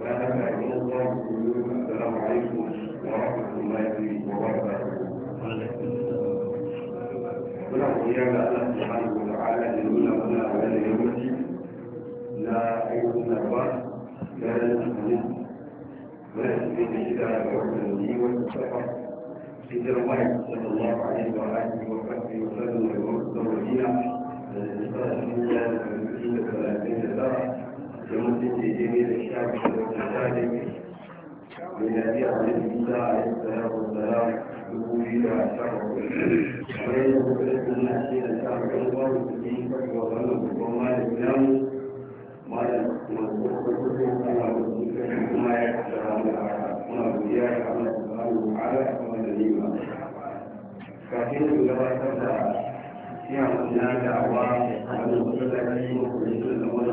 فهذا من السلام عليكم ورحمة الله وبركاته. ونحن يعلى الله سبحانه وتعالى لنولى هنا على يومتي لا أيضا نبات لا نسمي ونحن نجد على الحكم والسفر سيد الله صلى الله عليه وآله وصحبه وسلم وسلم المدينة التي تسمى المدينة 30 سنة yana cikin jini da shafi da wata tare ne miladi a wani bisa a yi tsara wanzara dubu biyu da shafa wani a yanzu kuma da suna ce da shafa kan wani su yi kafa wa wani babban mali namu mali masu kuma kuma kuma kuma kuma kuma ya kasara mu a kuma kuma ya kasara mu a kuma da nema kafin da gabatar da يعطينا دعوة أن نصل إليه da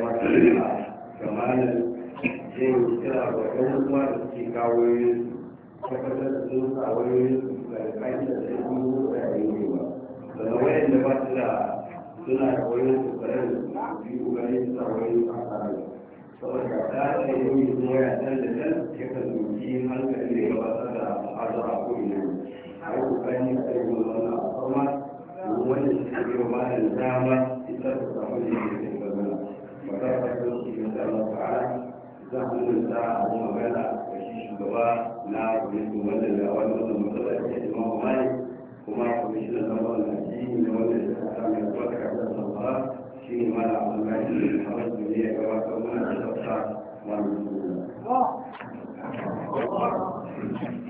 sun sa da sai kuma da yi ba daga da ba su da suna su saboda ta yi yi kuma ya san da kan ya kan zuci hankali da ya da fasara a ina a yi kokari a da dama ita ta samu da ke da magana shi na kwamitin wannan da wani wannan matsala da ke jima wa kuma ne da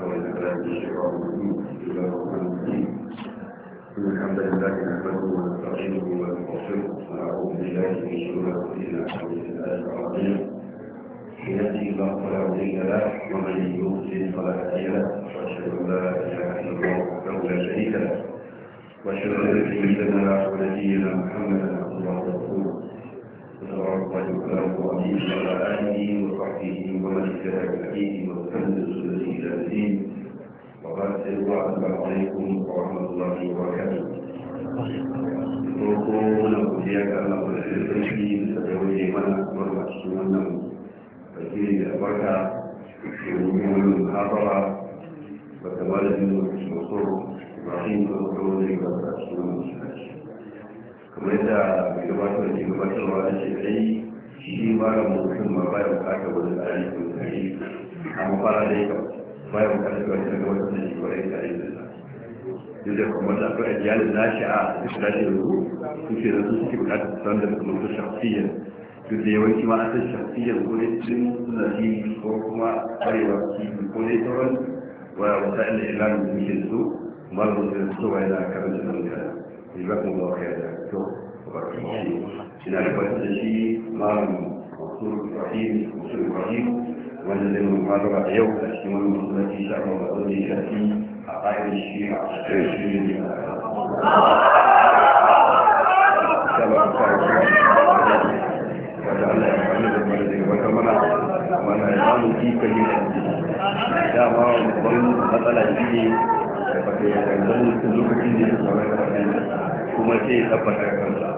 الحمد لله نحمده ونستعينه ونستغفره ونعوذ بالله من شرور انفسنا ومن سيئات اعمالنا من يهده الله فلا مضل له ومن يضلل فلا هادي له واشهد ان لا اله الا الله وحده لا شريك له واشهد ان سيدنا ونبينا محمدا عبد الله ورسوله الله عليه وسلم وعلى آله وصحبه ومن اتبع بهديه وسلم بسنته إلى الدين وبارك السلام عليكم ورحمة الله وبركاته. Roko muna godiya ga Allah da sarki da daure mana barka cikin wannan bakiri da barka domin wannan muhabara ba ta ba da jin wasu Ibrahim da wasu wani ba ta cikin wannan kamar yadda mai gabatar da ke gabatarwa na shekarai shi mara mutum ma ba da bukata wani tsari ko tsari amma fara dai ka ba ya bukata ga wani gaba da shi kwarai tsari da duk da kuma da akwai ajiyalin nashi a cikin nashi da su suke da su suke bukata su san da kuma su shafiyan duk da yawanci ma an san shafiyan ko dai sun suna ji ko kuma arewa su ko dai sauran wa wata ila da muke da su malamin da su wa yana karanta da mutane جزاكم الله خيرا وبارك الله فيك ina da fata da shi malam masu rahim masu rahim wanda zai mun fara da yau a cikin wani masallaci sha Allah ba zai shafi a ƙa'idar shi a cikin shi ne wata Allah ya fara da mara daga wata mana mana ya samu kika yi dama babban matsala shi ne tabbata ya kan zan lokacin da ya saurari da wannan kuma sai ya tabbata ya kansa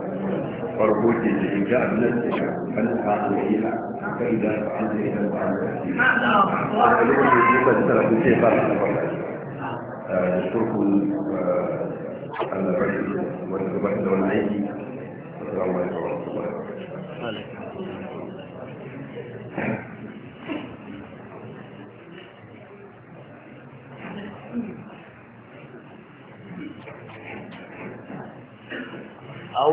farko ke da in ga abin da ya kan ta alaiha ka idan ka an zai ta ba an zai a lokacin da eh, eh, ya kan tsara ku sai ba a tabbata da shirkun annabashi wanda gabatar da wani aiki assalamu alaikum wa rahmatullahi wa barakatuh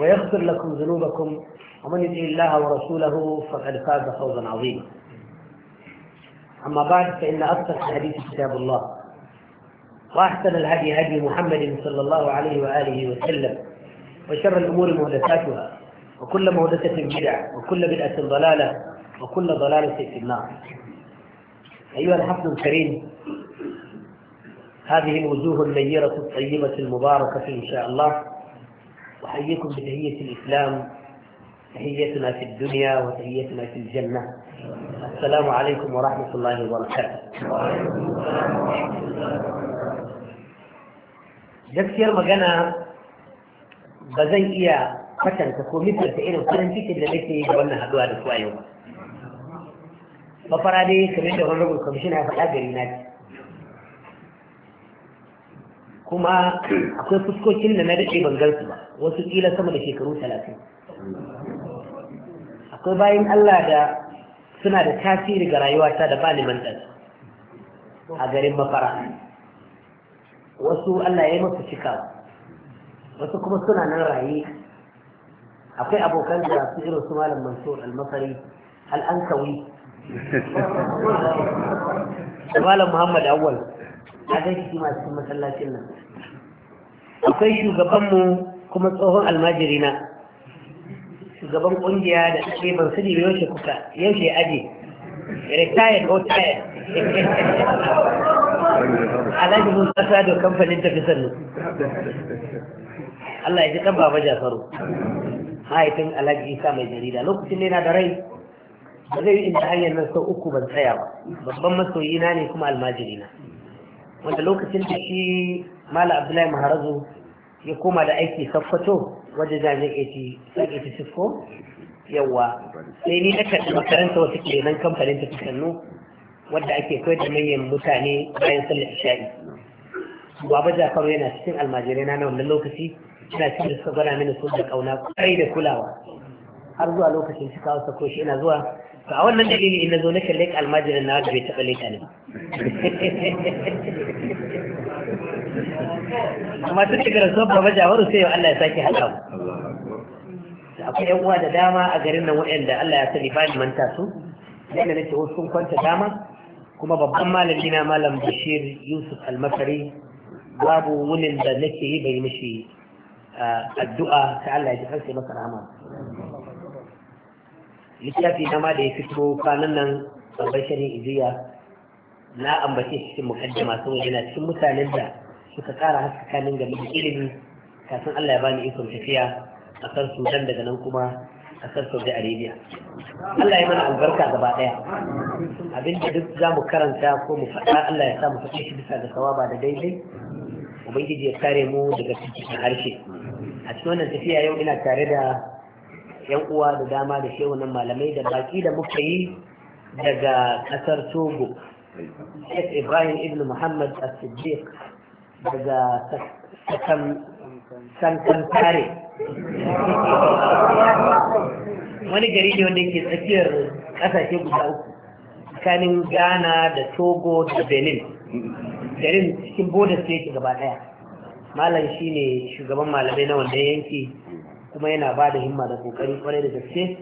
ويغفر لكم ذنوبكم ومن يطع الله ورسوله فقد فاز فوزا عظيما أما بعد فإن أصدق الحديث كتاب الله وأحسن الهدي هدي محمد صلى الله عليه وآله وسلم وشر الأمور محدثاتها وكل محدثة بدعة وكل بدعة ضلالة وكل ضلالة في النار أيها الحفظ الكريم هذه الوجوه النيرة الطيبة المباركة إن شاء الله أحييكم بتهية الإسلام تحيتنا في الدنيا وتحيتنا في الجنة السلام عليكم ورحمة الله وبركاته جكسير مغانا بزي إيا فتن تكو مثل تأين وفتن في كده لكي يقولنا هدوها دفوا يوم فبرا دي كمين دي غنرغو kuma akwai fuskokin da na daɗe ban gansu ba wasu kila sama da shekaru talatin akwai bayan Allah da suna da tasiri ga rayuwata da bani mantar a garin mafara wasu Allah ya yi masu cika, wasu kuma suna nan raye akwai abokan da su irin su malam mansur al-masari al-ankawi malam muhammad awwal adalci masu masallacin nan akwai shugabanmu kuma tsohon almajiri na shugaban kungiya da ake ban sani ba yaushe kuka yaushe aje retired or tired alhaji mun kasa da kamfanin tafi sannu Allah ya ji kan baba jafaru mahaifin alhaji isa mai jarida lokacin ne na da rai ba zai yi inda hanyar nan sau uku ban tsaya ba babban masoyina ne kuma almajirina wanda lokacin da shi mala abdullahi maharazu ya koma da aiki sakkwato wajen jami'in 86 ko yawa sai ni na kaɗi makaranta wasu ke kamfanin ta sannu wadda ake koyar da manyan mutane bayan sallar isha'i baba jafaru yana cikin almajirai na wannan lokaci ina cikin da suka gana mini sun da kauna kai da kulawa har zuwa lokacin shi kawo sako shi ina zuwa to a wannan dalili in nazo nake kalle almajirin na bai taɓa leka ne amma sun shiga rasuwar baba jawaru sai yau Allah ya sake haɗa mu akwai yan uwa da dama a garin nan waɗanda Allah ya sani ba ni manta su yadda nake wasu sun kwanta dama kuma babban malami na malam Bashir Yusuf Almasari babu wunin da nake yi bai mishi ah, addu'a ta Allah ya ji kansa masa rahama littafi na ma da ya fito kwanan nan babban shirin iziya na ambace cikin mukaddama sun yana cikin mutanen da suka haska kanin game da ilimi kafin Allah ya bani ikon tafiya a kan Sudan daga nan kuma a kan Saudi Arabia. Allah ya mana albarka gaba ɗaya. Abinda duk za mu karanta ko mu faɗa Allah ya sa mu faɗe shi bisa ga sawaba da daidai. Ubangiji ya kare mu daga cikin harshe. A cikin wannan tafiya yau ina tare da yan uwa da dama da shehunan malamai da baki da muka yi daga kasar togo sheikh ibrahim ibn muhammad as-siddiq daga sankantare wani gari ne wanda ke tsakiyar kasashe guda uku tsakanin ghana da togo da benin garin cikin bodas yake gaba daya malam shine shugaban malamai na wannan yanki kuma yana ba da himma da kokari kwarai da gaske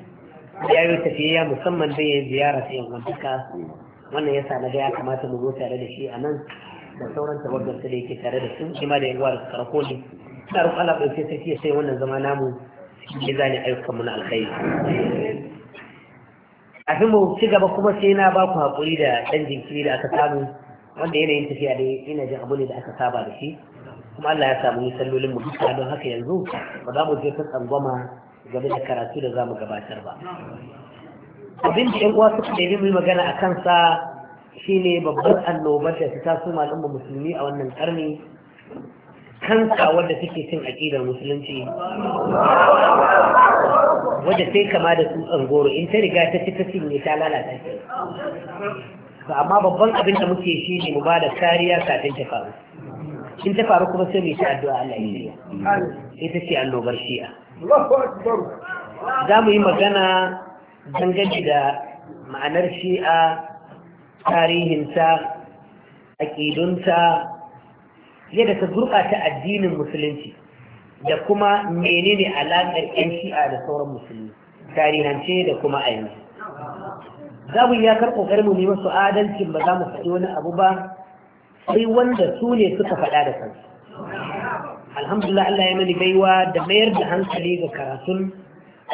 ya yi tafiya musamman da ya ziyara ta yan wantaka wannan yasa na ga ya kamata mu zo tare da shi a nan da sauran tabbatar da yake tare da su shi ma da yan uwa da su karko ne ina roƙon Allah ɗauke sarki sai wannan zama namu cikin zani ayyukan mu na alkhairi kafin mu ci gaba kuma sai na ba ku haƙuri da ɗan jinkiri da aka samu wanda yanayin tafiya dai ina jin abu ne da aka saba da shi kuma Allah ya samu sallolin mu duka don haka yanzu ba za mu je ta tsangwama game da karatu da za mu gabatar ba abin da 'yan uwa suka ɗaya mai magana a kansa shine babban annobar da ta taso al'umma musulmi a wannan ƙarni kansa wadda take cin aƙidar musulunci wadda sai kama da tsutsan goro in ta riga ta ci ta cinye ta lalata Ba amma babban abin da muke shi ne mu ba da kariya kafin ta faru in ta faru kuma sai mai ta addu'a Allah ya ita ce annobar shi'a za mu yi magana dangane da ma'anar shi'a tarihinta aƙidunta yadda ta gurɓata addinin musulunci da kuma menene alaƙar 'yan shi'a da sauran musulmi tarihance da kuma a yanzu za mu yi karɓo ƙoƙarin mu yi masu adalcin ba za mu faɗi wani abu ba sai wanda su ne suka faɗa da kansu alhamdulillah Allah ya mani baiwa da mayar da hankali ga karatun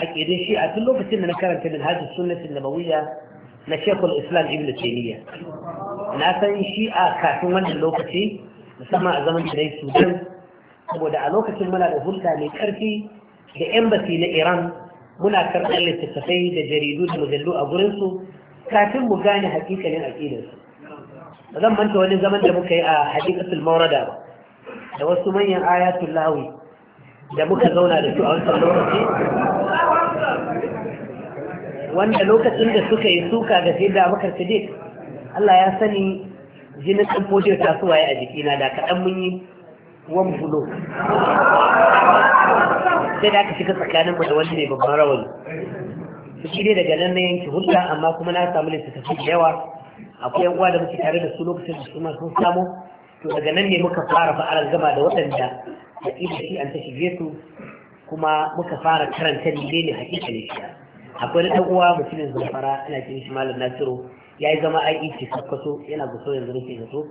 aƙidin shi a tun lokacin da na karanta min hajji sunnatin na shekul islam ibn taymiya na san shi a kafin wannan lokaci musamman a zaman da sudan saboda a lokacin muna da hulɗa mai ƙarfi da embassy na iran muna karɓar littattafai da jaridu da mujallu a gurinsu kafin mu gane hakikalin aƙidarsu ba zan manta wani zaman da muka yi a hadikatul maurada ba da wasu manyan ayatul lawi da muka zauna da su a wancan lokaci wanda lokacin da suka yi suka ga sai da bakar sadiq Allah ya sani jinin ɗan ta su waye a jikina da kaɗan mun yi wan bulo sai da aka shiga tsakanin da wani mai babban rawani su shi dai daga nan na yanki hulɗa amma kuma na samu littattafai da yawa akwai yan uwa da muke tare da su lokacin da su ma sun samu to daga nan ne muka fara fa'alar gaba da waɗanda da shi an ta shige su kuma muka fara karanta ne ne hakika ne shi akwai na ɗan uwa mutumin zamfara ana cin shi malam nasiru ya yi zama ai ce sakwaso yana guso yanzu nake zato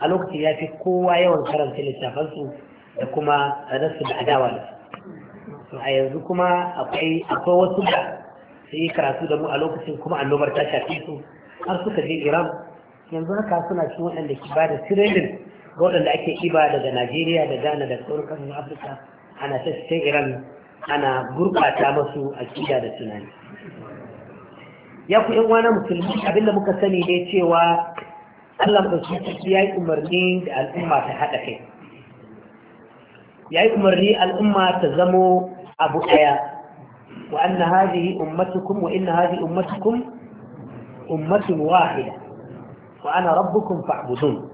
a lokacin ya fi kowa yawan karanta littafansu da kuma rasu da adawa da su a yanzu kuma akwai wasu da su yi karatu da mu a lokacin kuma annobar ta shafi su har suka je iran yanzu haka suna cikin waɗanda ke ba da tirelin ga waɗanda ake iba daga najeriya da ghana da sauran afirka ana ta cikin iran ana gurɓata masu akida da tunani ya ku yan wani musulmi abinda muka sani ne cewa allah maɗauki ya yi umarni da al'umma ta haɗa kai ya yi umarni al'umma ta zamo abu ɗaya wa anna hadhihi ummatukum wa inna hadhihi ummatukum ummatun wahida wa ana rabbukum fa'budun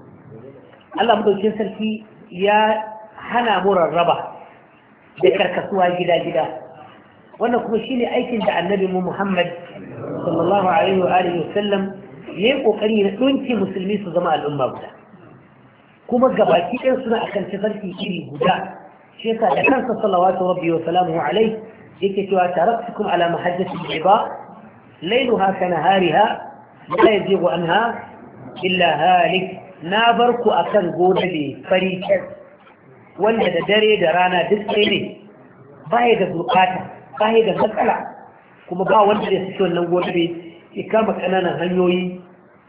Allah madaukin sarki ya hana mu rarraba da karkasuwa gida-gida wannan kuma shine aikin da annabi mu Muhammad sallallahu alaihi wa alihi wasallam yayin kokari na dunki musulmi su zama al'umma guda kuma gabaki ɗaya suna akan tafarki iri guda shi yasa da kansa salawatu rabbi wa salamuhu ala mahajjati al ليلها كنهارها لا يزيغ عنها إلا هالك نابرك أكن قولي فريكا wanda da dare da rana duk sai ne baya da bukata baya da matsala kuma ba wanda da suke wannan gobe ya kama kananan hanyoyi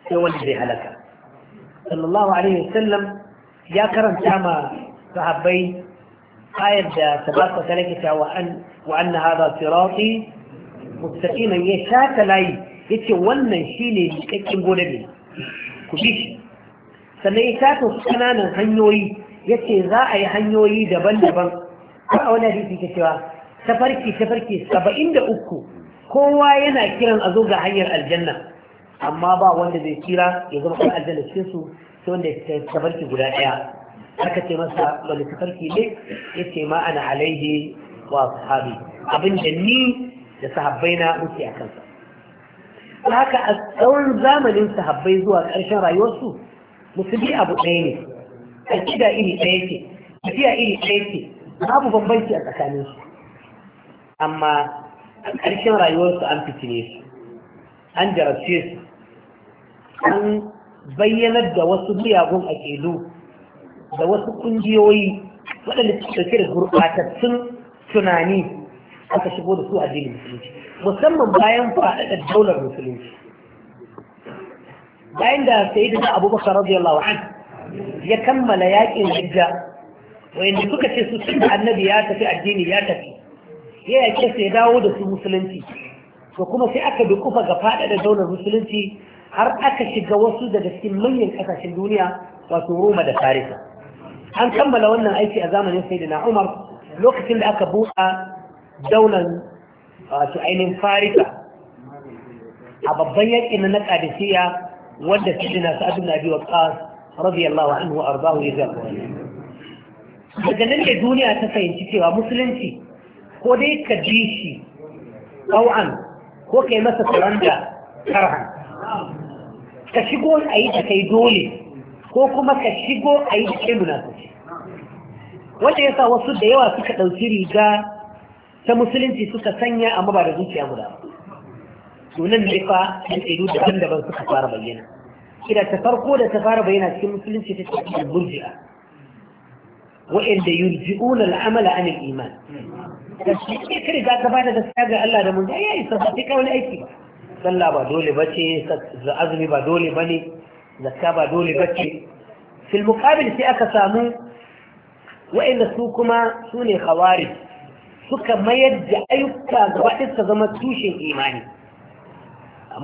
sai wanda zai halaka sallallahu alaihi wasallam ya karanta ma sahabbai ayar da ta wa an wa anna hadha mustaqiman ya shata layi yace wannan shine likakkin gonar ne ku bi shi sannan ya shata kananan hanyoyi yace za a yi hanyoyi daban-daban ko a wani hadisi ke cewa tafarki tafarki saba'in da uku kowa yana kiran a zo ga hanyar aljanna amma ba wanda zai kira ya zama kan aljanna cikin su sai wanda ya tafarki guda ɗaya aka ce masa wani tafarki ne ya ce ma ana alaihi wa sahabi abin da ni da sahabbai na wuce a kansa haka a tsawon zamanin sahabbai zuwa ƙarshen rayuwarsu musulmi abu ɗaya ne aƙida iri ɗaya ce fiya iri ɗaya ce babu bambanci a tsakaninsu amma a ƙarshen rayuwarsu an fitine su an jarabce su an bayyanar da wasu miyagun a aƙilu da wasu ƙungiyoyi waɗanda suke da gurɓatattun tunani aka shigo da su addinin musulunci musamman bayan faɗaɗa daular musulunci bayan da sai da abubakar radiyallahu an ya kammala yakin hijja wayanda suka ce su tun annabi ya tafi addini ya tafi ya yake sai dawo da su musulunci to kuma sai aka bi kufa ga faɗaɗa daular musulunci har aka shiga wasu daga cikin manyan ƙasashen duniya wato roma da farisa an kammala wannan aiki a zamanin sai umar lokacin da aka buɗa Daunan wato uh, ainihin farisa a babban yakin na kadisiya wanda sidina sa'ad ibn abi waqqas radiyallahu anhu ardahu ya wani daga nan da duniya ta fahimci cewa musulunci ko dai ka ji shi ko ka yi masa turanda karhan ka shigo a yi da kai dole ko kuma ka shigo a yi da kai munafashi, wanda ya sa wasu da yawa suka ɗauki riga ta musulunci suka sanya amma ba da zuciya guda ba nan ne fa an tsiru daban-daban suka fara bayyana kira ta farko da ta fara bayyana cikin musulunci ta ce al-murji'a wa'anda yurji'una al-amala an al-iman kashi ne kare za ka bada gaskiya ga Allah da mun ya isa ba sai wani aiki ba sallah ba dole bace azumi ba dole bane zakka ba dole bace fil muqabil sai aka samu wa'anda su kuma sune khawarij suka mayar da ayyuka gaba ɗaya zama tushen imani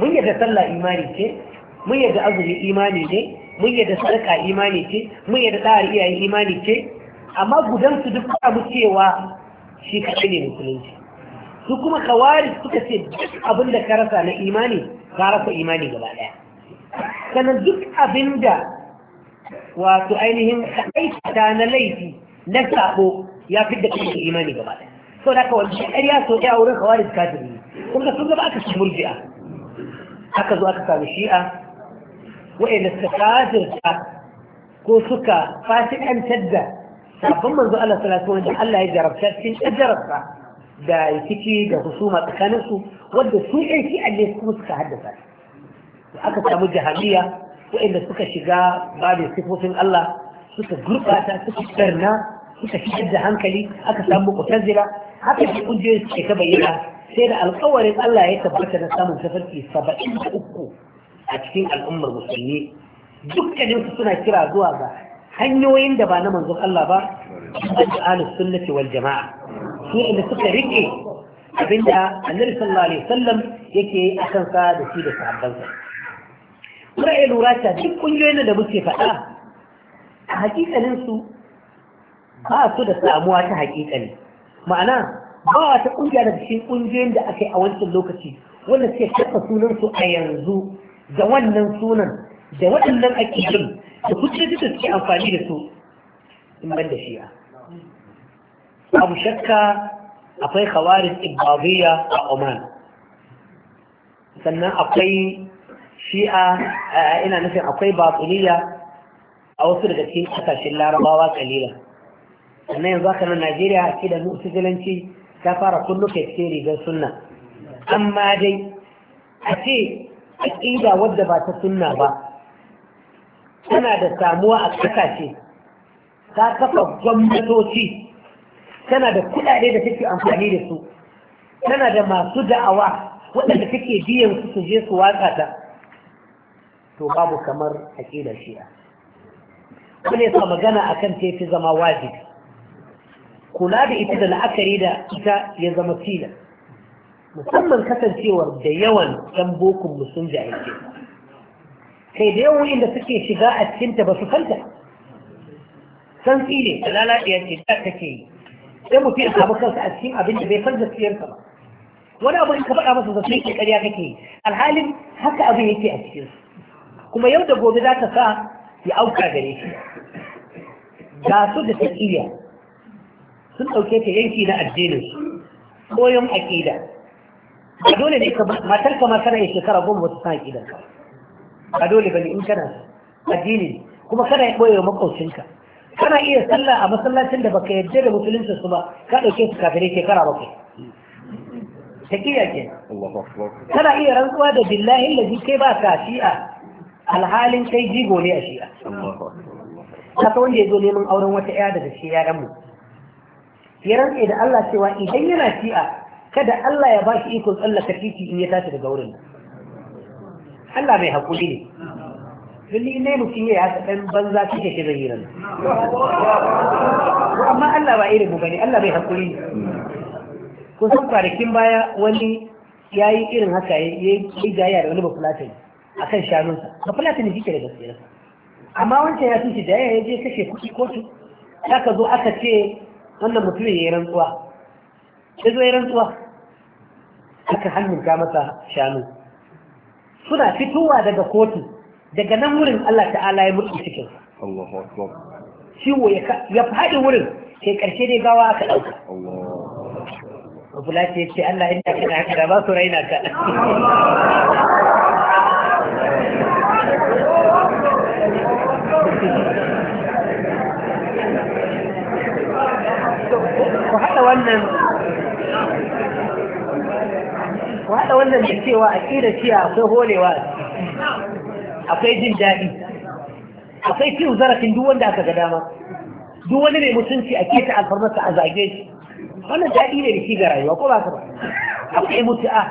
mun yadda sallah imani ce mun yadda azumi imani ne mun yadda sadaka imani ce mun yadda tsari iyaye imani ce amma gudan su duk ba mu cewa shi kaɗai ne musulunci su kuma kawari suka ce duk abin da ka rasa na imani ka rasa imani gaba ɗaya sannan duk abin da wato ainihin aikata na laifi na sabo ya fi da kuma imani gaba ɗaya sau da wanci shi ƙarya sau ɗaya wurin kawai da kafin kuma sun gaba aka shi murji'a aka zo aka samu shi'a wa'inda suka kafirta ko suka fasikantar da sabon manzo Allah salatu wanda Allah ya jarabta cikin ƙaddararsa da rikici da husuma tsakaninsu wadda su ɗan shi ne kuma suka haddasa aka samu jahamiya wa'inda suka shiga babin sifofin Allah suka gurɓata suka karna suka fitar da hankali aka samu mutazila haka shi kungiyoyin suke ta bayyana sai da alkawarin Allah ya tabbata na samun tafarki saba'in da uku a cikin al'ummar musulmi dukkaninsu suna kira zuwa ga hanyoyin da ba na manzon Allah ba da ahlus sunnati wal jama'a su inda suka rike abinda annabi sallallahu alaihi wasallam yake a sa da shi da sahabbansa kuma ya lura ta duk kungiyoyin da muke faɗa a hakikalin su ba su da samuwa ta hakikali ma'ana ba ta kungiya da cikin kungiyoyin da aka yi a wancan lokaci wanda suke kafa sunan su a yanzu da wannan sunan da waɗannan akidun da hujjoji da suke amfani da su in ban da shi'a abu shakka akwai khawarij ibadiyya a Oman sannan akwai shi'a eh, ina nufin akwai batiniya a wasu daga cikin kasashen larabawa kalila sannan yanzu haka na najeriya a da mu'tazilanci ta fara kullu kai ce rigar sunna amma dai a ce aƙida wadda ba ta sunna ba tana da samuwa a ƙasashe ta kafa gwamnatoci tana da kuɗaɗe da take amfani da su tana da masu da'awa waɗanda take biyan su su je su watsa ta to babu kamar shi shi'a wani yasa magana akan tefi zama wajibi kula da ita da la'akari da ita ya zama fila musamman kasancewar da yawan ɗan bokun musun jahilce kai da yawan inda suke shiga a cikinta ba su kanta san tsile da lalaciya ce da ke yi sai mutum ya samu kansa a cikin abin da bai san gaskiyarsa ba wani abu in ka faɗa masa da sai ƙarya kake yi alhalin haka abin yake a cikin kuma yau da gobe za ka sa ya auka gare shi ga su da ta tafiya sun ɗauke ta yanki na addinin su koyon aƙida ba dole ne ka matar ka masana ya shekara goma wata san aƙidar ka ba dole bane in kana addini kuma kana ya ɓoye wa kana iya sallah a masallacin da baka yarda da musulunci su ba ka ɗauke su kafirai shekara bakwai taƙiya ke kana iya rantsuwa da billahi lazi kai ba ka shi'a alhalin kai jigo ne a shi'a kasa wanda ya zo neman auren wata 'ya daga shi ya mu ya rantse da Allah cewa idan yana shi'a kada Allah ya ba shi ikon tsallaka titi in ya tashi daga wurin Allah mai haƙuri ne Dalli ne mutum ya haka ɗan banza kike ke zai nan. Amma Allah ba irin mu Allah mai haƙuri ne. san kwanakin baya wani ya yi irin haka ya yi jayayya da wani bafulatin a kan shanunsa. Bafulatani shi ke da gaskiyarsa. Amma wancan ya sun shi jayayya ya je kashe kuɗi kotu. ka zo aka ce wannan mutumin ya yi rantsuwa ya zo ya rantsuwa aka hannunta masa shanu suna fitowa daga kotu daga nan wurin Allah ta'ala ya mutu cikin ciwo ya faɗi wurin sai ƙarshe dai gawa aka ɗauka Abulaci ya ce Allah inda kana haka da ba su raina ka haɗa wannan ku haɗa wannan da cewa a ƙira ciya akwai holewa akwai jin daɗi akwai cin zarafin duk wanda aka ga dama duk wani mai mutunci a keta alfarmarsa a zage shi wannan daɗi ne da shi ga rayuwa ko ba ka ba akwai mutu'a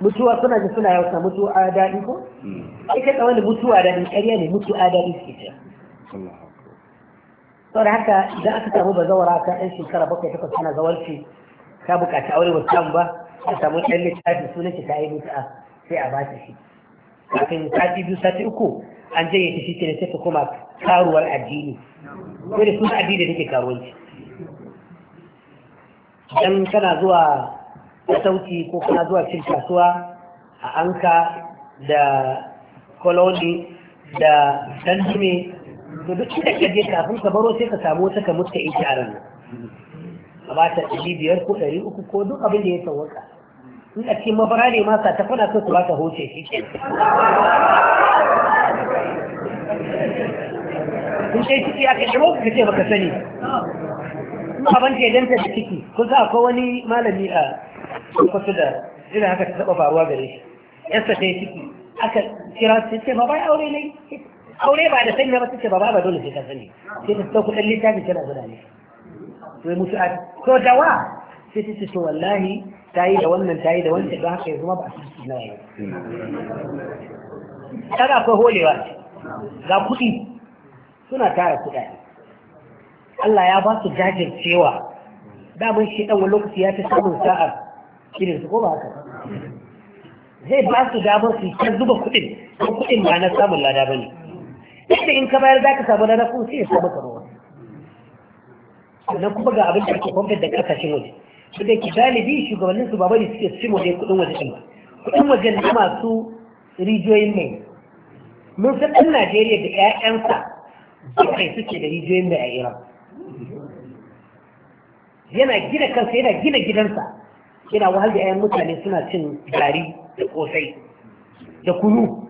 mutuwa suna ji suna yauta mutuwa daɗi ko? Hmm. Ai kai tsawon da mutuwa daɗi ƙarya ne mutuwa daɗi ke cewa. sau da haka idan aka samu ba zawara ta ɗan shekara bakwai takwas tana zawarci ta buƙaci aure ba samu ba ta samu ɗan littafi sunan ta yi sai a ba ta shi kafin sati biyu sati uku an janye ta shi kenan sai ta karuwar addini ko da sunan addini da take karuwanci dan kana zuwa sauki ko kana zuwa cin kasuwa a anka da koloni da dandume to duk inda ka je kafin ka baro sai ka samu wata ka mutu ita a ranar a ba ta ɗari biyar ko ɗari uku ko duk abin da ya sauwaka in a cikin mafara ne ma sa ta faɗa so su ba ta hoce shi ke kun sai ciki aka shi ka ce baka sani in abin ke danta da ciki ko za a akwai wani malami a kwasu da ina haka ta taɓa faruwa gare shi yasta ta yi ciki aka kira sai ce ba bai aure ne aure ba da sanya ba suke ba ba dole sai ka sani sai ta sauku ɗan littafi tana guda ne sai mutu a to da sai ta ce to wallahi ta yi da wannan ta yi da wancan don haka ya zama ba a cikin nawa yau kaga akwai holewa ga kuɗi suna tara kuɗaɗe Allah ya ba su jajircewa daman shi ɗan wani lokaci ya fi samun sa'ar irin su ko ba haka zai ba su damar su ta zuba kuɗin ko kuɗin ba na samun lada ba ne inda in ka bayar za ka samu na rafu sai ya samu karuwa sannan kuma ga abin da ake kwamfar da ƙasashen waje su da ke galibi shugabannin su babari suke simo dai kudin waje ɗin ba kudin waje na masu rijiyoyin mai mun san ɗan najeriya da 'ya'yansa bakwai suke da rijiyoyin mai a iran yana gina kansa yana gina gidansa yana wahal da 'ya'yan mutane suna cin gari da ƙosai da kunu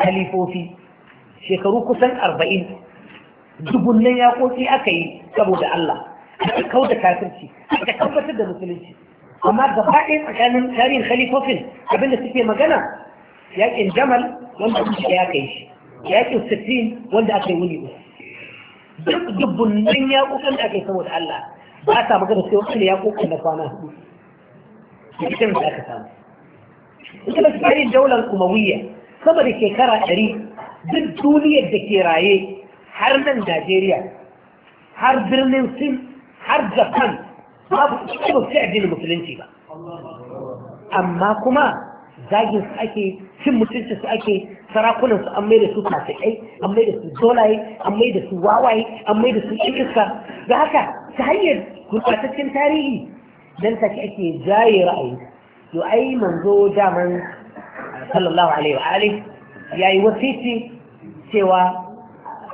kalifofi shekaru kusan arba'in dubunnan yaƙoƙi aka yi saboda Allah aka kau da kafirci aka tabbatar da musulunci amma gaba ɗaya tsakanin tarihin khalifofin abinda suke magana yaƙin jamal wanda aka ya kai shi yaƙin sittin wanda aka yi wuni duk dubunnan yaƙoƙin da aka yi saboda Allah ba sa magana sai wani yaƙoƙin da kwana hudu da ita da aka samu ita su tarihin daular umawiyya sama da shekara ɗari duk duniyar da ke raye har nan Najeriya har birnin Sin har Japan babu su addinin musulunci ba amma kuma zagin su ake cin mutunci su ake sarakunan su an maida su fasikai an maida su dolaye an maida su wawaye an maida su iska da haka ta hanyar gurbataccen tarihi dan take ake jaye ra'ayi to ai manzo daman sallallahu alaihi wa alihi yayi wasiti cewa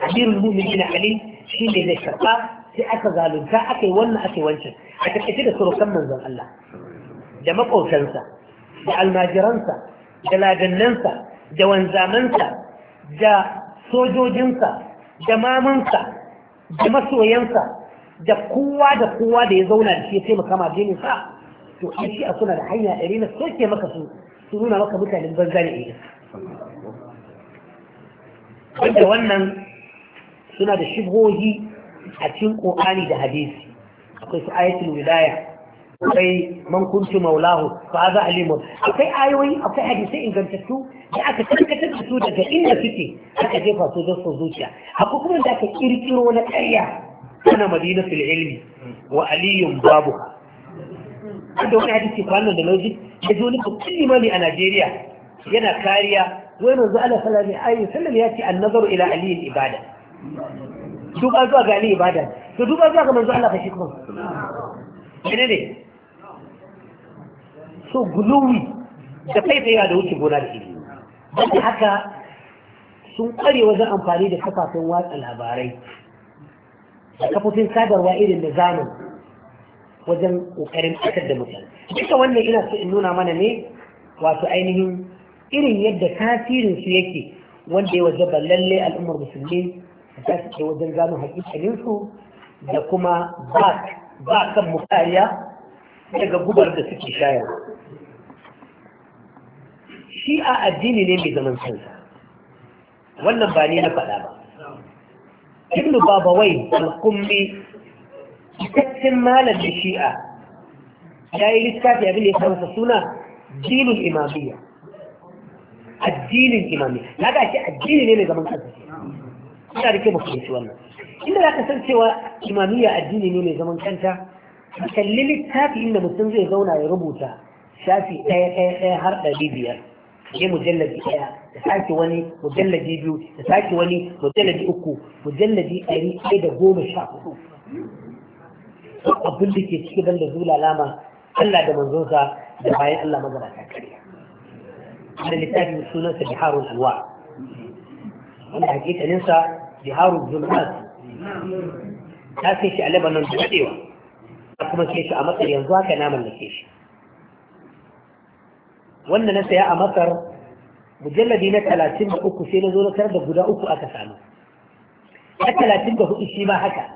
amirul mu'minin ali shi ne zai karba sai aka zalunta aka yi wannan aka yi wancan a takaice da surukan manzon Allah da makotansa da almajiransa da ladannansa da wanzamansa da sojojinsa da mamansa da masoyansa da kowa da kowa da ya zauna da shi ya taimaka ma jini sa to in shi a suna da hanya ɗari na soke maka su su nuna maka mutanen banza ne iya wanda wannan suna da shibhohi a cikin ƙoƙani da hadisi akwai su ayatul wilaya akwai man kuntu maulahu fa za akwai ayoyi akwai hadisai ingantattu da aka tankatar da su daga inda suke aka jefa su don su zuciya akwai kuma da aka kirkiro na ƙarya ana madinatul ilmi wa aliyun babu da wani hadisi kwanan da lojik ya zo ni babban limami a Najeriya yana kariya wai manzo Allah sallallahu alaihi wasallam ya ce annazaru nazaru ila ali ibada duba zuwa ga ali ibada to duba zuwa ga manzo Allah kashi kuma ne ne so gulumi da faifaya da wuce gona da shi? don haka sun kware wajen amfani da kafafen watsa labarai da kafofin sadarwa irin da zamani wajen ƙoƙarin fitar da mutane duka wannan ina so in nuna mana ne wato ainihin irin yadda tasirin su yake wanda ya ba lalle al'ummar musulmi da su ke wajen gano hakikalin su da kuma ba kan mu kariya daga gubar da suke shayar shi a addini ne mai zaman kansa wannan ba ne na faɗa ba ibnu babawai al-kummi cikakken malam da shi'a Yayi yi littafi abin da ya samu suna dinin imamiya addinin imami na ga shi addini ne mai zaman kansa ina da ke mu fahimci wannan inda za ka san cewa imamiya addini ne mai zaman kanta kalli littafi inda mutum zai zauna ya rubuta shafi ɗaya ɗaya ɗaya har ɗari biyar ne mujallaji ɗaya da sake wani mujallaji biyu da sake wani mujallaji uku mujallaji ɗari ɗaya da goma sha hudu abin da ke cikin ban da zula ma Allah da manzonsa da bayan Allah ta kariya da littafi sunansa harun zuwa. wanda hakikaninsa biharul zulmat ta sai shi a Lebanon da daɗewa ta kuma sai shi a matsayin yanzu haka na mallake shi wanda na saya a Masar mujallabi na talatin da uku sai na zo na tarar da guda uku aka samu na talatin da hudu shi ma haka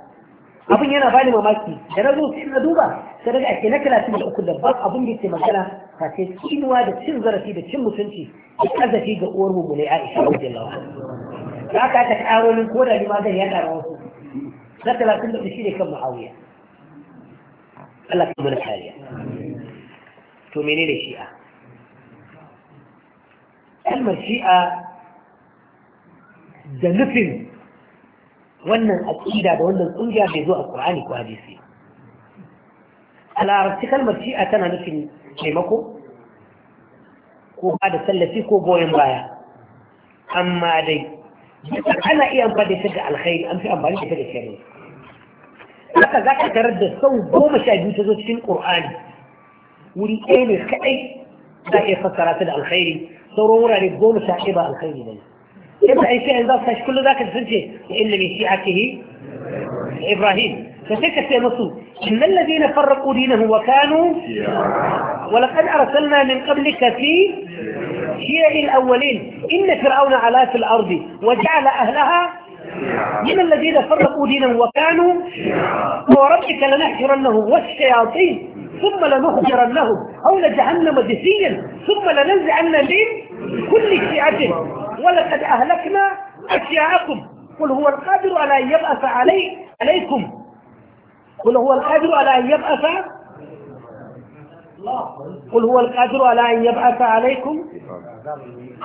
abin yana bani mamaki da na zo sai na duba sai daga ake na talatin da uku da ba abin da ke magana ta ce kinuwa da cin zarafi da cin mutunci da kazafi ga uwar mu mulai Aisha radiyallahu anha ka ta karo ni ko da ni ma zan yada wasu na talatin da shi ne kan Muawiya Allah ka mana kariya to menene shi'a kalmar shi'a da nufin wannan aƙida da wannan ƙungiya bai zo a Qur'ani ko hadisi a larabci kalmar shi'a tana nufin taimako ko ba da tallafi ko goyon baya amma dai ana iya amfani da ga alkhairi an fi amfani da ga shari'a haka za ka tarar da sau goma sha biyu ta zo cikin ƙur'ani wuri ɗaya ne kaɗai za a iya fassara ta da alkhairi sauran wurare goma sha ɗaya ba alkhairi ne yadda ai sai an za su tashi kullum za ka tsince da ilimin shi'a ke ibrahim فشك يا مسو إن الذين فرقوا دينه وكانوا ولقد أرسلنا من قبلك في شيع الأولين إن فرعون علا في الأرض وجعل أهلها من الذين فرقوا دينه وكانوا وربك لنحشرنه والشياطين ثم لنخبرنهم أو لجهنم دسيا ثم لننزعن من كل شيعة ولقد أهلكنا أشياءكم قل هو القادر على أن يبأس علي عليكم قل هو القادر على أن يبعث قل هو القادر على أن يبعث عليكم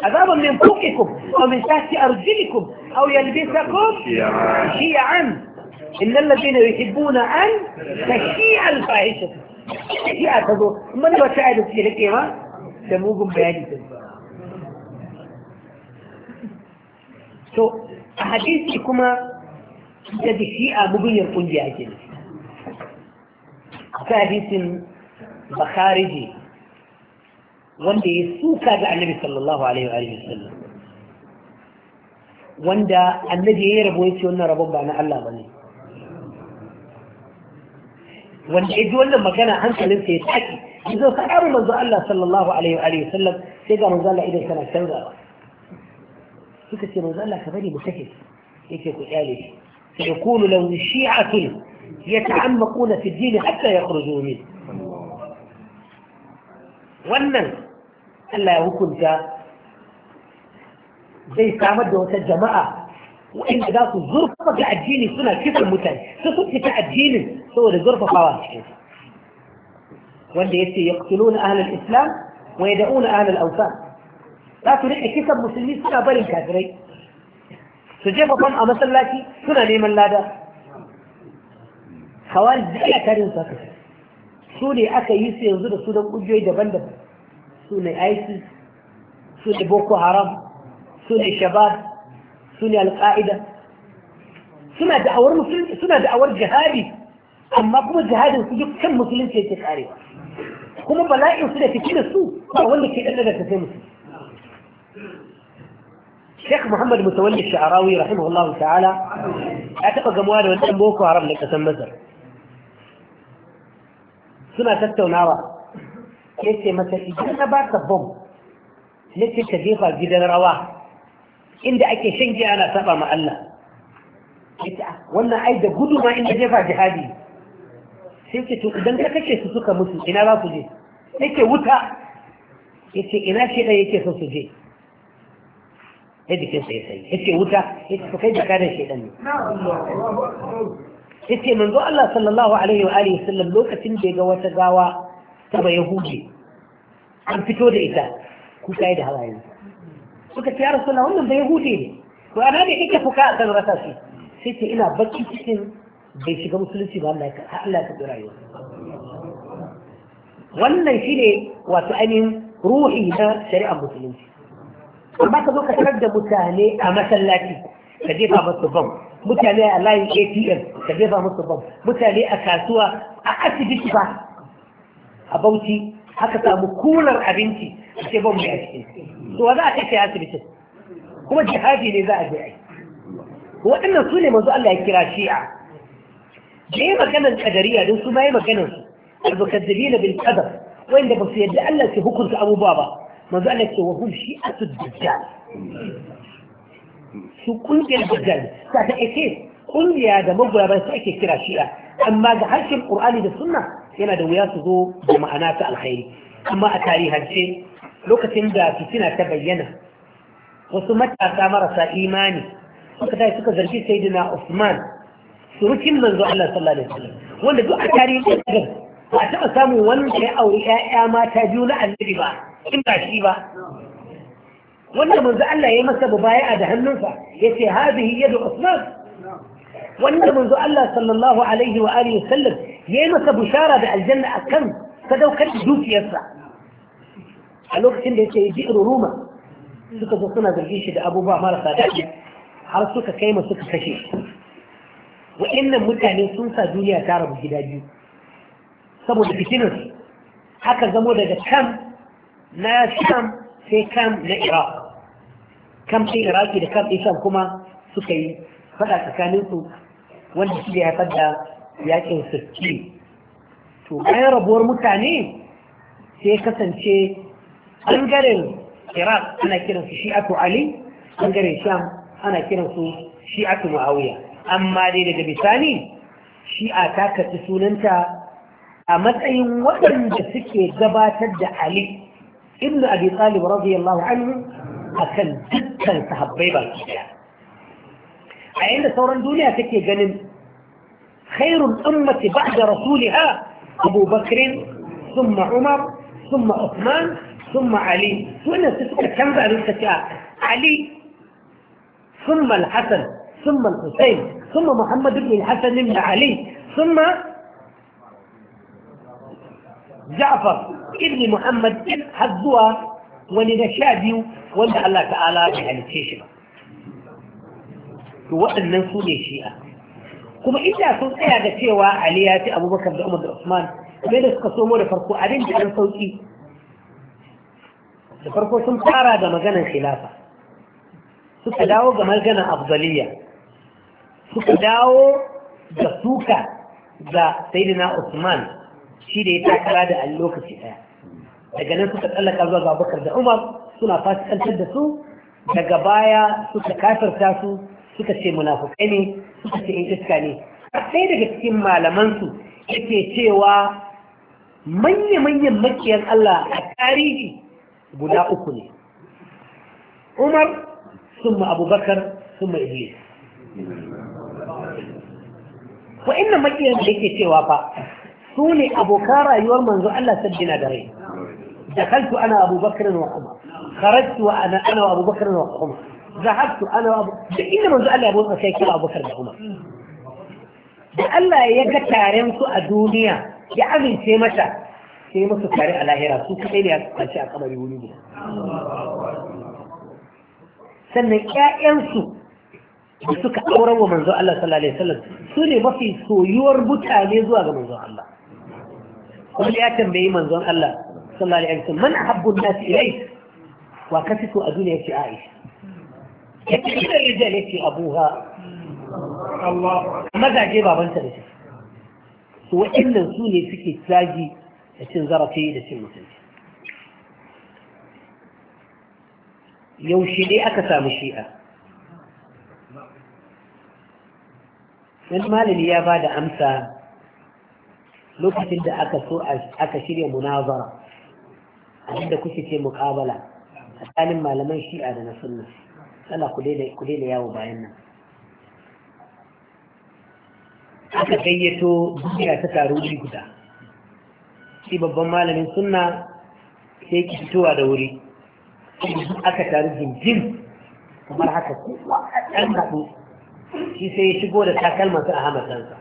عذابا من فوقكم أو من تحت أرجلكم أو يلبسكم شيعا إن الذين يحبون أن تشيع الفاحشة شيعة تزور من وسائل السلكة سموهم بهذه so a hadisi kuma ita da shi'a bugun yarkun jiya akwai hadisin bakhariji wanda ya suka ga annabi sallallahu alaihi wa sallam wanda annabi ya yi rabo ya ce wannan rabon ba na Allah ba ne wanda ya ji wannan magana hankalinsa ya taki ya zo ka ƙaru manzo Allah sallallahu alaihi wa sallam sai ga manzo Allah idan kana ba, suka ce manzo Allah ka bari mu sake yake ku kyale shi sai ya kulu lahu shi'atun يتعمقون في الدين حتى يخرجوا منه ومن الا وكنت زي سامد وسجماء وان ذاك الظرف فقع الدين سنه كيف المتن فصدق تاع الدين صور الظرف خلاص وانت يسي يقتلون اهل الاسلام ويدعون اهل الاوثان لا تريد كيف المسلمين سنه بل الكافرين سجيب فان امثل لك سنه لمن لا ده kawar da ana karin sa su ne aka yi su yanzu da su don ƙungiyoyi daban-daban su ne isis su ne boko haram su ne shabab su ne alƙa'ida suna da'awar musulunci suna da'awar jihadi amma kuma jihadin su dukkan musulunci yake karewa kuma bala'in su da fiki da su ba wanda ke ɗanɗa da ta sai musu Sheikh Muhammad Mutawalli Sha'arawi rahimahullahu ta'ala ya taɓa gamuwa da wannan boko haram na ƙasar Masar suna tattaunawa ya ce mata idan na ba ka bom na ce ta jefa gidan rawa inda ake shan giya na saba ma Allah ah, wannan ai da gudu ma inda jefa jihadi sai ce to idan ka kashe su suka mutu ina za ku je yake wuta yace ina shi dai yake so su je yadda ke sai sai yace wuta yace to kai da kada shi dan ne yace manzo Allah sallallahu alaihi wa alihi sallam lokacin da ga wata gawa ta ba yahudi an fito da ita ku kai da halaye suka ce ya rasulullah wannan ba yahudi ne to ana da kike fuka a kan rasa shi sai ce ina baki cikin bai shiga musulunci ba Allah ya Allah ya rayuwa wannan shine wato ainihin ruhi na shari'ar musulunci amma ka zo ka tarar da mutane a masallaci ka jefa masu bam mutane a layin atm ka jefa musu bam mutane a kasuwa a asibiti ba a bauchi haka samu kular abinci a ce bam mai a cikin to wa za a asibitin kuma jihadi ne za a je a yi waɗannan su ne manzo Allah ya kira shi'a da maganan maganar kadariya don su ma yi maganar su al-mukazzibina bin qadar wanda ba su yadda Allah ke hukunta abubuwa ba manzo Allah ke wa hum shi'atu dajjal su kungiyar dajjal ta ta ake kungiya da magoya bayan su ake kira shi'a amma ga harshen ƙur'ani da sunna yana da wuya su zo da ma'ana ta alkhairi amma a tarihance lokacin da fitina ta bayyana wasu matasa marasa imani suka tashi suka zargi sayyidina Usman surukin manzo Allah sallallahu alaihi wasallam wanda duk a tarihin kasar ba a taɓa samun wanda ya auri 'ya'ya mata biyu na annabi ba in ba shi ba wanda manzo Allah ya masa mubaya'a da hannunsa yace hadhihi yadu usman Wannan manzo Allah sallallahu alaihi wa alihi ya yi masa bushara da aljanna akan sadaukar dukiyarsa a lokacin da yake ji ruma suka zo suna zargin shi da abubuwa marasa daɗi har suka kai masu suka kashe wa'annan mutane sun sa duniya ta rabu gida biyu saboda fitinar haka zamo daga kam na sham sai kam na iraq kam iraki da kam sham kuma suka yi faɗa su wanda shi ya haifar da yakin sirki to bayan rabuwar mutane sai kasance ɓangaren iraq ana kiransu shi'atu ali ɓangaren sham ana kiransu shi'atu Mu'awiya. amma dai daga bisani shi'a ta kaci sunanta a matsayin waɗanda suke gabatar da ali ibn abi talib radiyallahu anhu akan dukkan sahabbai ba baki daya a yanda sauran duniya take ganin khairul ummati ba'da rasulha Abu Bakr thumma Umar thumma Uthman thumma Ali wannan su suka canza abin ta ce Ali thumma al-Hasan thumma al-Husayn thumma Muhammad ibn al-Hasan ibn Ali thumma Ja'far ibn ibn Muhammad Hazwa wani محمد sha biyu wanda Allah ta'ala bai halice shi ba to waɗannan su ne shi'a kuma inda sun tsaya da cewa Ali ya ci Abubakar da Umar da Usman sai da suka somo da farko abin da an sauki da farko sun fara da maganar khilafa suka dawo ga maganar afdaliya suka dawo ga suka ga sayyidina Usman shi da ya takara da Ali lokaci daya daga nan suka tsallaka zuwa ga Abubakar da Umar suna fasikantar da su daga baya suka kafirta su suka ce munafukai ne suka ce in iska ne sai daga cikin malamansu yake cewa manya-manyan makiyan Allah a tarihi guda uku ne umar sun ma abubakar sun ma Ko wa'innan makiyan da yake cewa fa su ne abokan rayuwar manzo Allah sabbina da rai da kaltu ana abubakar wa umar خرجت وانا انا وابو بكر وعمر ذهبت انا وابو الى من قال لي ابو بكر كيف ابو بكر وعمر قال لا يك كارم سو الدنيا يا ابي سي متى سي متى كاري على هيرا سو كاين يا كاش اكبر يقولوا الله سن كائن سو سو كاورا ومن الله صلى الله عليه وسلم سوني ما في سو يور بوتاني زو من قال الله قال يا تنبي من الله صلى الله عليه وسلم من احب الناس اليك wa ka fito a duniya ce Aisha ya ce ina rijal ya ce abuha mazaje babanta da shi su waɗannan su ne suke tsaji da cin zarafi da cin mutunci yaushe ne aka samu shi'a wani malami ya ba da amsa lokacin da aka so shirya munazara a kuke muƙabala tsakanin malaman shi'a da na sunna sana ku daina yawo bayan nan aka gayyato duniya ta taru wuri guda shi babban malamin sunna sai ki fitowa da wuri aka taru jinjin kamar haka ko a ɗan haɗu shi sai ya shigo da takalma su a sansa,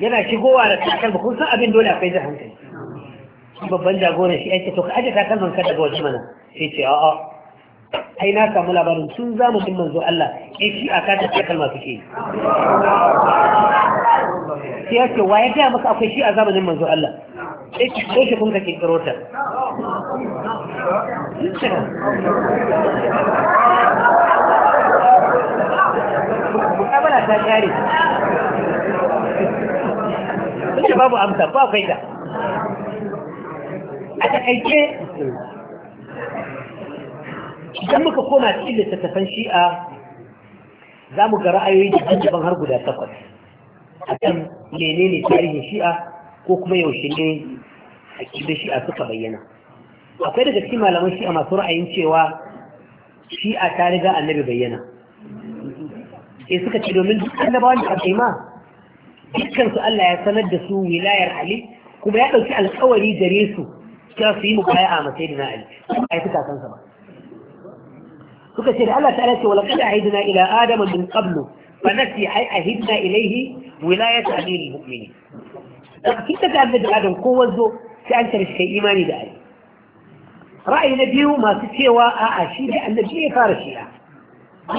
yana shigowa da takalma kun san abin dole a kai da hankali babban jagoran shi ake to ka aje kalman ka daga waje mana shi ce a'a kai na samu labarin sun za mu din manzo Allah ai shi a kata takalma suke shi ya ce waye ga maka akwai shi a zamanin manzo Allah sai ko ki kun ka kirkiro ta mukabala ta kare babu amsa ba kai ta. a idan muka koma cikin littattafan shi'a za mu ga ra'ayoyi da daban har guda takwas a kan menene tarihin shi'a ko kuma yaushe ne a cikin shi'a suka bayyana akwai daga cikin malaman shi'a masu ra'ayin cewa shi'a ta riga annabi bayyana sai suka ce domin duk annabawan da aka yi ma dukkan su Allah ya sanar da su wilayar Ali kuma ya ɗauki alƙawari gare su cewa su yi mu baya a masai da kuma a yi kansa ba suka ce da Allah ta'ala ce walaƙad a haidina ila adama min qablu fa nasi ai a hidina ilaihi wilayat amirul mu'mini kin ta ga da adam ko wazo sai an tarshi kai imani da ali ra'ayi na biyu masu cewa a'a shi da annabi ya fara shi'a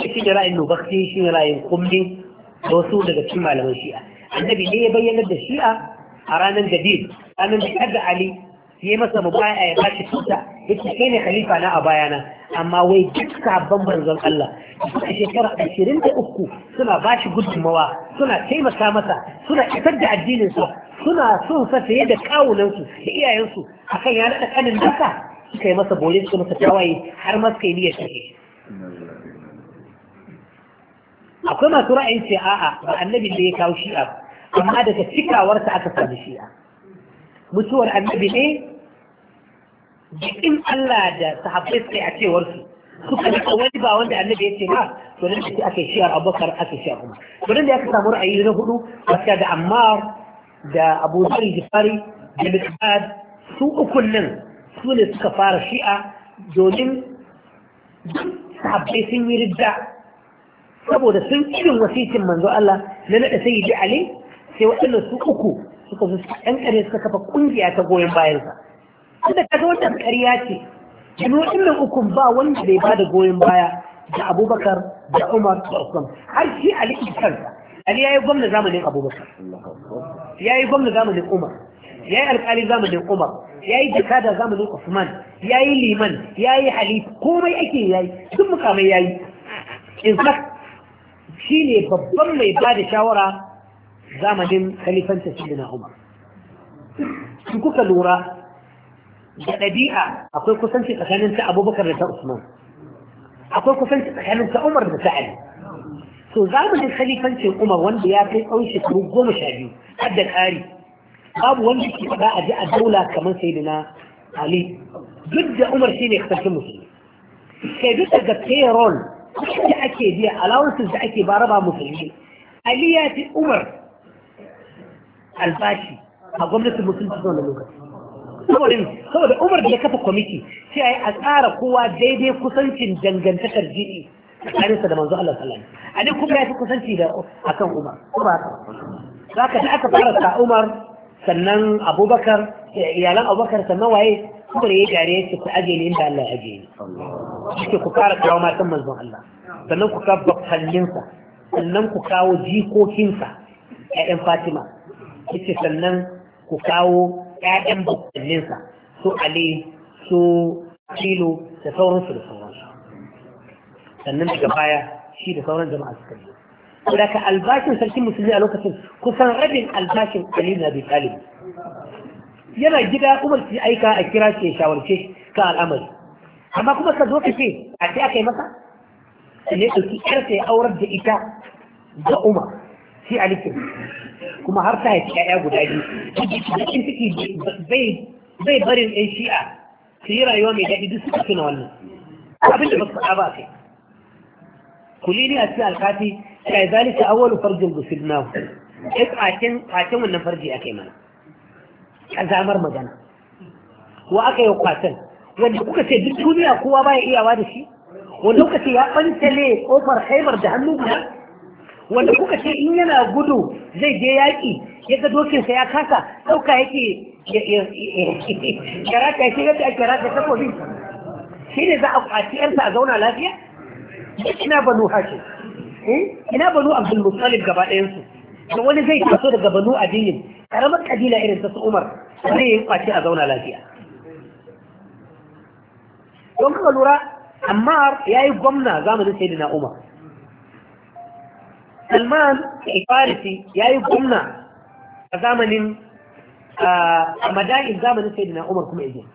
shi ne ra'ayin nubakti shi ne ra'ayin kumni da wasu daga cikin malaman shi'a annabi ne ya bayyana da shi'a a ranar jadid ranar da ali yi masa mubaya ya bashi tuta yake kai ne khalifa na a bayana amma wai duk sabon manzon Allah a shekara ashirin da uku suna bashi gudunmawa suna taimaka masa suna isar da addininsa suna son sa fiye da kawunansu da iyayensu akan ya naɗa kanin duka suka yi masa bore suka masa tawaye har ma kai niyyar shi akwai masu ra'ayin ce a'a ba annabi da ya kawo shi'a amma daga cikawarsa aka sami shi'a mutuwar annabi ne jikin Allah da sahabbai suka a cewar su suka rika wani ba wanda annabi ya ce ma to nan da aka yi shiyar abubakar aka yi shiyar kuma da aka samu ra'ayi na hudu wata da ammar da abu zari Jafari da misbad su ukun nan su ne suka fara shi'a domin sahabbai sun yi ridda saboda sun irin wasitin manzo Allah na nada sai Ali sai waɗannan su uku suka zo ɗan kare suka kafa ƙungiya ta goyon bayansa wanda kaga wannan ƙarya ce jino nan ukun ba wanda bai bada goyon baya da abubakar da umar da usman har shi ali kansa ali ya yi gwamna zamanin abubakar ya yi gwamna zamanin umar ya yi alƙali zamanin umar ya yayi jakada zamanin usman ya yi liman ya yi halifa komai ake yi, duk mukamai yi. in shi ne babban mai bada shawara zamanin khalifancin sayyidina umar in kuka lura da ɗabi'a akwai kusanci tsakanin ta abubakar da ta usman akwai kusanci tsakanin ta umar da ta ali to zamanin khalifancin umar wanda ya kai tsawon shekaru goma sha biyu har da ƙari babu wanda ke faɗa a ji a daula kamar sayyidina ali duk da umar shine kasance musulmi kai duk daga payroll da ake biya allowances da ake ba raba musulmi ali ya fi umar albashi a gwamnatin musulmi ta zaune lokaci saboda umar da ya kafa kwamiti sai a yi a tsara kowa daidai kusancin dangantakar jini tsakaninsa da manzo Allah sallallahu alaihi wasallam kuma ya fi kusanci da akan umar umar ka da aka fara sa umar sannan abubakar iyalan abubakar sannan waye umar ya gare ya ce ku aje ni inda Allah ya aje ni shi ku fara kawo matan manzon Allah sannan ku kawo bakkallinsa sannan ku kawo jikokinsa ƴaƴan Fatima yace sannan ku kawo ƴaƴan mm. bakwanninsa su ali su filo da sauransu da sauransu sannan daga baya shi da sauran jama'a suka yi daga albashin sarkin musulmi a lokacin kusan rabin albashin ali na bi talib yana gida umar su aika a kira shi shawarce kan al'amari amma kuma ka zo ka a ce aka yi masa ne ɗauki ƴarsa ya aurar da ita ga umar shi alikin kuma har ta haifi ƴaƴa guda biyu cikin ciki zai zai barin ɗan shi'a su yi rayuwa mai daɗi duk suka na wannan abin da ba su faɗa ba kai kulini a cikin alkafi ta yi zalika awwalu farjin gusil nahu ai ƙakin ƙakin wannan farji aka yi mana kazamar magana wa aka yi kwatan wanda kuka ce duk duniya kowa baya iyawa da shi wanda kuka ce ya ɓantale ƙofar haibar da hannu guda wanda kuka ce in yana gudu zai je yaƙi ya ga dokinsa ya kasa ɗauka yake kirata shi yadda ake rata takobi shi ne za a kwaci ‘yarsa a zauna lafiya? ina banu hashe eh? ina banu abdul musalib gaba ɗayansu da wani zai taso daga banu adiyin karamar kabila irin ta su umar zai yi kwaci a zauna lafiya don kuka lura amma ya yi gwamna zamanin sai na umar سلمان الفارسي يا يبقمنا زمن آه، مدائن زمن سيدنا عمر كم إيجين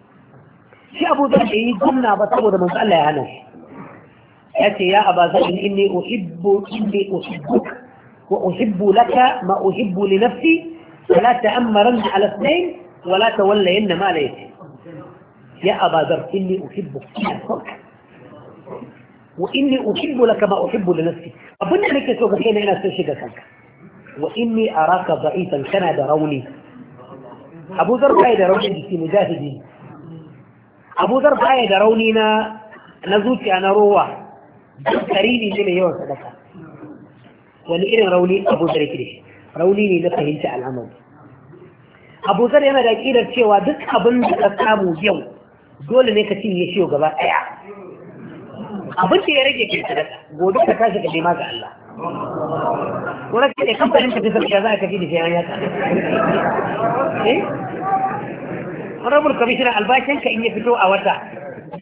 شي أبو ذر يبقمنا بطبو ذا من قال يا هنش أتي يا أبا ذر إني أحب إني أحبك وأحب لك ما أحب لنفسي فلا تأمرن على اثنين ولا تولين ما ليتي يا أبا ذر إني أحبك wa inni uhibbu laka ma uhibbu li nafsi abin da nake so ga kaina ina son shiga kanka wa inni araka da'ifan kana da rauni Abu Zar bai da rauni jiki mujahidi Abu Zar bai da rauni na na zuciya na rowa karimi ne mai yawan sadaka wani irin rauni Abu Zar yake da shi rauni ne na fahimta al'amari Abu Zar yana da aqidar cewa duk abin da ka samu yau dole ne ka cinye shi gaba ɗaya أبنت يرجع كذا، بودي كذا زي كذي ما قال لا، ولا كذا كم بعدين كذا زي كذا كذي نسيان يا كذا، إيه؟ أنا بقول كذي شنو ألبا شن كإني فيتو أوردا،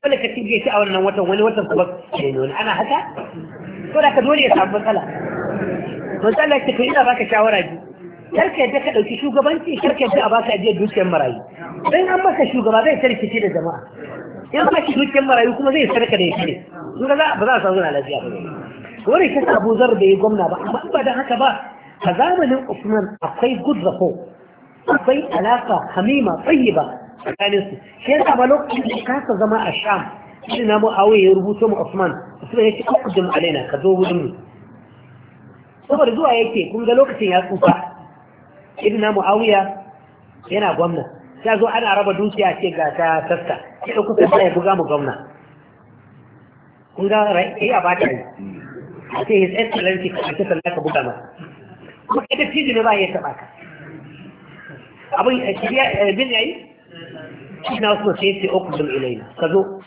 ولا كذي بيجي شيء أوردا نوتو ولا نوتو كبر شنون أنا هذا، ولا كذا ولا يسافر كلا، وتعالى كذي إذا باك شاورا جي. شركة دخل وتشو جبانتي شركة أباك أجي دوسي مراي، بين أما كشو جبانتي شركة كذي زمان. in ba ki dukkan marayu kuma zai sarka da ya kare in ga ba za a samu na lafiya ba wani kasa abu zar da ya gwamna ba amma ba da haka ba a zamanin usman akwai good rapport akwai alaka hamima tsayiba tsakanin su shi yasa ba lokacin da kasa zama a sham shi na mu awaye ya rubuto mu usman usman ya ce ukudum alaina ka zo wurin mu saboda zuwa yake kun ga lokacin ya tsufa ibn muawiya yana gwamna ya zo ana raba dukiya ce ga ta sassa ya ɗauko sanda ya buga mu gwamna kun ga rai eh a bata yi a ce his excellency ake sanda ka buga ma. kuma ita tiji ne ba ya taɓa ka abin shirya eh, eh, bin yayi shi na wasu sai ce okudum ilaina ka zo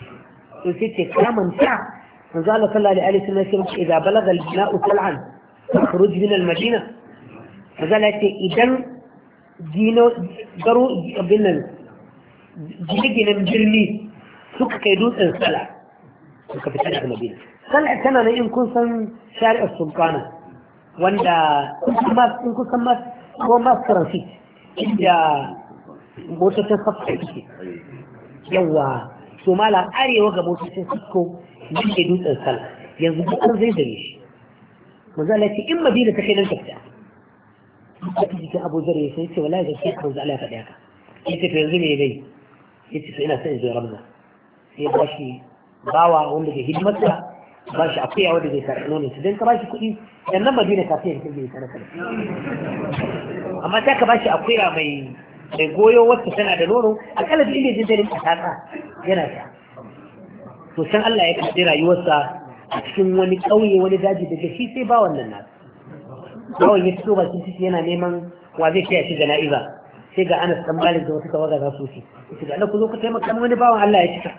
in sai ce kamanta manzo Allah sallallahu alaihi wasallam sai ce idza balagha al-bina'u sal'an fakhruj min al-madina manzo Allah ce idan dino garu gine-ginen birni suka kai dutsen sala suka fita daga madina sala tana na in kun san shari'ar sultana wanda in kun san ko masu transit inda motocin safka suke yawa su mala arewa ga motocin safko nan da dutsen sala yanzu duk an zai zai shi manzo ce in madina ta kai nan tafiya duk da jikin abu zare sai ce wala ya ce a kan zala ya faɗi haka ita ta yanzu ne ya dai ya ce ina son zai ramna sai ya bashi bawa wanda ke hidimarsa ba shi akuya wanda zai karɓi nonin su don ka bashi kuɗi dan nan madina ka sai ka zai karɓi amma ta ka bashi akuya mai mai goyo wacce tana da nono akalla duk inda jinjirin a tsaka yana ta to san Allah ya kaɗi rayuwarsa a cikin wani ƙauye wani daji daga shi sai bawan nan na. bawan ya fito bakin titi yana neman wa zai kiyaye shi jana'iza sai ga anas dan malik da wasu kawaga za su wuce sai ga ku zo ku taimaka wani bawan Allah ya cika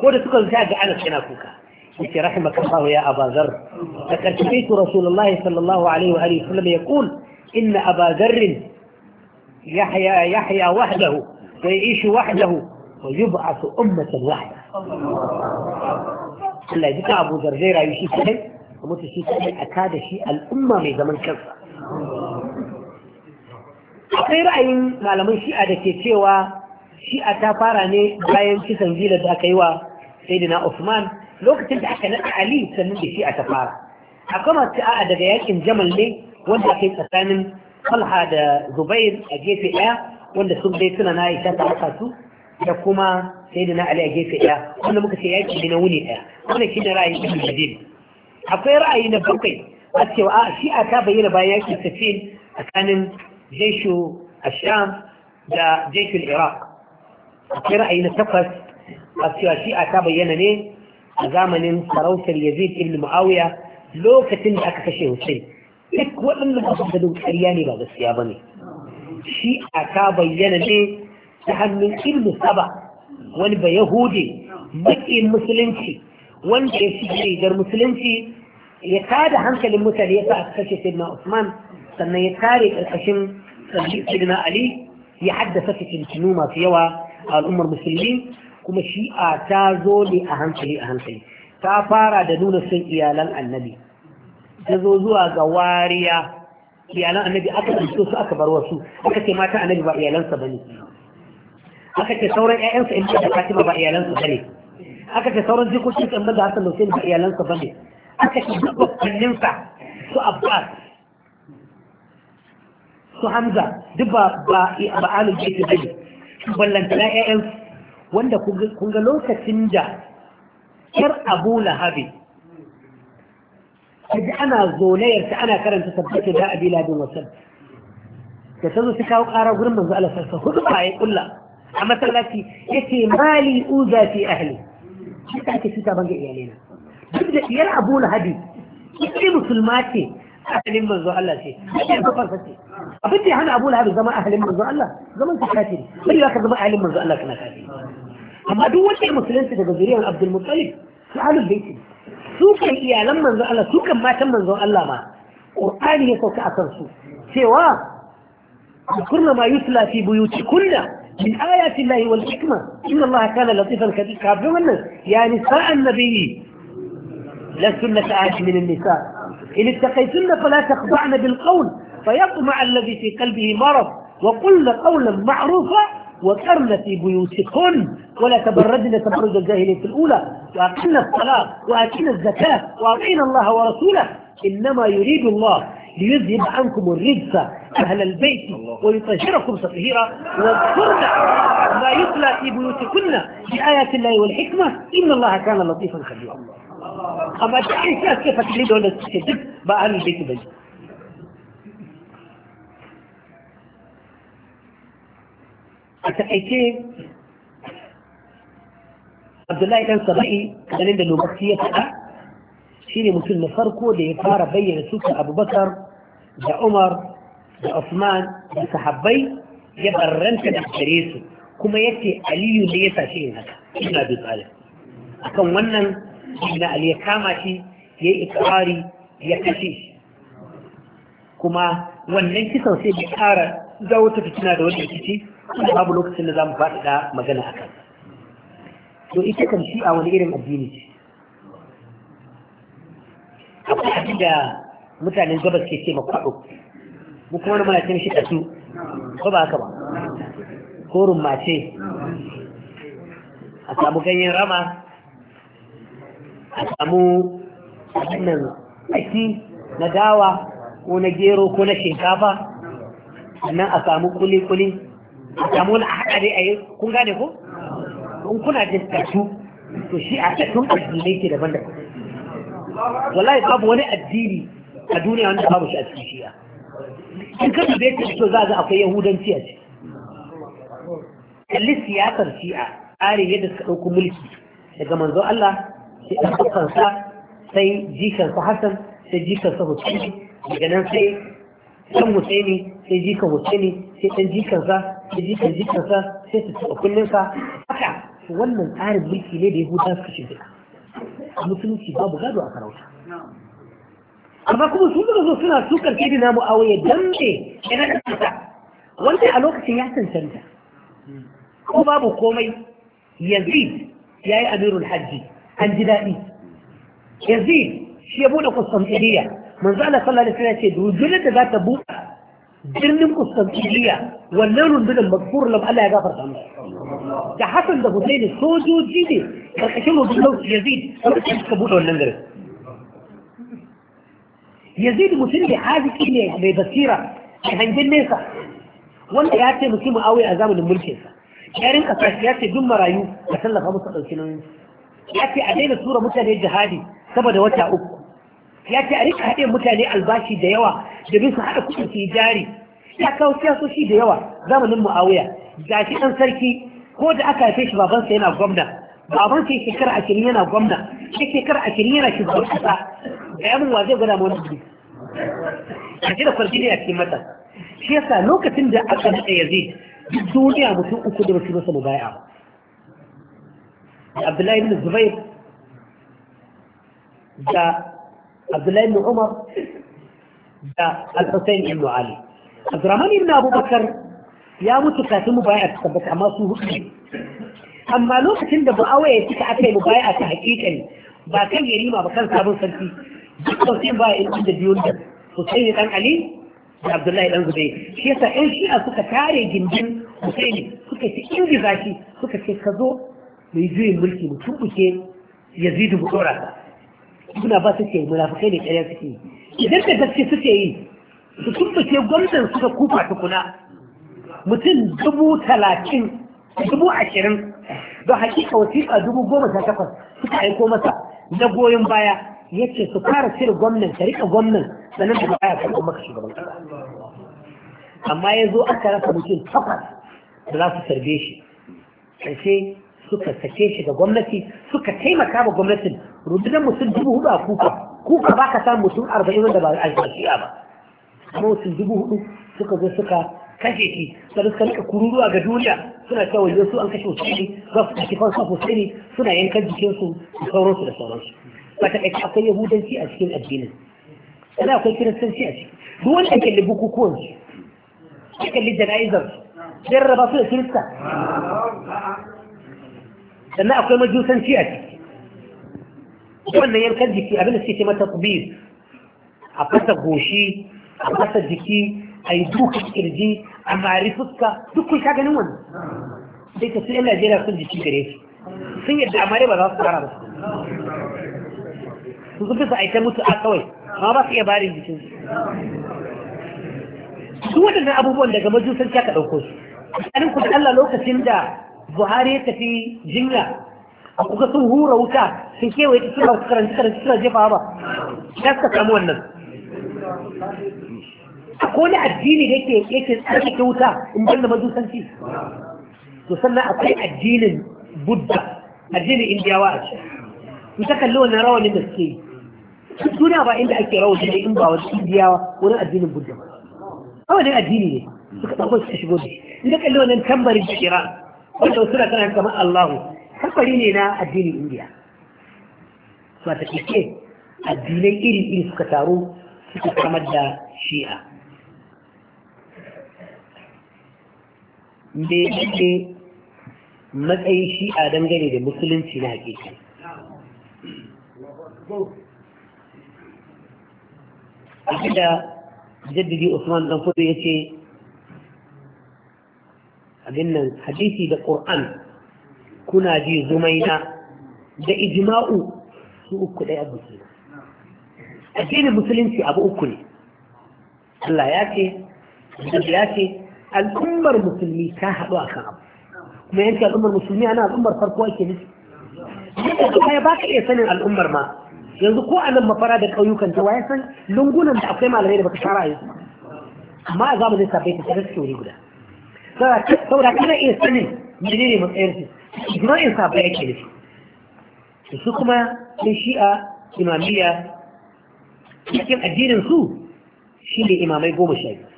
ko da suka zuta ga anas yana kuka yace rahimakallahu ya abazar laqad sami'tu rasulullahi sallallahu alaihi wa alihi wasallam yaqul inna abazar يحيا يحيا وحده ويعيش وحده ويبعث أمة وحده الله يجيك أبو ذر زيرا يشي سهل ومتشي سهل أكاد شيء الأمة من زمن كفة akwai ra'ayin malaman shi'a da ke cewa shi'a ta fara ne bayan kisan zilar da aka yi wa saidina Usman lokacin da aka naɗa Ali sannan da shi'a ta fara akwai masu a'a daga yakin Jamal ne wanda aka yi tsakanin Falha da Zubair a gefe ɗaya wanda sun dai suna na Aisha ta haka su da kuma saidina Ali a gefe ɗaya wanda muka ce yaki ne na wuni ɗaya wannan shine ra'ayin Ibn Madin akwai ra'ayi na bakwai a cewa a shi'a ta bayyana bayan yakin Safin tsakanin jeshu asham da jeshul iraq akwai ra'ayi na takwas a cewa shi'a ta bayyana ne a zamanin sarautar yazid ibn muawiya lokacin da aka kashe hussein duk waɗanda ba da ƙarya ne ba gaskiya ba ne shi'a ta bayyana ne ta hannun ilmu saba wani ba yahudi maƙin musulunci wanda ya shi rigar musulunci ya tada hankalin mutane ya sa aka kashe sayyidina usman sannan ya tare ƙarƙashin سيدنا علي ya haddasa fitintinu masu yawa a al'ummar musulmi kuma shi'a ta zo ne a hankali a hankali ta fara da nuna son iyalan annabi ta zo zuwa ga wariya iyalan annabi aka ɗauke su aka bar wasu aka ce mata annabi ba iyalansa ba ne aka ce sauran 'ya'yansa in da fatima ba iyalansa ba ne aka ce sauran jikokin ɗan da hasan hussein ba iyalansa ba ne aka ce duk bakwanninsa su abbas su hamza duk ba ba ba alin jiki bane ballanta na ƴaƴan wanda kun ga lokacin da 'yar abu lahabi kaji ana zonayar ta ana karanta tabbata da abi labin wasan da ta zo ta kawo ƙara gurin manzo Allah sarsa hudu ba ya kulla a masallaci yake mali uza fi ahli shi ta ake cuta banga iyalena duk da 'yar abu lahabi ita musulma ce ahalin manzo Allah ce ake kafar sace abin da ya hana Abu Lahab zama ahalin manzo Allah zaman ka kafiri bai ka zama ahalin manzo Allah kana kafiri amma duk wanda musulunci daga zuriyar Abdul Muttalib su ahlul baiti su kan iyalan manzo Allah su kan matan manzo Allah ma Qur'ani ya sauka akan su cewa kurna ma yusla fi min buyutikunna من آيات الله والحكمة إن الله كان لطيفا كبيرا كابر يا نساء النبي لستن كأحد من nisa. إن اتقيتن فلا تخضعن بالقول فيطمع الذي في قلبه مرض وقلن قولا معروفا وكرن في بيوتكن ولا تبردن تبرد الجاهلية الأولى وأقمنا الصلاة وأتينا الزكاة وأطعنا الله ورسوله إنما يريد الله ليذهب عنكم الرجس أهل البيت ويطهركم تطهيرا واذكرن ما يتلى في بيوتكن بآيات الله والحكمة إن الله كان لطيفا خبيرا amma da ake sa suke fasili da wanda suke duk ba an da ke bane a taƙaice abdullahi ɗan saba'i ganin da lokaci ya faɗa ne mutum na farko da ya fara bayyana suka abubakar da umar da usman da sahabbai ya barranta da gare su kuma yace aliyu ne ya sashe yin haka ina bi tsari. akan wannan na ali ya kama shi ya yi ikirari ya kashe shi kuma wannan kisan sai bai kara za wata fitina da wani kici kuma babu lokacin da za mu faɗaɗa magana a kan to ita kan shi a wani irin addini ce akwai abin da mutanen gabas ke ce ma kwaɗo mu kuma wani mana shi kasu ko ba haka ba ko rummace a samu ganyen rama a samu wannan tsaki na dawa ko na gero ko na shinkafa sannan a samu kuli-kuli a samu wani a haɗa dai a yi kun gane ko? in kuna jin tattu to shi a tattun addinai ke daban daban wallahi babu wani addini a duniya wanda babu shi a cikin shi'a in ka dube ta to za ga akwai yahudanci a ciki kalli siyasar shi'a tsarin yadda suka ɗauko mulki daga manzo Allah sai ɗan kusansa sai jikansa Hassan sai jikansa Hussaini daga nan sai ɗan Hussaini sai jikan Hussaini sai ɗan jikansa sai jikan jikansa sai su taɓa kullinsa haka wannan tsarin mulki ne da Yahuda suka shimfiɗa a musulunci babu gado a sarauta amma kuma sun daga zo suna sukar kiri na mu'awiyar dambe yana da kasa wanda a lokacin ya cancanta ko babu komai yazid ya yi amirul hajji الجدائي يزيد شيبون قسطنطينية من زال صلى الله عليه وسلم وجلة ذات بوء جن قسطنطينية ولون من المذكور لم على يغفر الله تحصل ده حسين سوجو جيدي فالحشم بالنوت يزيد فالحشم كبوت والنمر يزيد مسلم بحاجة كبنية ببصيرة عن جن نيسا وانا يأتي مسلم أوي أزامن الملكة يارين أساسيات جمع رايو أسلق أبو سقل كنوين ya ce a daina tura mutane jihadi saboda wata uku ya ce a rika haɗe mutane albashi da yawa domin su haɗa kuɗin su yi jari ya kawo siyasoshi da yawa zamanin mu'awuya ga shi ɗan sarki ko da aka haife shi babansa yana gwamna baban sai shekara ashirin yana gwamna sai shekara ashirin yana shugaban ƙasa ga yamin wa zai gwada mawani biyu a shi da kwarjini a cikin mata shi yasa lokacin da aka naɗa yazid duk duniya mutum uku da basu masa mu ba da abdullahi ibn zubair da abdullahi ibn umar da al-husayn ibn ali abdurrahman ibn abubakar ya mutu kafin mubaya'a ta tabbata amma su hudu amma lokacin da ba'awa ya cika aka yi mubaya'a ta hakikani ba kan yarima ba kan sabon sarki dukkan sai ba in da biyun da husayn dan ali da abdullahi dan zubair shi yasa ɗan shi'a suka tare gindin husaini suka ci ingiza shi suka ce ka zo Mai juyin mulki mu tumbuke yazidu mu ɗora. ka suna ba suke yi munafukai ne ƙarya suke yi idan da gaske suke yi su tumbuke gwamnan suka kufa tukuna mutum dubu talatin dubu ashirin don hakika wasiƙa dubu goma sha takwas suka aiko masa na goyon baya ya ce su fara cire gwamnan ta riƙa gwamnan sannan da baya karɓar maka shugaban ƙasa amma ya zo aka rasa mutum takwas da za su sarbe shi ƙarshe suka sake shi ga gwamnati suka taimaka wa gwamnatin rundunar mutum dubu hudu a kuka kuka ba ka samu mutum arba'in wanda ba a shi'a ba amma mutum dubu hudu suka zo suka kashe shi sannan suka rika kururuwa ga duniya suna cewa yau su an kashe husaini za su kashe fansa husaini suna yankan jikinsu da sauransu da sauransu ba ta kai akwai yahudanci a cikin addinin sannan akwai kiristanci a ciki duk wanda ake libu kukuwansu ake libu jana'izar jarraba su da kirista لن أقول مجلوسا سيأتي وأن يمكن ذلك أبنى سيتم تطبيب أبنى غوشي أبنى ذلك أي دوك إرجي أما عرفتك دوك كل شيء نوان دي تسير إلا جيلا كل ذلك كريف سيد أماري بدا سكرا بس تصبح سأيتم متأكوي ما بس إباري ذلك سوى لنا أبو بوان لك مجلوسا سيأتي أوكوش أنا كنت ألا لوك سيمدا buhari ya tafi jinya a kuka sun hura wuta sun kewaye ta suna karanci karanci suna jefa ba ya suka samu wannan a kone addini da yake yake tsarkake wuta in ban da majusanci to sannan akwai addinin budda addinin indiyawa a ce in ta kalli wannan rawanin da suke yi duniya ba inda ake rawa da in ba wani indiyawa wurin addinin budda ba rawanin addini ne suka ɗauko suka shigo da shi in ta kalli wannan tambarin da iran wanda wasu da kana kamar Allahu kafari ne na addinin Indiya su ta kike addinai iri iri suka taru suka kamar da shi'a da yake matsayin shi'a dangane da musulunci na hakika abinda jaddidi usman dan fudu ya ce abin nan hadisi da ƙur'an kuna ji zumaina da ijma'u su uku ɗaya abu su addinin musulunci abu uku ne Allah ya ce Allah ya ce al'ummar musulmi ta haɗu a kan abu kuma yanke al'ummar musulmi ana al'ummar farko ake nufi yadda kuma ya baka iya sanin al'ummar ma yanzu ko a nan mafara da ƙauyukan ta waya san lungunan da akwai malamai da baka shara yanzu amma a zamanin sabai ta tsarar wuri guda saboda kana iya sanin menene matsayinsu ijma'in safa yake da shi su kuma sai shi'a imamiyya cikin addinin su shi ne imamai goma sha biyu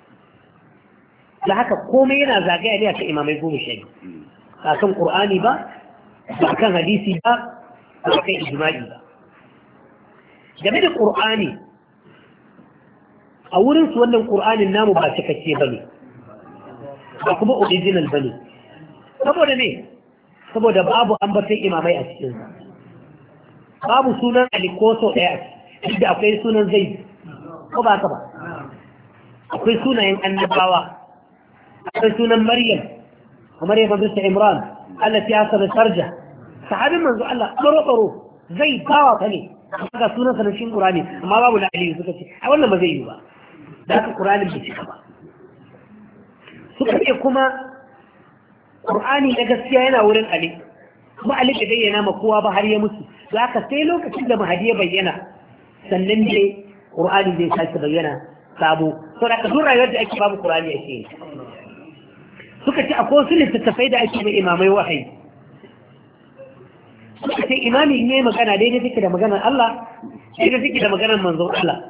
da haka komai yana zagaya ne a kan imamai goma sha biyu ba kan ƙur'ani ba ba kan hadisi ba ba kan ijma'i ba game da ƙur'ani a wurinsu wannan ƙur'anin namu ba cikakke ba ne ba kuma original bane saboda ne saboda babu ambaton imamai a cikin babu sunan alikoso daya inda akwai sunan zai ko ba ka ba akwai sunayen annabawa akwai sunan maryam kamar yadda bisa imran Allah ya saba sarja sahabin manzo Allah tsaro tsaro zai bawa ka ne ga sunan sanashin qur'ani amma babu da aliyu suka ce a wannan ba zai yi ba da ka qur'anin bai cika ba suka ce kuma ƙur'ani na gaskiya yana wurin ali kuma ali da bayyana ma kowa ba har ya musu za ka sai lokacin da mahadi ya bayyana sannan dai ƙur'ani zai sake bayyana sabo sau da duk rayuwar da ake babu ƙur'ani ake yi suka ce akwai wasu littattafai da ake mai imamai wahayi suka ce imami in yi magana ne take da maganar Allah ne take da maganar manzon Allah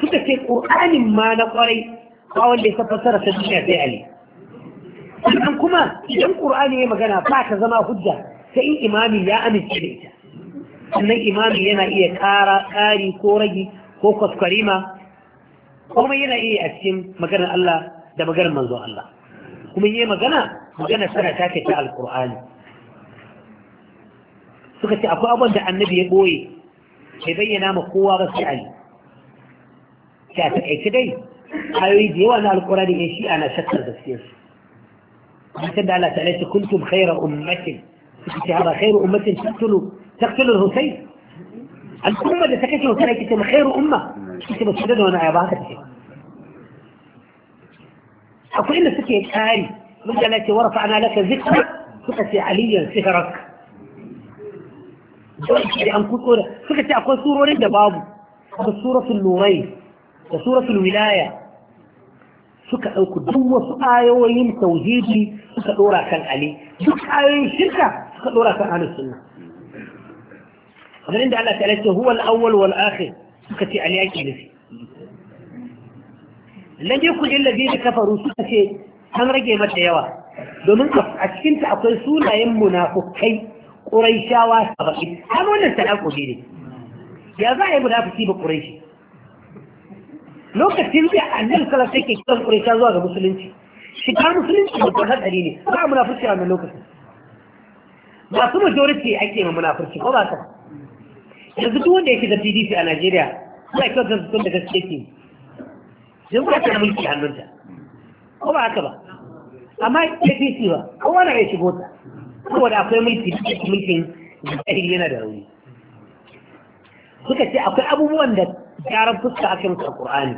suka ce ƙur'anin ma na ƙwarai ba wanda ya fassara ta duniya sai ali sannan kuma idan Kur'ani ya magana ba ta zama hujja sai in imami ya amince da ita sannan imami yana iya ƙara, kari ko ragi ko kwaskwarima kuma yana iya a cikin maganar Allah da maganar manzon Allah kuma yi magana magana tana ta ta alqur'ani suka ce akwai abin da annabi ya boye bai bayyana ma kowa ba sai ali ta ta dai أريد وأنا القرآن إيشي أنا شكر بسير وحسن على ثلاثة كنتم خير أمة في هذا خير أمة تقتل تقتل الهسين الأمة اللي تقتل الهسين كنتم خير أمة كنتم سجد وأنا عبادة أقول إن سكي الآري من جلاتي ورفعنا لك ذكر فكتي عليا سهرك جوانتي فكتي أقول سورة ورين دبابو سورة النورين سورة الولاية suka ɗauki duk wasu ayoyin tauhidi suka ɗora kan ali duk ayoyin shirka suka ɗora kan ahlus sunna kamar inda Allah ta ce huwa al-awwal wal akhir suka ce ali yake nufi lalle ku dilla da kafaru suka ce an rage mata yawa domin a cikinta akwai sunayen munafukai quraishawa sabaki an wannan talaqqu ne ya za a yi munafuki ba quraishi lokacin da a jin kala take kan kiran zuwa ga musulunci shiga musulunci da kwatar dari ne ba a munafurci a lokacin masu majority ake ma munafurci ko ba ka yanzu duk wanda yake da PDP a Najeriya suna zan su da gaske ke sun kwace da mulki hannunta ko ba haka ba amma APC ba kowa na ya shigo ta saboda akwai mulki duk mulkin da yana da rauni suka ce akwai abubuwan da gyaran fuska a musu alqur'ani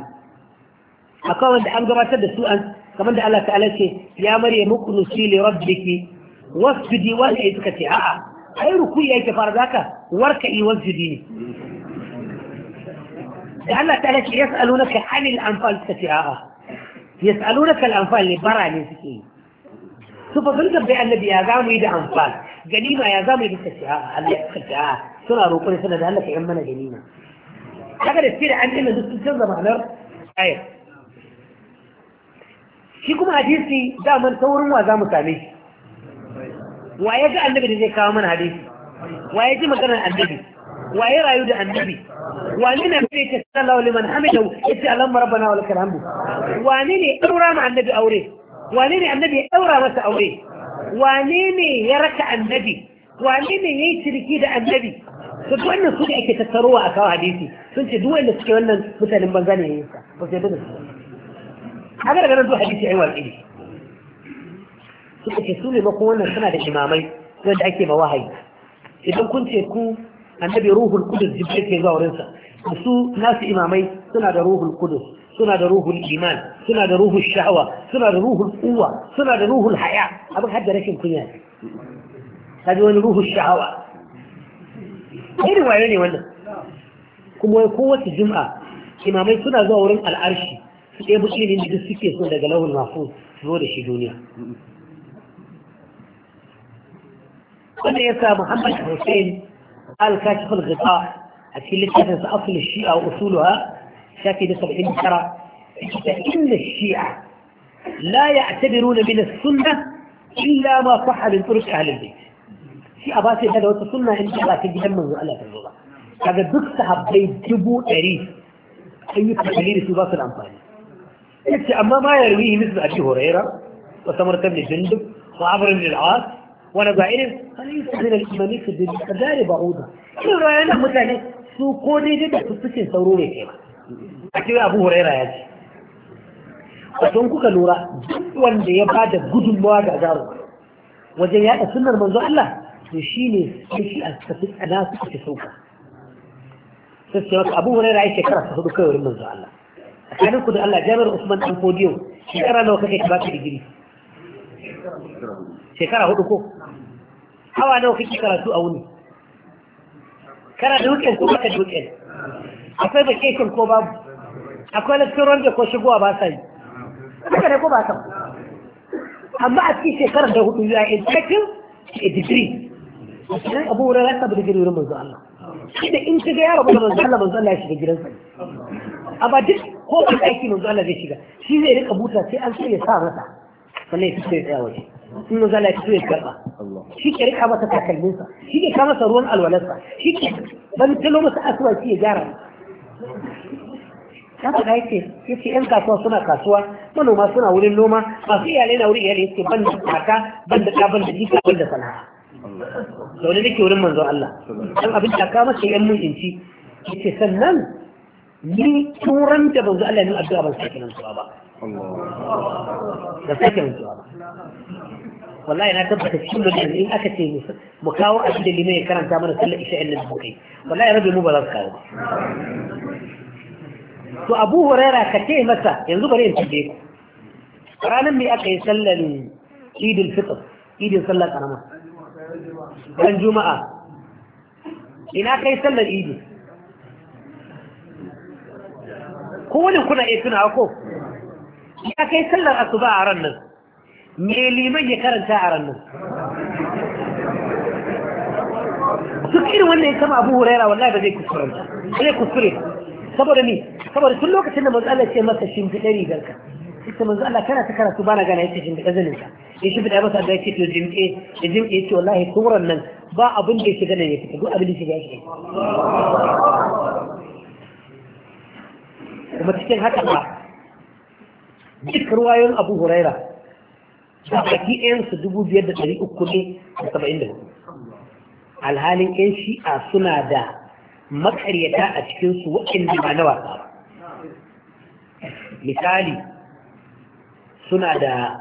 akwai wanda an gabatar da su an kamar da Allah ta'ala ce ya maryamu kunusi li rabbiki wasjudi wa ai suka ce a'a ai ruku'i yake fara zaka warka i wasjudi ne da Allah ta'ala ce yas'alunaka anil anfal suka ce a'a yas'alunaka al anfal ne bara ne suke yi su fa sun tambayi annabi ya zamu yi da anfal ganima ya zamu yi da suka ce a'a Allah ya suka ce a'a suna roƙon suna da Allah ka yan mana ganima haka da sai da an dinna duk sun canza ma'anar ayar shi kuma hadisi daman ta wurin wa za mu same shi wa ya ga annabi da zai kawo mana hadisi wa ya ji maganar annabi wa ya rayu da annabi wani ne mai ce sallahu liman hamidu ya ce alamma rabbana wa lakal hamdu wani ne ɗaura ma annabi aure wani ne annabi ya ɗaura masa aure wani ne ya raka annabi wani ne ya yi ciriki da annabi duk wannan su ne ake tattarowa a kawo hadisi sun ce duk wanda suke wannan mutanen banza ne yin sa ba sai da su haka daga nan zuwa hadisi ai watsi ne suka ce su ne ba kuma wannan suna da imamai wanda ake ma wahayi idan kun ce ku annabi ruhul kudus jibril ke zuwa wurinsa su nasu imamai suna da ruhul kudus suna da ruhul iman suna da ruhul sha'awa suna da ruhul uwa suna da ruhul haya abin hadda rashin kunya kaji wani ruhul sha'awa irin waye ne wannan kuma wai kowace jum'a imamai suna zuwa wurin al'arshi su ɗebo ilimin da suke so daga lauhul mahfuz zo da shi duniya wanda ya sa Muhammad Hussein al-Kashif al a cikin littafin sa asul shi'a wa usuluha shafi da 79 da inda shi'a la ya'tabiruna min as-sunnah illa ma sahha min halin ahli al shi a ba sai da wata sunna in ta ba ta gidan manzo Allah ta zo ba kaga duk sahabbai dubu ɗari ayyukan dalili su ba su da amfani yace amma ma ya ruwi misal abi huraira wa samarkan da jindub wa abr bin al-as wa na za'irin alaysa min al-imani fi dalil kadari ba'uda kin rayana mutane su ko daidai da fuskin sauro ne kai a cikin abu huraira ya ce wato kuka lura duk wanda ya bada gudunmawa ga garo wajen yaɗa sunnar manzo Allah to shine sai shi a tafi tsana suka ci sauka sai su ce masa abu huraira ya shekara ta hudu kai wurin manzo Allah tsakanin ku da Allah jami'ar Usman dan Fodiyo shekara nawa kake ka baka digiri shekara hudu ko hawa nawa kake karatu a wuni kana da wuken ko baka da wuken akwai vacation ko babu akwai lecturer da ko shigowa ba sa yi haka ne ko ba san amma a cikin shekarar da hudu ya yi cikin a digiri abu wurin rasa digiri wurin manzo Allah shi da in shiga yaro ba manzo Allah manzo Allah ya shiga gidansa ba duk ko ban aiki manzo Allah zai shiga shi zai rika buta sai an sai ya sa masa sannan ya fito ya tsaya waje in manzo Allah ya fito ya karba shi ke rika masa takalminsa shi ke kama ruwan alwalarsa shi ke ban talo masa asuwaci ya gyara ya faɗa yake ya ce yan kasuwa suna kasuwa manoma suna wurin noma masu iyalai na wurin iyalai ce, ban da kaka ban da ka ban da jika ban da sana'a zaune nake wurin manzo Allah dan abin da ka masa yan mun inci yace sannan ni turan da manzo Allah ne addu'a ban sake nan ba da sake nan ba wallahi na tabbata cikin da in aka ce mu kawo abin da limai ya karanta mana sallar isha'in nan bukai wallahi rabin mu ba za kawo to abu huraira ka ce masa yanzu bari in tabbe ku ranar me aka yi sallar idil fitr idil sallar karama ran juma'a ina kai sallar idi kowane kuna iya tuna ko ina kai sallar asuba a ran nan me liman ya karanta a ran nan duk irin wannan ya kama abu huraira wallahi ba zai kuskure ba zai saboda ni saboda tun lokacin da manzo Allah ce masa shimfiɗe garka ita manzo Allah kana ta karatu bana gana yace jin da zanin ka ya shi bida masa da yake to jin eh ya jin yace to wallahi kumran nan ba abin da yake gana ne fita duk abin da yake yake kuma cikin haka ba duk ruwayoyin Abu Huraira da baki ɗayan su dubu biyar da ɗari uku ne da saba'in da hudu alhalin ƴan shi'a suna da makaryata a cikinsu waɗanda ba na wasa ba misali سنة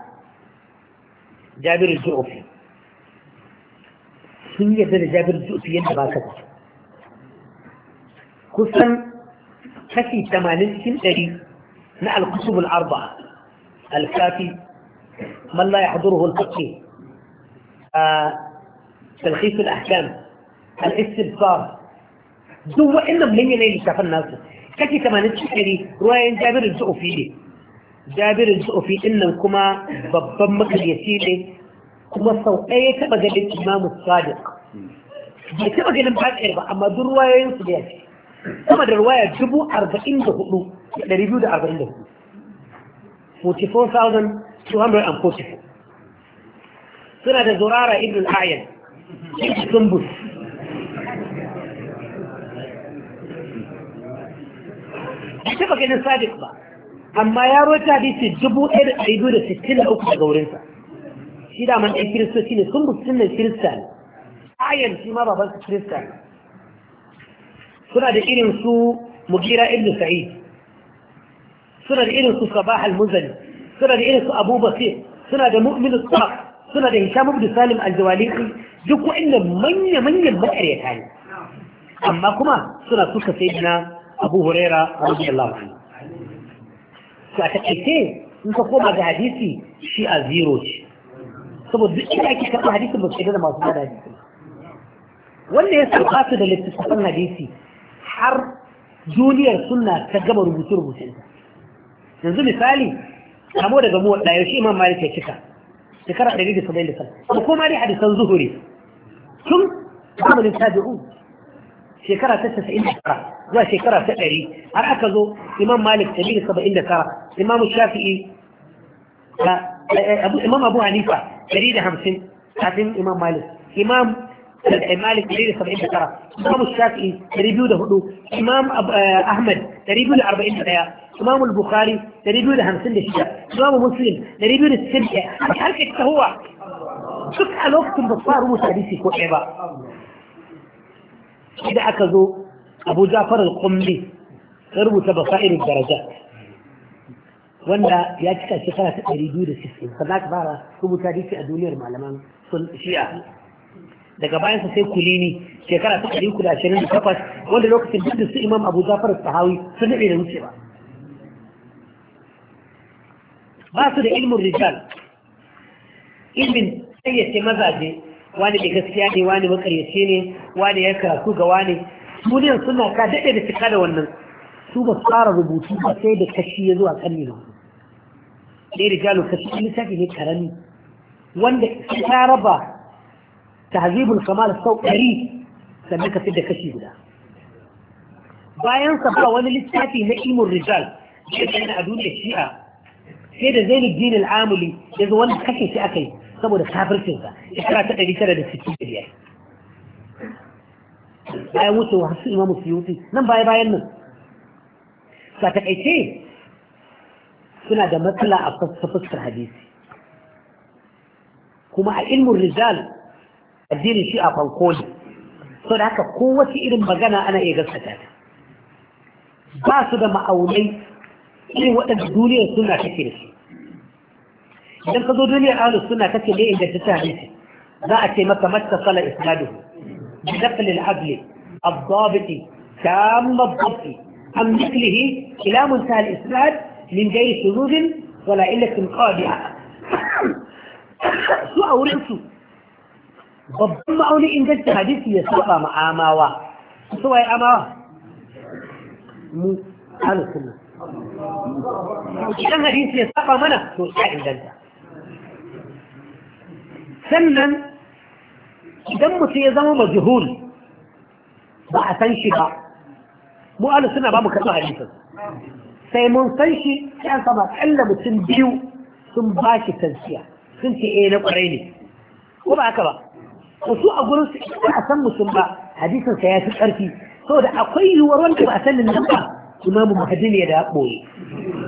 جابر الزؤفي سنة جابر الزؤفي ينبغى كده كثن كثي ثمانين سن تري مع الكتب الأربعة الكافي من لا يحضره الفقه آه، تلخيص الأحكام الاستبصار دو إنهم من ينين شاف الناس كثي تمانين سن تري رواية جابر الزؤفي jabir zufi din nan kuma babban makaryaci ne kuma sau ɗaya taɓa ganin imamu sadiq bai taɓa ganin bakir ba amma duk ruwayoyin su da sama da ruwaya dubu arba'in da hudu da ɗari biyu da arba'in da hudu 44,244 suna da zurara ibn al'ayyar sumbus ba taɓa ganin sadiq ba amma ya rota hadisi dubu ɗaya da ɗari biyu da sittin da uku daga wurinsa shi da man ɗan kiristoci ne sun musulmin kirista ne ayan shi ma baban su kirista ne suna da irin su mugira ibn sa'id suna da irin su sabah al-muzani suna da irin su abu basir suna da mu'min tsaq suna da hisham ibn salim al-jawaliki duk wa'annan manya manyan makaryata ne amma kuma suna suka sayyidina abu huraira radiyallahu anhu to a takaice in ka koma ga hadisi shi a zero ce saboda duk inda ake karɓar hadisin ba su da masu bada hadisi Wannan ya sarfa su da littattafan hadisi har duniyar suna ta gama rubuce-rubucen yanzu misali kamo daga mu da yaushe imam malik ya cika shekara 177 ko kuma dai hadisan zuhuri tun zamanin tabi'u شكرا ta tasa'in كرا tara شكرا تأري أركضوا إمام مالك aka zo imam كرا إمام da saba'in da tara imam shafi'i imam abu hanifa ɗari da hamsin kafin imam malik imam إمام الشافعي ريبيو ده هدو إمام آه، أحمد ريبيو ده 40 دقيقة إمام البخاري ريبيو ده 50 دقيقة إمام مسلم ريبيو ده 6 دقيقة حركة هو شكرا على البصار هو كو shi da aka zo abu jafar al-kumbi ya rubuta basairin daraja wanda ya cika shekara ta ɗari biyu da sittin sannan aka fara rubuta dace a duniyar malaman sun shi'a daga bayansa sai kulini shekara ta ɗari ashirin da takwas wanda lokacin duk da su imam abu jafar sahawi sun daɗe da wuce ba ba su da ilmin rijal ilmin ce mazaje wani da gaskiya ne wani makaryaci ne wani ya karatu ga wani duniyar suna ka daɗe da cika da wannan su ba fara rubutu ba sai da kashi ya zuwa ƙarni na ɗaya da jalo kashi an lissafi ne karami wanda ta raba tahzibul kamal sau ɗari sannan ka da kashi guda bayan sa ba wani littafi na imun rijal da ya a duniya shi'a sai da zainul din al'amuli ya zo wanda kashe shi aka yi saboda kafircinsa shekara ta ɗari tara da sittin da biyar bayan wucewa hasu imamu suyuti nan baya bayan nan sa taƙaice suna da matsala a fuskar hadisi kuma a ilmin rijal addinin shi a kwankoli sau da haka kowace irin magana ana iya gaskata ta ba su da ma'aunai irin waɗanda duniyar suna take da su idan ka zo duniya ahlus sunna kace ne inda ta tarihi za a ce maka mattasala isnadu bi naqli al-adl الضابط تام الضبط عن مثله إلى منتهى الإسناد من غير شذوذ ولا علة قادعة su a wurinsu babban ma'aunin ingancin hadisi ya saba ma amawa su waye amawa mu alusunna idan hadisi ya saba mana to ya inganta sannan idan mutum ya zama majhul ba a san shi ba mu alu suna ba mu karɓar hadisin sai mun san shi sai an sama kalla mutum biyu sun ba shi tansiya sun ce eh na kwarai ne ko ba haka ba su a gurin su ba a san mutum ba hadisin sa ya fi ƙarfi saboda akwai yiwuwar wanda ba a sanin nan ba imamu muhaddin ya da ɓoye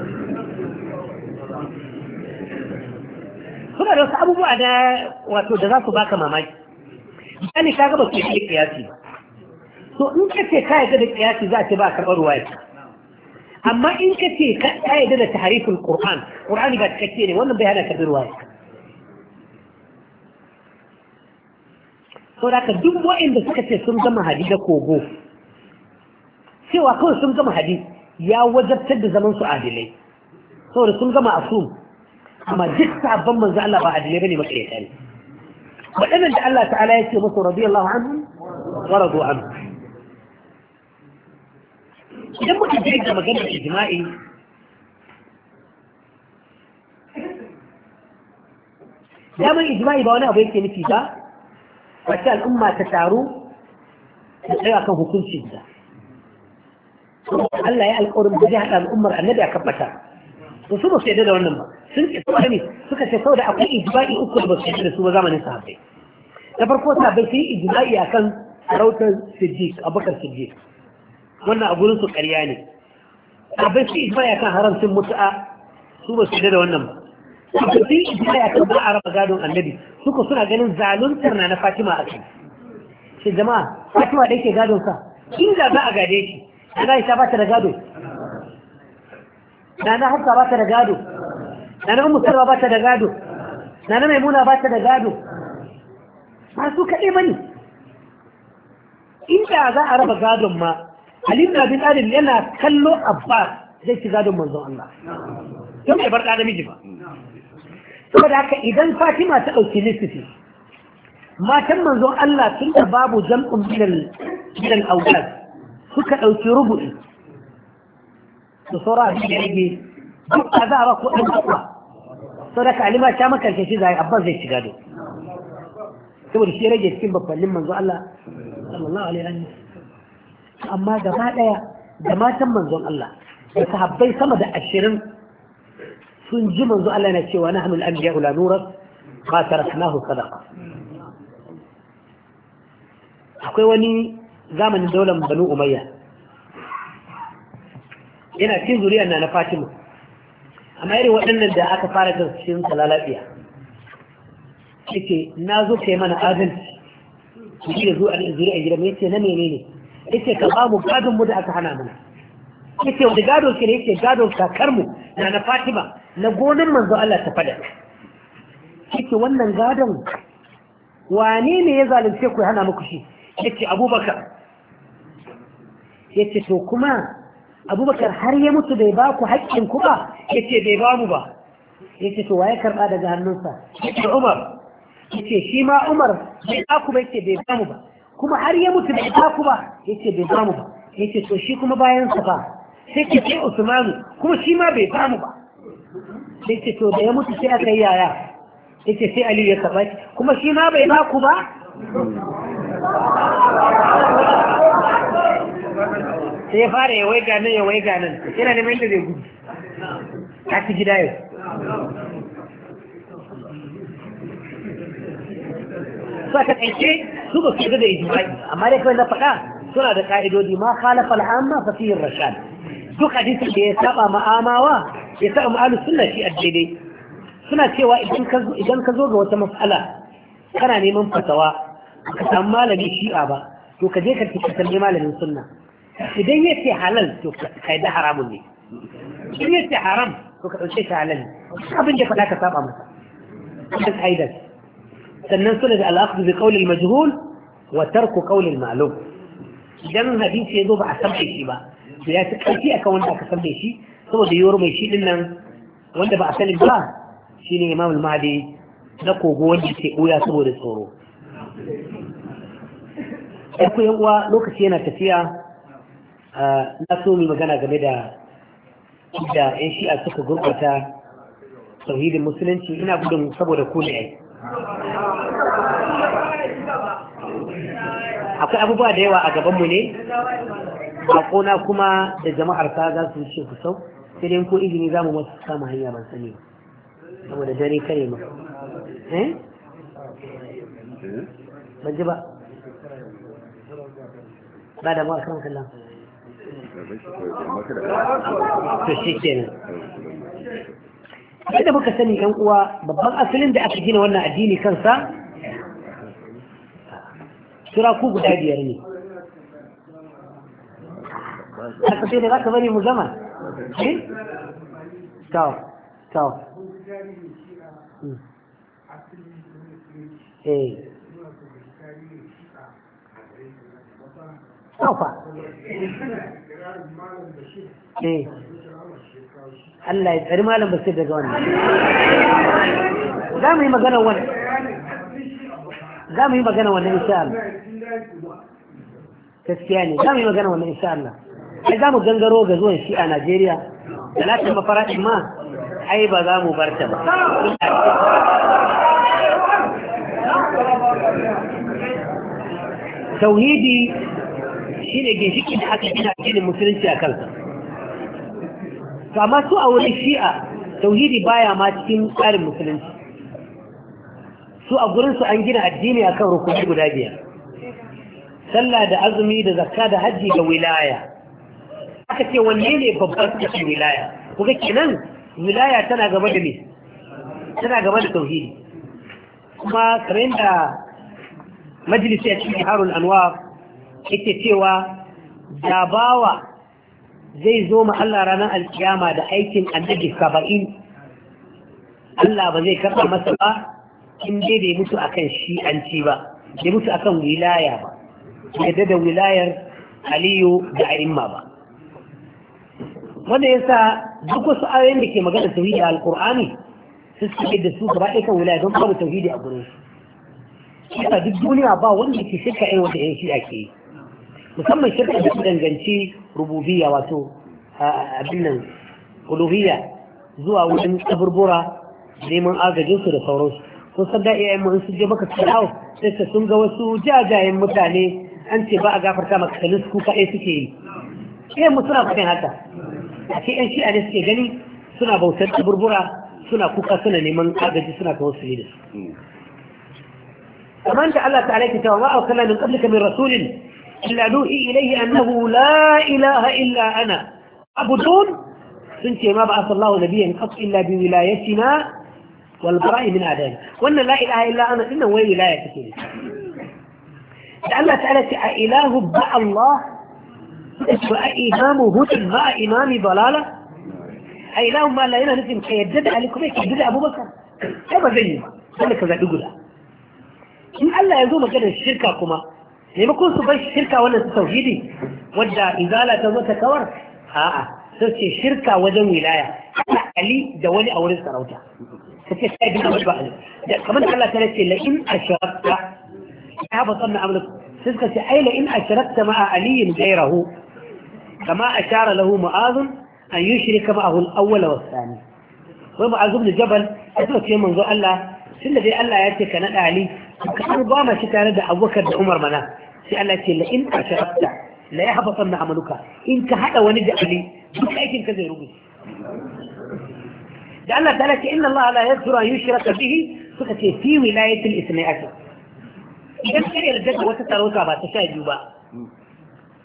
suna da wasu abubuwa da wato da za su baka mamaki misali ka gaba ke yi kiyasi to in ka ce ka yadda da kiyasi za ce ba a karɓar ruwaya amma in ka ce ka yadda da taharifin Ƙur'an qur'ani ba cikakke ne wannan bai hana karɓar ruwaya sau da duk waɗanda suka ce sun gama hadi da kogo cewa kawai sun gama hadi ya wajabtar da zaman su adilai saboda sun gama asum أما دفع ضمن زعل بعد لبني مكي حال وإن انت الله تعالى يكي مصر رضي الله عنه ورضوا عنه لما تجيك لما جمع الجمائي لما إجمائي بوانا أبو نتيجة وكان فشال أمة تتعرو بحيوة كان هكو شدة الله يعلق أورم جزيحة الأمة النبي أكبتها وصوله سيدنا ونمر sun ce saboda ne suka ce sau da akwai ijma'i uku da basu da su ba zamanin sahabbai na farko sahabbai sun yi a akan sarautar siddiq abubakar siddiq wannan a gurin su ƙarya ne sahabbai sun yi a akan haramcin mutu'a su ba su da wannan ba sahabbai sun yi ijma'i akan ba a raba gadon annabi suka suna ganin zaluntar na na fatima a kan shi jama'a fatima da yake gadon sa in za a gade shi ana isa ba ta da gado Nana na ba ta da gado nana ummu salma ba ta da gado nana maimuna ba ta da gado masu kaɗe ba ne inda za a raba gadon ma halin da bin ɗalib yana kallo abbas zai ci gadon manzon Allah don bai bar ɗa namiji ba saboda haka idan fatima ta ɗauki lissafi matan manzon Allah tun da babu jam'un bilan augal suka ɗauki rubutu. da saura abin da rage. duk a za a ba ko ɗan akwa sau da kalima ta makarce shi zai abbas zai shiga do saboda shi rage cikin babbalin manzo Allah sallallahu alaihi wa amma gaba daya da matan manzon Allah da sahabbai sama da ashirin sun ji manzo Allah na cewa nahnu al-anbiya la nurat ma taraknahu sadaqa akwai wani zamanin daular banu umayya yana cin zuriyar na na fatima amma irin waɗannan da aka fara da cikin salalabiya yake na zo kai mana adalci ku ji da zo an zuri a gidan yace na ne. yace ka ba mu gadon mu da aka hana mana yace wanda gadon ke yace gadon kakar mu na na Fatima na gonin manzo Allah ta fada yace wannan gadon wane ne ya zalunce ku hana muku shi yace Abubakar yace to kuma abubakar har ya mutu bai ba ku haƙƙin ku ba ya ce bai ba mu ba ya ce to waye karɓa daga hannunsa ya ce umar ya ce shi ma umar bai ba ku ba ya ce bai ba mu ba kuma har ya mutu bai ba ku ba ya ce bai ba mu ba ya ce to shi kuma bayan sa ba sai ke ce usman kuma shi ma bai ba mu ba ya ce to da ya mutu sai aka yi yaya ya ce sai aliyu ya karɓa kuma shi ma bai ba ku ba sai ya fara ya waiga nan ya waiga nan yana neman inda zai gudu ta ci gida yau sa ta ɗauke su ba su da ijma'i amma dai kawai na faɗa suna da ƙa'idodi ma halafa al'amma fa yin rashad duk hadisin da ya saba ma'amawa ya saba ma'alu suna shi a daidai suna cewa idan ka zo ga wata matsala kana neman fatawa ka samu malami shi'a ba to ka je ka tafi malamin sunna هديتي حلال توك هيدا حرام لي هديتي حرام توك شيء حلال قبل جاك لك طبعا بس هيدا سننصل الاخذ بقول المجهول وترك قول المعلوم جن هديتي يا دوب عصب شيء بقى بلا تكفي اكون لك عصب شيء تو ديور ما شيء لنا وانت بقى سلم بقى شيني امام المهدي نقو جوان جسي قويا سبور الصورو اكو يوا لوكسي انا كثيرا na so mu magana game da da yan shi'a suka gurbata tauhidin musulunci ina gudun saboda ku ne akwai abubuwa da yawa a gabanmu ne a kona kuma da jama'ar ta za su ce ku sau sai dai ko izini za mu masu samu hanya ban sani ba saboda dare kare ma eh? ban ji ba ba da ma kan kallon to shi da muka sani yan uwa babban asalin da aka gina wannan addini kansa ku guda biyar ne a kasai da za ka bari mu zama kawo kawo eh Saufa. Eh. Allah ya tsari malam basir daga wani. Za mu yi magana wani. Za mu yi magana wani insha Allah. Gaskiya ne, za mu yi magana wani insha Allah. Ai za mu gangaro ga zuwan shi a Najeriya. Da latin mafarashin ma, ai ba za mu barta ba. Tauhidi shi ne ginshiki da aka gina ginin musulunci a kansa to amma su a wurin shi'a tauhidi baya ma cikin tsarin musulunci su a gurinsu an gina addini a kan guda biyar sallah da azumi da zakka da hajji da wilaya aka ce wanne ne babbar cikin wilaya kuka kenan wilaya tana gaba da me tana gaba da tauhidi kuma kamar yadda majalisi a cikin harun anwar yake cewa dabawa zai zo ma Allah ranar alkiyama da aikin annabi saba'in Allah ba zai karɓa masa ba in dai bai mutu akan shi'anci ba bai mutu akan wilaya ba yadda da wilayar aliyu da a'imma ba wanda sa duk wasu ayoyin da ke magana tauhidi al alqur'ani su suke da su gaba ɗaya kan wilaya don babu tauhidi a gurin su duk duniya ba wanda ke shirka irin wanda yan shi ke yi musamman shirka da danganci rububiya wato abin nan uluhiyya zuwa wurin tsaburbura neman agajinsu da sauransu sun san da iyayen mu sun je maka tsawo sai ka sun ga wasu jajayen mutane an ce ba a gafarta maka kalin su kaɗai suke yi iyayen mu suna fadin haka a ce yan shi'a ne suke gani suna bautar tsaburbura suna kuka suna neman agaji suna kawo su da su. Hmm. Kamar da Allah ta'ala ke wa ma'a min qablika min rasulin إلا نوحي إليه أنه لا إله إلا أنا أبدون أنت ما بعث الله نبيا قط إلا بولايتنا والبراء من أعدائنا وأن لا إله إلا أنا إنه وين ولاية كثيرة لأن تعالى أإله بع الله وإمامه تبع إمام ضلالة أإله ما لا إله نسيم كيدد عليكم يكيدد أبو بكر كما زيه قال لك ذا إن الله يزوم كده الشركة كما maimakon su bai shirka wannan su tauhidi wadda izala ta zo ta kawar a'a sai ce shirka wajen wilaya ana ali da wani a wurin sarauta ta ce sai bin abu ba'ali da kamar da Allah ta ce la in asharakta ya ba sanna amlak sai suka ce ai la in asharakta ma'a aliyin gairahu kama ashara lahu mu'azun an yushrika ma'ahu al-awwal wa thani wai mu'az ibn jabal ya ce manzo Allah tunda dai Allah ya ce ka nada ali kamar ba ma shi tare da abubakar da umar mana sai Allah ce la in asharakta la yahbatanna amaluka in ka hada wani da ali duk aikin ka zai rubuce da Allah ta ce inna Allah la yaghfiru an yushraka bihi suka ce fi wilayatul ismai ashar idan ka yarda da wata sarauta ba ta sha biyu ba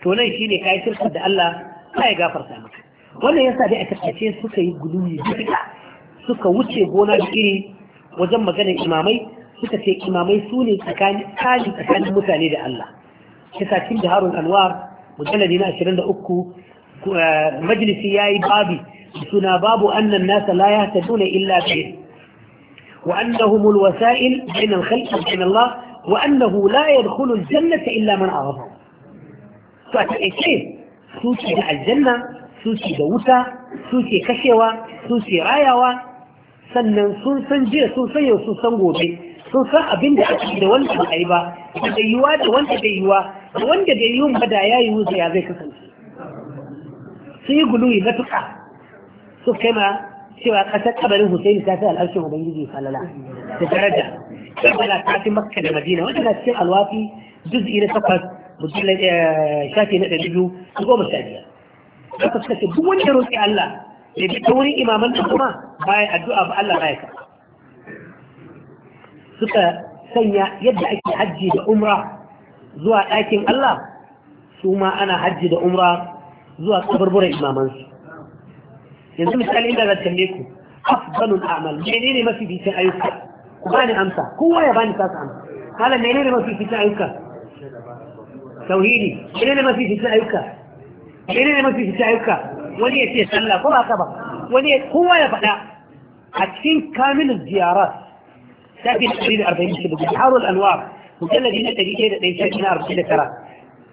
to nan shine kai shirka da Allah sai ya gafarta maka wannan yasa dai a takaice suka yi guluwi duka suka wuce gona da iri wajen maganar imamai suka ce imamai su ne tsakanin mutane da Allah kisa cin jiharun anwar mujalladi na 23 eh, majalisi ya yi babi suna babu annan nasa la ya ta dole illa bihi wa annahum alwasail bain alkhalq wa bain Allah wa annahu la yadkhulu aljannata illa mana arafa to a take aljanna su da wuta su kashewa su rayawa sannan sun san jiya sun san yau sun san gobe sun san abin da ake da wanda ba a yi ba da yiwa da wanda bai wanda bai yiwu ba da ya yi sai ya zai kasance sun yi guluwi matuƙa su kai ma cewa ƙasar kabarin Hussaini ta fi al'arshin Ubangiji falala da daraja kabala ta fi Makka da Madina wanda na cikin alwafi juz'i na takwas mujallar eh, shafi na ɗari biyu su goma sha biyar haka suka ce duk wanda roƙi Allah da bi ta wurin imaman da kuma bayan addu'a ba Allah ba ya suka sanya yadda ake hajji da umra zuwa ɗakin Allah su ma ana hajji da umra zuwa kaburburan imamansu yanzu misali inda zai tambaye ku afdalul a'mal menene mafi bitin ayyuka ku bani amsa kowa ya bani sasa amsa kala menene mafi bitin ayyuka tauhidi menene mafi bitin ayyuka menene mafi bitin ayyuka wani ya ce sallah ko ba ka ba wani ya kowa ya faɗa a cikin kamilul ziyarat ta fi 140 shi bugu harul anwar مجلد هنا تجي كده ليس كنا أربعين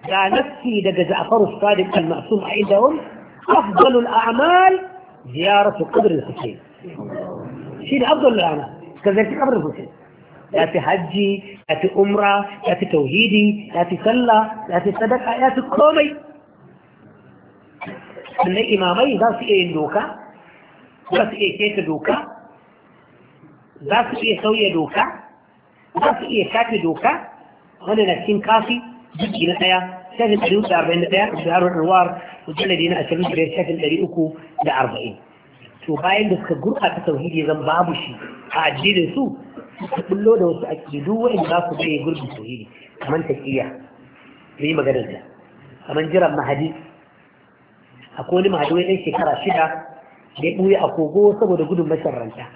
لا نفسي ده جعفر الصادق المعصوم عندهم أفضل الأعمال زيارة قبر الحسين شيء أفضل الأعمال كذلك قبر الحسين لا في حجي لا في أمرة لا في توحيدي لا في صلاة لا في صدقة لا في كومي أن إمامي ذا في إيه دوكا ذا في إيه دوكا ذا في إيه سوية دوكا za su iya shafe doka wanda na cikin kafi jiki na ɗaya shafin ɗari uku da arba'in da ɗaya da harin anwar mujalladi na ashirin da biyar shafin ɗari uku da arba'in to bayan da suka gurɓata tauhidi zan babu shi a addinin su su bullo da wasu aƙidu wa'in za su bai gurbin tauhidi kamar taƙiyya da yi maganar da kamar jiran mahadi a kowane mahadi wani shekara shida da ya ɓuya a kogo saboda gudun masharranta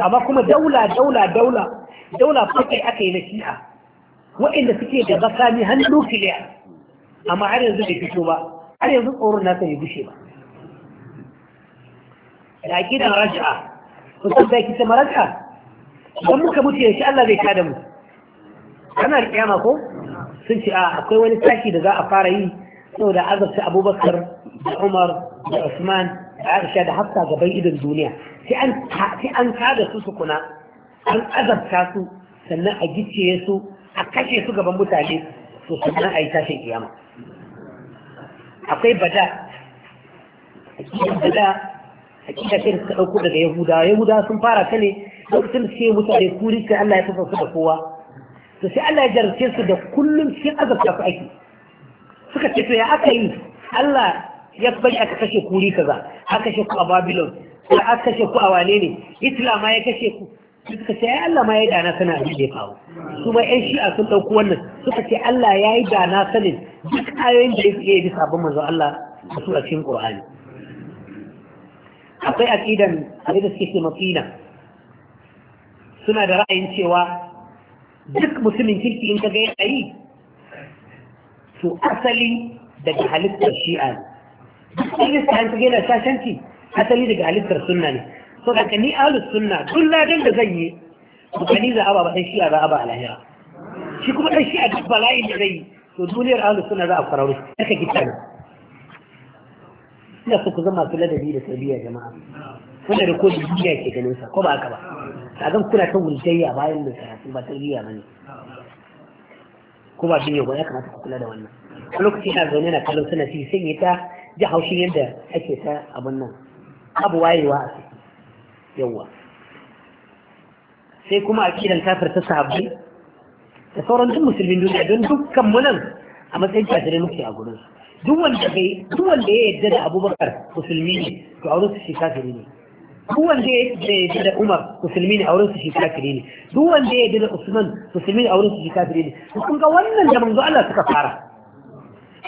amma kuma daula daula daula daula bakwai aka yi na shi'a waɗanda suke da makami hannu filiya. amma har yanzu bai fito ba har yanzu tsoron nasa bai gushe ba da aƙidan raja'a kusan da kita maraja'a don muka mutu yanzu Allah zai kada mu ana da kyama ko sun ce a akwai wani tashi da za a fara yi saboda azabta abubakar da umar da usman da aisha da hafsa gaban idan duniya sai an kada su su kuna an azabta su sannan a gice su a kashe su gaban mutane to sannan a yi tashin kiyama akwai bada akidar bada akidar sai suka ɗauko daga Yahuda, Yahuda sun fara ta ne lokacin da suke mutane kuri sai Allah ya fasa su da kowa to sai Allah ya jarce su da kullum cikin azabta su ake suka ce to ya aka yi Allah ya bari aka kashe kuri kaza aka kashe ku a Babylon ko aka kashe ku a wane ne Islam ya kashe ku suka ce ai Allah ma ya yi dana sanin abin da ya faru su ba yan shi'a sun ɗauko wannan suka ce Allah ya yi dana sanin duk ayoyin da ya yi bisa abin manzo Allah a sura cikin Qur'ani akwai aqidan abin da suke ce maqina suna da ra'ayin cewa duk mutumin kirki in ka ga yana yi to asali daga halittar shi'a duk kirista in ka ga yana shashanci asali daga halittar sunna ne so da ni ahlus sunna duk ladan da zan yi bukani za a ba dan shi'a za a ba a shi kuma dan shi'a duk bala'in da zai yi to duniyar ahlus sunna za a fararo kaka kitana ina so ku zama su ladabi da tarbiyya jama'a wanda da kodin duniya ke ganin sa ko ba haka ba kagan kuna ta wuljayya bayan da karatu ba tarbiyya bane ko ba biyo ba ya kamata ku kula da wannan a lokacin ina zaune na kallon suna fi sun yi ta ji haushin yadda ake ta abun nan abu wayewa a yawa sai kuma akidan kafir ta sahabbai da sauran duk musulmin duniya don dukkan mu nan a matsayin kafirai muke a gurin duk wanda bai duk wanda ya yadda da Abubakar musulmi ne to auren su shi kafiri ne duk wanda ya yadda da Umar musulmi ne auren su shi kafiri ne duk wanda ya yadda da Usman musulmi ne auren su shi kafiri ne to kun ga wannan da manzo Allah suka fara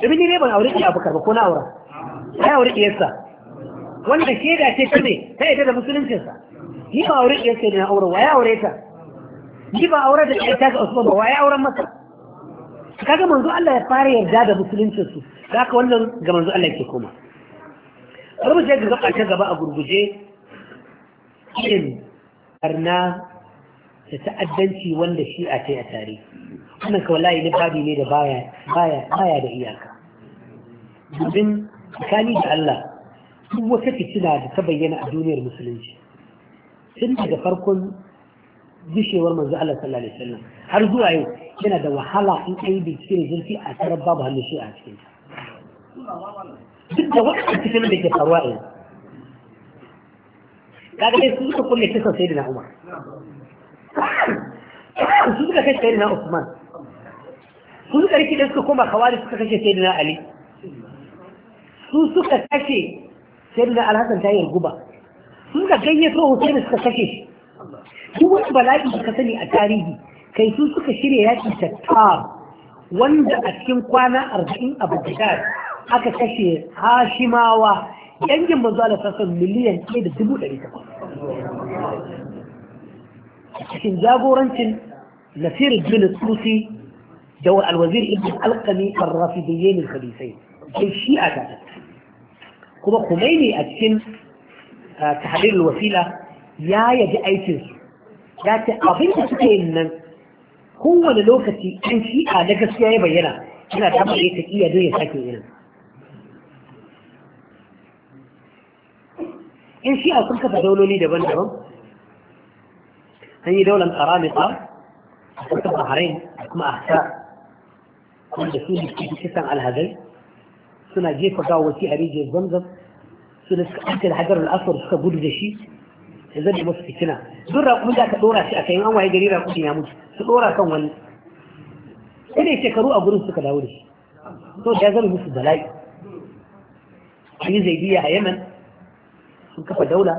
ibn ne ban aure ki Abubakar ba ko na aura ai aure ki yassa wanda shaida ce ta ne ta yadda da musuluncinsa ni ba aure ɗiyar sai na aure wa ya aure ta ni ba aure da ɗiyar ta ga usman ba wa ya auren masa kaga manzo Allah ya fara yarda da musuluncin su da wannan ga manzo Allah ke koma rubu sai ga gaba ta gaba a gurguje irin karna da ta'addanci wanda shi a ta a tare wannan ka wallahi na babi ne da baya baya baya da iyaka domin tsakani da Allah duk wata fitina da ta bayyana a duniyar musulunci tun daga farkon gishewar manzo Allah sallallahu alaihi wasallam har zuwa yau yana da wahala in kai bincike da zurfi a tarar babu hannu shi a cikin duk da wata cikin da ke faruwa a yau kaga dai su suka kulle kisan sai da Umar su suka kashe sai da Usman su suka riki da suka koma kawari suka kashe sai da Ali su suka kashe sai da Alhassan ta tayyar guba suka gayyato hussein suka kashe shi duk wani bala'i da ka sani a tarihi kai su suka shirya yaƙi tattar wanda a cikin kwana arba'in a bagdad aka kashe hashimawa yankin manzo ala sassan miliyan ɗaya da dubu ɗari takwas cikin jagorancin nasir bin tsusi da wa alwazir ibn alqami ar-rafidiyyin al-khabisai sai shi'a ta kuma kuma ne a cikin tahlilul wasila ya yaji aikin su ya ce abin da suke yin nan kowane lokaci an shi'a na gaskiya ya bayyana yana ta mai ta iya don ya sake irin in shi'a sun kafa daunoni daban-daban an yi daular karamita a kasar bahrain da kuma ahsa wanda su ne kisan alhazai suna jefa gawo wasi a rijiyar zamzam su da suka ake da hajjarar asar suka gudu da shi ya zai musu fitina duk raƙumin da aka ɗora shi a kayan an waye gari raƙumin ya mutu su ɗora kan wani sai dai shekaru a gurin suka dawo da shi to ya zama musu bala'i an yi zaidiya a yemen sun kafa daula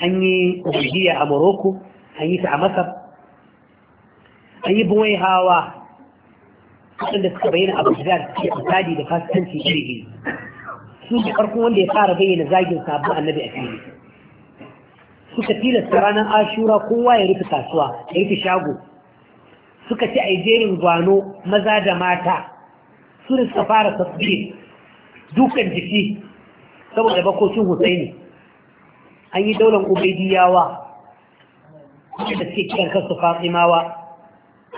an yi zaidiya a morocco an yi ta a masar an yi buwai hawa waɗanda suka bayyana a bagdad suke fasadi da fasikanci iri iri su ne farkon wanda ya fara bayyana zagin sabon annabi a fili suka tilasta ranar ashura kowa ya rufe kasuwa ya rufe shago suka ci a jerin gwano maza da mata su ne suka fara tasbih dukan jiki saboda bakocin husaini an yi daular ubaidiyawa da suke kiran kansu fatimawa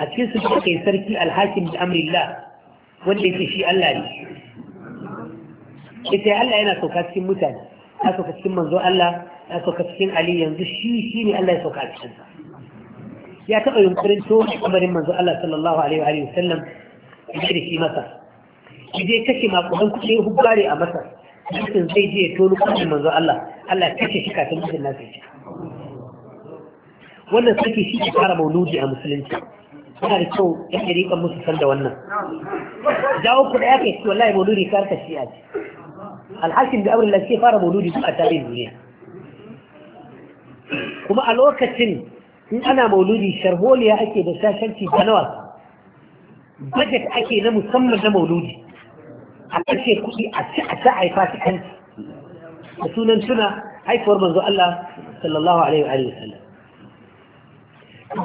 a cikin su suka kai sarki alhakin da amrillah wanda yake shi allah ne ita Allah yana sauka cikin mutane ya sauka cikin manzo Allah ya sauka cikin Ali yanzu shi shi ne Allah ya sauka cikin sa ya taɓa yunkurin tona kabarin manzo Allah sallallahu alaihi wa sallam ya da shi masa je kashe makudan kuɗi hubbare a masa mutum zai je ya tono kabarin manzo Allah Allah ya kashe shi kafin mutum na sai wannan sarki shi ke fara mauludi a musulunci yana da kyau yan ɗariƙan musu san da wannan jawo kuɗa ya kai shi wallahi mauludi ka karka shi a ce alhakim da amurla shi fara mauludi su a tarihin duniya kuma a lokacin in ana mauludi sharholiya ake da shashanci da nawa budget ake na musamman na mauludi a kashe kuɗi a ci a ta haifa da sunan tuna haifuwar manzo Allah sallallahu alaihi wa sallam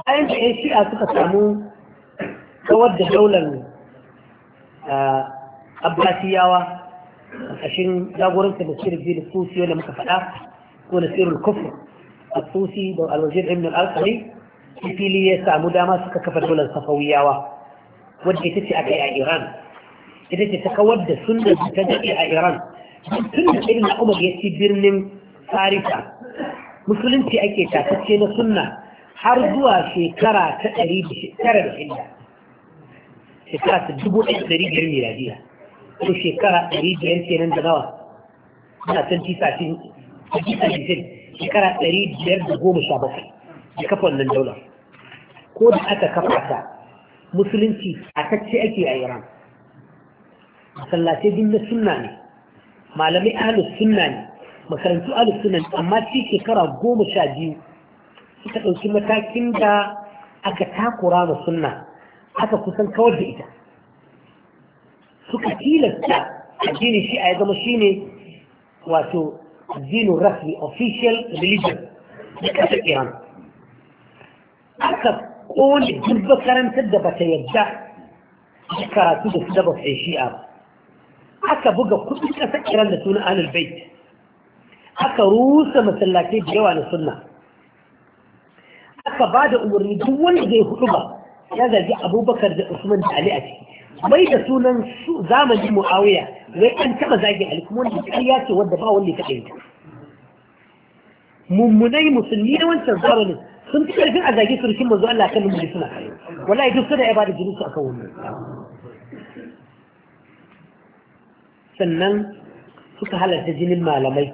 bayan da yan shi'a suka samu kawar da daular ah, abbasiyawa ƙarƙashin jagoranta da shirin biyu da tusi wanda muka faɗa ko da sirrul kufur a tusi da alwazir ibn al-alƙari fili ya samu dama suka kafa daular safawiyawa wadda ita ce aka yi a iran ita ce ta kawar da sunna ta daɗe a iran tun da irin umar ya ci birnin farisa musulunci ake tatacce na sunna har zuwa shekara ta ɗari da shekara da shida shekara ta dubu ɗaya da ɗari biyar miladiya ko shekara ɗari biyar kenan da nawa na tanti satin shekara ɗari biyar da goma sha bakwai da kafa wannan daula ko da aka kafa ta musulunci a tacce ake a iran masallatai din na sunna ne malamai ahlus sunna ne makarantu ahlus sunna ne amma ci shekara goma sha biyu suka ɗauki matakin da aka takura ma sunna aka kusan kawar da ita suka tilasta addini shi a ya zama shine wato addinin rasmi official religion da ƙasar iran aka kone duk makarantar da bata yadda da karatu da su da bata shi'a ba aka buga kudin ƙasar iran da sunan ahlul bait aka rusa masallatai da yawa na sunna aka ba da umarni duk wanda zai hudu ba ya zargi abubakar da usman da ali a ciki wai da sunan zamanin mu'awiya wai an taba zagi ali kuma wanda ƙarya ce wadda ba wanda kaɗai mummunai musulmi na wancan zamanin sun fi ƙarfin a zagi surkin manzo Allah kan mummuni suna kare wallahi duk suna ya bada jinin su akan wannan sannan suka halarta jinin malamai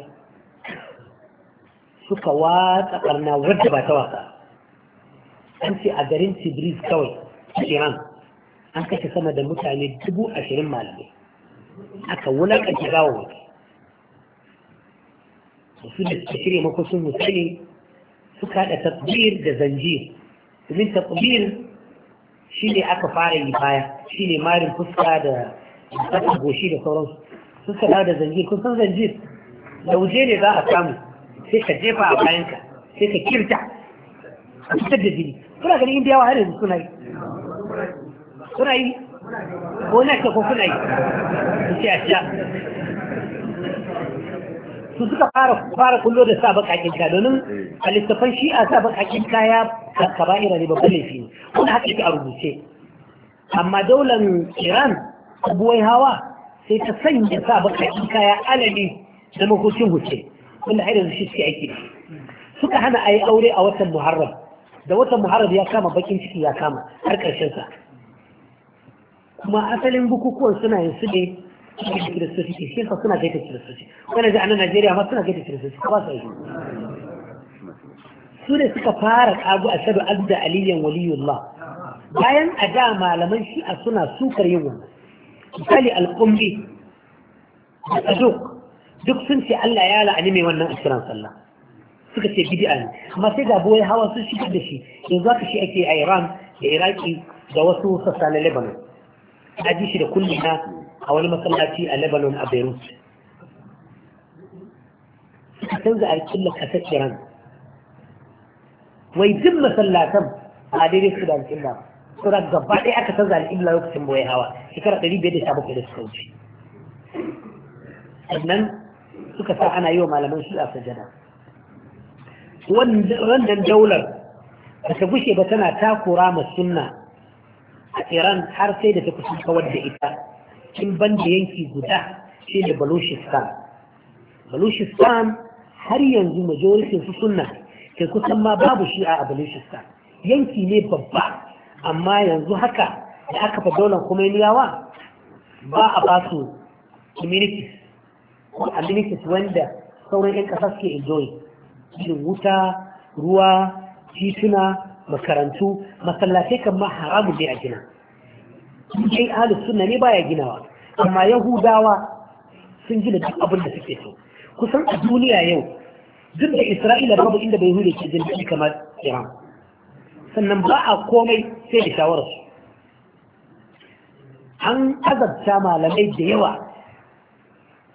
suka watsa ɓarna wadda ba ta wasa an ce a garin Tibris kawai a Iran an kashe sama da mutane dubu ashirin malamai aka wulaƙanta bawa wata su da suka shirya makwashin misali suka haɗa tabbir da zanjir domin tabbir shi ne aka fara yi baya shi ne marin fuska da kasa goshi da sauransu suka dawo da zanjir kun san zanjir da wuje ne za a samu sai ka jefa a bayanka sai ka kirta a fitar da jini kuna ganin indiyawa har yanzu suna yi kuna yi ko na ce ko kuna yi su ce a sha su suka fara fara kullo da sa bakakin ka domin a littafan shi'a sa bakakin kaya kaba'ira ne babban laifi ne Kuna haka yake a rubuce amma daular iran abuwai hawa sai ta sanya sa bakakin kaya alali da makokin huce wanda har shi suke aiki suka hana a yi aure a watan muharram da watan muharram ya kama bakin ciki ya kama har ƙarshen sa kuma asalin bukukuwan suna yin su ne da kiristoci ke shirka suna gaita kiristoci wani da anan najeriya ma suna gaita kiristoci ba su yi su ne suka fara kago a shaɗu abda aliyan waliyullah bayan a da malaman shi'a suna sukar yin wannan misali alƙumbi da tsadok duk sun ce allah ya la'ani mai wannan a kiran sallah suka ce bid'a ne amma sai ga boye hawa sun shigar da shi yanzu haka shi ake a iran da iraki da wasu sassa na lebanon na ji shi da kulli na a wani masallaci a Lebanon a Beirut suka canza a killa kasar Iran wai duk masallatan a daidai su da alƙilla sura gaba ɗaya aka canza alƙilla lokacin boye hawa shekara ɗari biyar da sha bakwai da suka wuce sannan suka sa ana yi wa malaman su a sajada wannan daular ba ta gushe ba tana takura ma sunna a iran har sai da ta fi kawar da ita kin banda yanki guda shi da balushistan balushistan har yanzu majoritin su sunna ke kusan ma babu shi a balushistan yanki ne babba amma yanzu haka da aka fa daular yawa ba a ba su communities ko communities wanda sauran 'yan ƙasa suke enjoy Cin wuta ruwa tituna makarantu masallatai kan ma haramun ne a gina kai ahlus sunna ne baya ginawa amma yahudawa sun gina duk abin da suke so kusan a duniya yau duk da isra'ila babu inda bai hure ke jin daɗi kamar iran sannan ba a komai sai da shawararsu an azabta malamai da yawa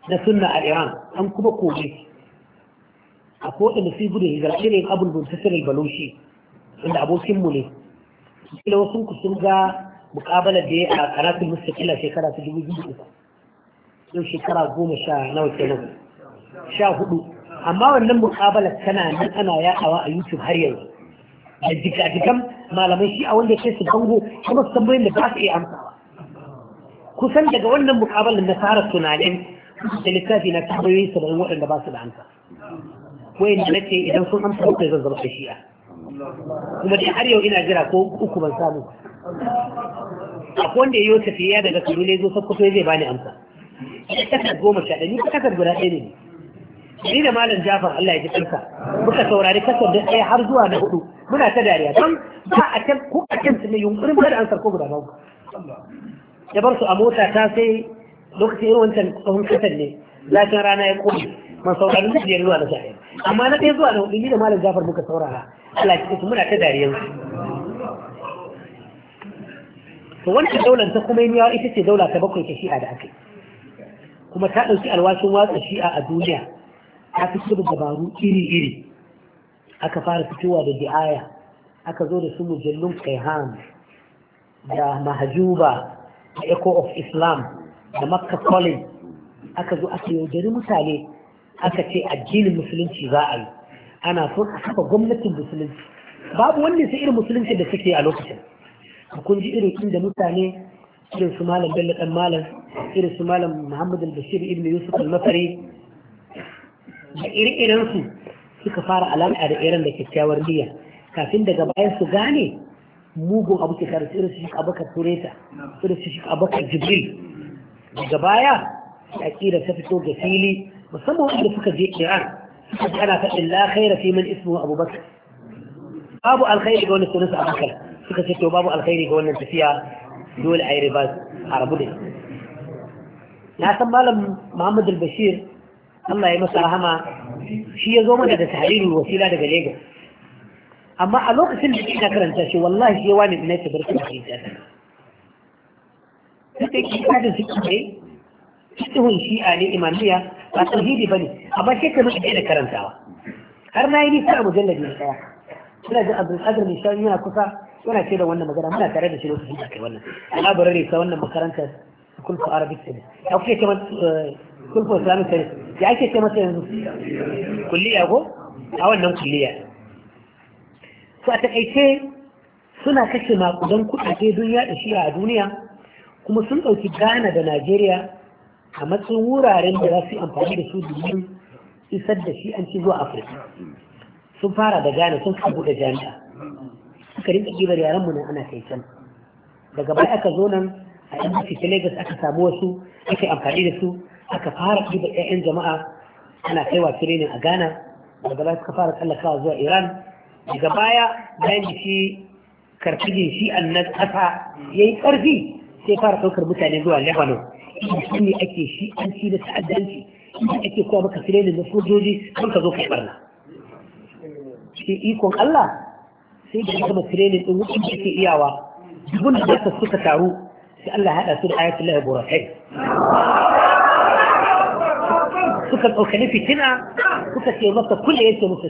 na sunna a iran an kuma koge a kowane su gudu hijira irin abin buntasir al-balushi inda abokinmu ne kila wasu ku sun ga mukabalar da ya a karatun mustaqila shekara ta dubu biyu uku yau shekara goma sha nawa kenan sha hudu amma wannan mukabalar tana nan ana yaɗawa a youtube har yanzu da jikajikan malamai shi a wanda ya kai su bango kuma su tambayin da ba su iya amsawa kusan daga wannan mukabalar na fara tunanin da littafi na tambayoyi saba'in waɗanda ba su da amsa Wai na nace idan sun amsa kai zan zama shi'a kuma dai har yau ina jira ko uku ban samu akwai wanda yau tafiya daga kano ne zo sokoto zai bani amsa kasar goma sha ɗaya ni kasar guda ɗaya ne ni da malam jafar Allah ya ji kanka muka saurari kasar da ɗaya har zuwa na hudu muna ta dariya don ba a can ko a can ne yunkurin ba da an sarko guda ba ya bar su a mota ta sai lokacin irin wancan tsohon kasar ne zafin rana ya komi. man saurari na biyar zuwa na sha'ayi amma na ɗaya zuwa na hudu ni da malam jafar muka saurara Allah ya cikin muna ta dariyar to wannan daular ta kuma yawa ita ce daula ta bakwai ta shi'a da aka kuma ta ɗauki alwashin watsa shi'a a duniya ta fi da dabaru iri-iri aka fara fitowa da di'aya aka zo da su mujallun kaihan da mahajuba da echo of islam da makka college aka zo aka yaudari mutane aka ce addinin musulunci za a yi ana son a kafa gwamnatin musulunci babu wannan sai irin musulunci da suke a lokacin kun ji irin inda mutane irin su malam bello dan malam irin su malam muhammad al-bashir ibn yusuf al-masari da irin su suka fara alaƙa da irin da kyakkyawar niyya kafin daga bayan su gane mugun abu ke tare irin su shi abakar tureta irin su shi abakar jibril daga baya akira ta fito ga fili وسموا أهل فكر في القرآن أجعل لا خير في من اسمه أبو بكر أبو الخير يقول لك لكم أبو بكر فكر في التوباب الخير يقول لك فيها دول عيرباز عربوني لكن مالا محمد البشير الله يمسر رحمة شيء يزوما هذا تحرير الوسيلة هذا قليقا أما ألوك سنة كنا كرن تاشي والله يواني من أي تبركة في الجنة فكي كيف هذا الزكري فتهو الشيء آلي إمامية ba hidi ba ne amma sai ka mutu da karantawa har na yi nisa a mujallabi na ɗaya suna jin abin azar mai shawar yana kusa yana ce da wannan magana muna tare da shi lokacin da kai wannan al'abarar risa wannan makarantar kulku arabic ne ya kuke ce eh, kulku islamic ne. ya ake ce masa yanzu kulliya ko a wannan kulliya to a takaice suna kashe makudan kuɗaɗe duniya da shi a duniya kuma sun ɗauki ghana da najeriya a matsayin wuraren da za su yi amfani da su domin isar da shi an ci zuwa afirka sun fara da gane sun kan buɗe jami'a suka rinka ɗibar yaran mu nan ana kai can daga baya aka zo nan a yan ta lagos aka samu wasu aka yi amfani da su aka fara ɗibar ƴaƴan jama'a ana kaiwa training a ghana daga baya suka fara tsallakawa zuwa iran daga baya bayan da shi karfi shi nan ƙasa ya yi ƙarfi sai fara ɗaukar mutane zuwa lebanon shi ne ake shi an ci da ta'addanci inda ake kowa maka sirene da sojoji don ka zo kai barna shi ikon Allah sai da gama sirene din wucin da ke iyawa dubun da zaka suka taru sai Allah haɗa su da ayatul lahi burakai suka ɗaukani fitina suka ce masa kula yake musu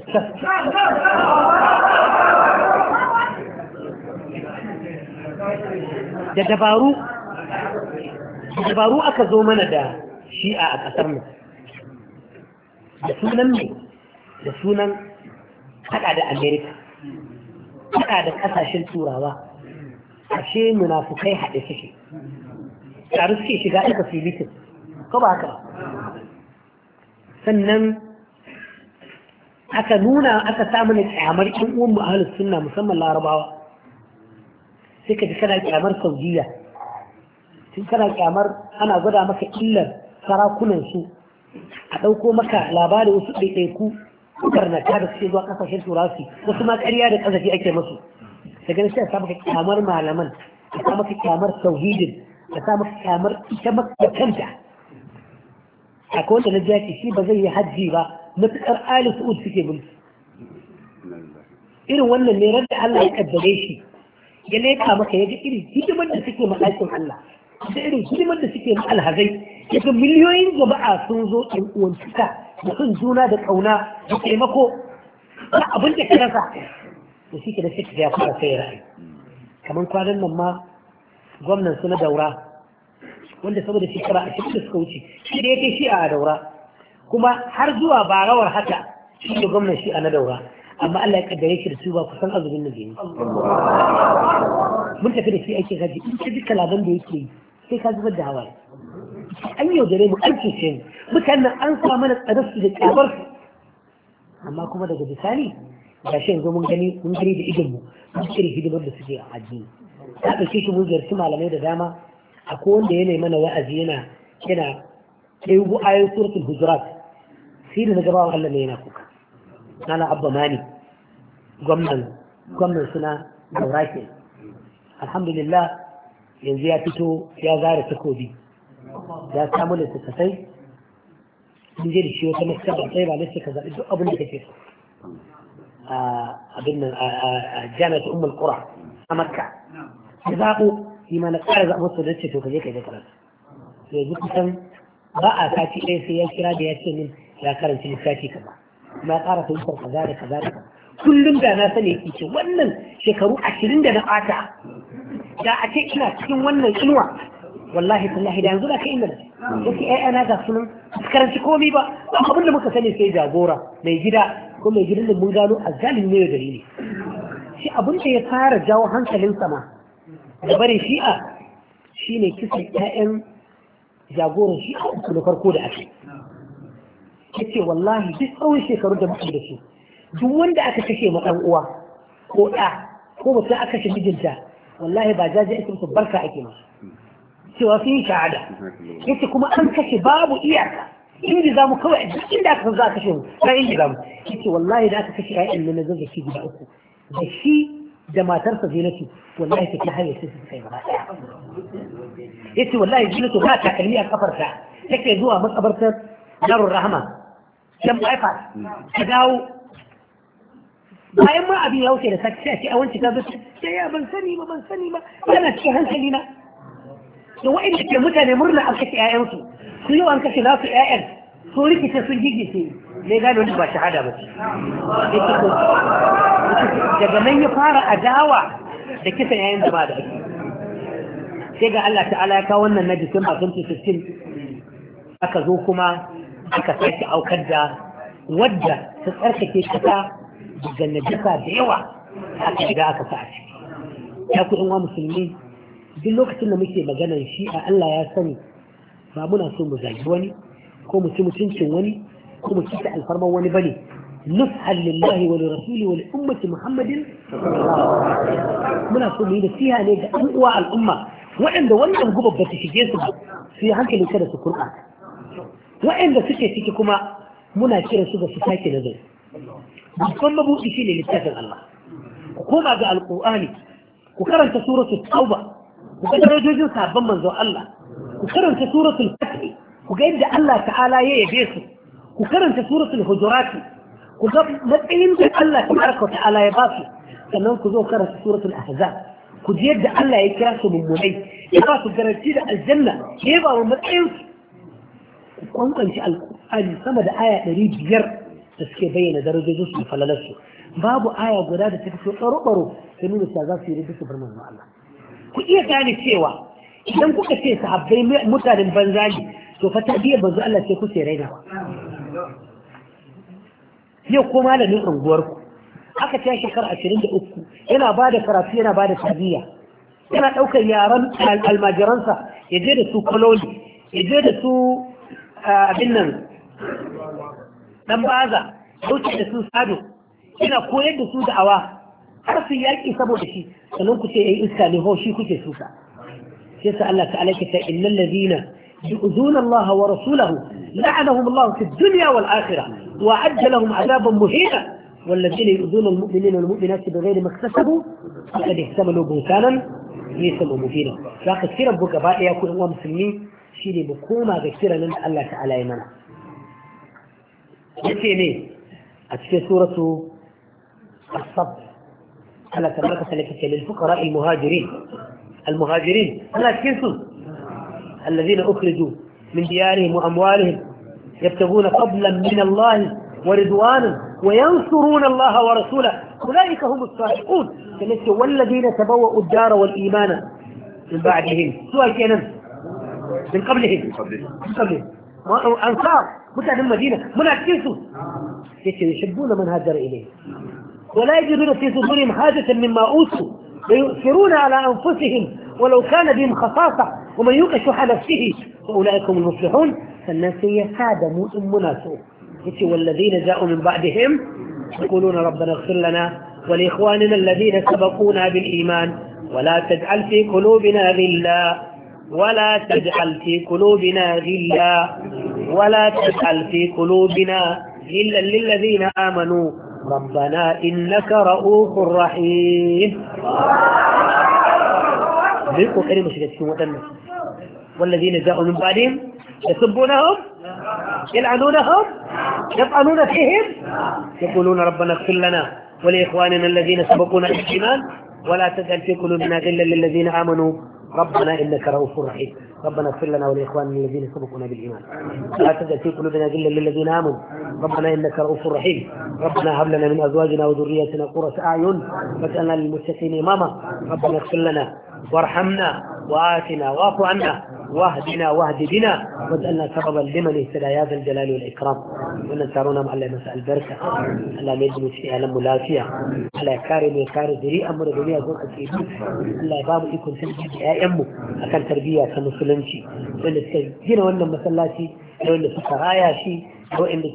da dabaru dabaru aka zo mana da shi'a a ƙasar mu da sunan mai da sunan haɗa da amerika haɗa da ƙasashen turawa ashe munafukai haɗe suke tare suke shiga aka filitin ko ba haka sannan aka nuna aka samu na kyamar ƴan uwan mu ahlus sunna musamman larabawa sai ka ji kana kyamar saudiya tun kana kyamar ana gwada maka illar sarakunan su a ɗauko maka labarin wasu ɗaiɗaiku karnata da suke zuwa ƙasashen turasi wasu ma ƙarya da ƙazafi ake musu daga nan sai a sa maka kyamar malaman a sa maka kyamar tauhidin a sa maka kyamar ita maka kanta a kowace na jaki shi ba zai yi hajji ba matuƙar ali su'ud suke mulki irin wannan ne da Allah ya kaddare shi ya leka maka ya ji irin hidimar da suke maɗakin Allah da irin hidimar da suke alhazai yaga miliyoyin jama'a sun zo ɗin uwantuka da sun juna da ƙauna da taimako ba abin da karasa da suke da suke ya fara sai ra'ayi kamar kwanan nan ma gwamnan su na daura wanda saboda shekara a cikin suka wuce shi da ya kai shi a daura kuma har zuwa barawar haka shi da gwamnan shi a na daura amma Allah ya kaddare shi da su ba kusan azumin nan mun tafi da shi ake gaji in ka ji kalaban da yake yi كيف هذا بده هواي أي دليل أي شيء بس أنا أنسى من الأدرس الأكبر أما كم هذا جد ثاني عشان جو ممكن ممكن يجي يجمع ممكن يجي يدور بس في عجين هذا شيء شو بقول جرسم على ميدا دائما أكون دينه من وأزينا كنا يبغوا آية سورة الهجرات سير نجرا ولا نينا كوكا أنا أبا ماني قمنا قمنا سنا ورايتي الحمد لله yanzu ya fito ya zara takobi ya samu kasai, sun je da shi wata maktaba sai ba shi ka zaɓi duk abin da kake so a abin nan a jami'at Umar Kura a makka ya zaɓo shi ma na ƙara zaɓo su da ce to ka je ka je karatu yanzu kusan ba a sati ɗaya sai ya kira da ya ce min ya karanci lissafi kaza na ƙara fahimtar kaza da kaza da kaza kullum da na sani yake wannan shekaru ashirin da na ɓata da a ce ina cikin wannan inuwa wallahi tallahi da yanzu da kai inda yake ai ana ga sunan karanci komai ba abin da muka sani sai jagora mai gida ko mai gidan da mun gano azzalim ne da dalili shi abin da ya fara jawo hankalin sama da bare shi'a shine kisan ƴaƴan jagoran shi'a uku na farko da ake yace wallahi duk tsawon shekaru da muke da su duk wanda aka kashe ma uwa ko ɗa ko mutum aka kashe mijinta wallahi ba jaji ake musu barka ake musu cewa sun yi shahada yace kuma an kashe babu iyaka inda za mu kawai duk inda aka za a kashe mu na inda za mu yace wallahi da aka kashe ƴaƴan nan zan zaki guda uku da shi da matarsa zinatu wallahi ta ki haye sai su kai ba yace wallahi zinatu ba ta kalmi a kafarta take zuwa makabartar darur rahama dan wifi ta dawo bayan ma abin ya wuce da sake sai a ce a wancan ta zuci sai ya ban sani ba ban sani ba ana cikin hankali na da wa'inda ke mutane murna an kashe 'ya'yansu su yau an kashe nasu 'ya'yan sun rikice sun gigice ne gano da ba shahada ba daga nan ya fara adawa da kisan 'ya'yan da ba da ake sai ga Allah ta'ala ya kawo wannan na Disamba 2016 aka zo kuma aka sake aukar da wadda ta tsarkake kasa daga najasa da yawa aka shiga aka a ciki ya ku wa musulmi duk lokacin da muke maganar shi a Allah ya sani ba muna so mu zagi wani ko mu ci mutuncin wani ko mu kita alfarman wani bane nus'al lillahi wa rasuli wa ummati muhammadin muna so mu yi nasiha ne ga an uwa al'umma waɗanda wannan gubar ba ta shige su ba su yi hankali kada su kurɓa waɗanda suke ciki kuma muna kira su ga su sake nazari babban mabuɗi shine littafin Allah ku koma ga alƙur'ani ku karanta suratul tauba ku ga darajojin sabon manzon Allah ku karanta suratul fatih ku ga yadda Allah ta'ala ya yabe su ku karanta suratul hujurat ku ga matsayin da Allah tabaraka ta'ala ya ba su sannan ku zo karanta suratul ahzab ku ji yadda Allah ya kira su mummunai ya ba su garanti da aljanna ya ba wa matsayin ku kwankwance alƙur'ani sama da aya ɗari biyar da suke bayyana darajojin su falalar su babu aya guda da ta fito tsaro baro nuna cewa za su yi bar manzon Allah ku iya gane cewa idan kuka ce sahabbai mutanen banza ne to fa tabiya banzo Allah sai kuke raina yau ko malamin unguwar ku aka ce shekara 23 yana ba da karatu yana ba da tabiya yana ɗaukar yaran almajiransa ya je da su kololi ya je da su abin nan dan baza dauke da sun sado ina koyar da su da'awa har su yaki saboda shi sanan ku ce yayi iska ne ho shi kuke suka sai sa Allah ta'ala ke ta illal ladina yu'zun Allah wa rasulahu la'anahum Allah fi dunya wal akhirah wa ajjalahum adaban muhina wal ladina yu'zun al mu'minina wal mu'minat bi ghairi maktasabu faqad ihtamalu bunkanan yisa al muhina zaka kira buka ba'iya ku ɗan uwa musulmi shine mu koma ga nan da Allah ta'ala ya mana يسيني في سورة الصبر على تبارك سلكك للفقراء المهاجرين المهاجرين أنا أتكنسوا الذين أخرجوا من ديارهم وأموالهم يبتغون قبلا من الله ورضوانا وينصرون الله ورسوله أولئك هم الصالحون كنت والذين تبوأوا الدار والإيمان من بعدهم سؤال كنا من قبلهم من قبلهم أنصار mutanen المدينة muna cikin su يحبون من هاجر إليه ولا يجدون في صدورهم حاجة مما أوتوا ويؤثرون على أنفسهم ولو كان بهم خصاصة ومن يوق شح نفسه فأولئك هم المفلحون فالناس أم مناسو والذين جاءوا من بعدهم يقولون ربنا اغفر لنا ولإخواننا الذين سبقونا بالإيمان ولا تجعل في قلوبنا غلا ولا تجعل في قلوبنا غلا ولا تجعل في قلوبنا غلا للذين آمنوا ربنا إنك رؤوف رحيم بيقوا كريم مشركين وطننا والذين جاءوا من بعدهم يسبونهم يلعنونهم يطعنون فيهم يقولون ربنا اغفر لنا ولإخواننا الذين سبقونا الايمان ولا تجعل في قلوبنا غلا للذين آمنوا ربنا إنك رؤوف رحيم ربنا اغفر لنا ولإخواننا الذين سبقونا بالإيمان لا تدع في قلوبنا غلا للذين آمنوا ربنا إنك رؤوف رحيم ربنا هب لنا من أزواجنا وذريتنا قرة أعين واجعلنا للمتقين إماما ربنا اغفر لنا وارحمنا وآتنا واعف عنا واهدنا واهد بنا واجعلنا سببا لمن اهتدى يا ذا الجلال والاكرام wannan taro na Allah masa albarka Allah mai jini cikin alam mu lafiya Allah ya kare mu kare zuri'an mu da duniya gun asibi Allah ya ba mu ikon sarki da ƴaƴan mu akan tarbiyya ta musulunci wanda suka gina wannan masallaci da wanda shi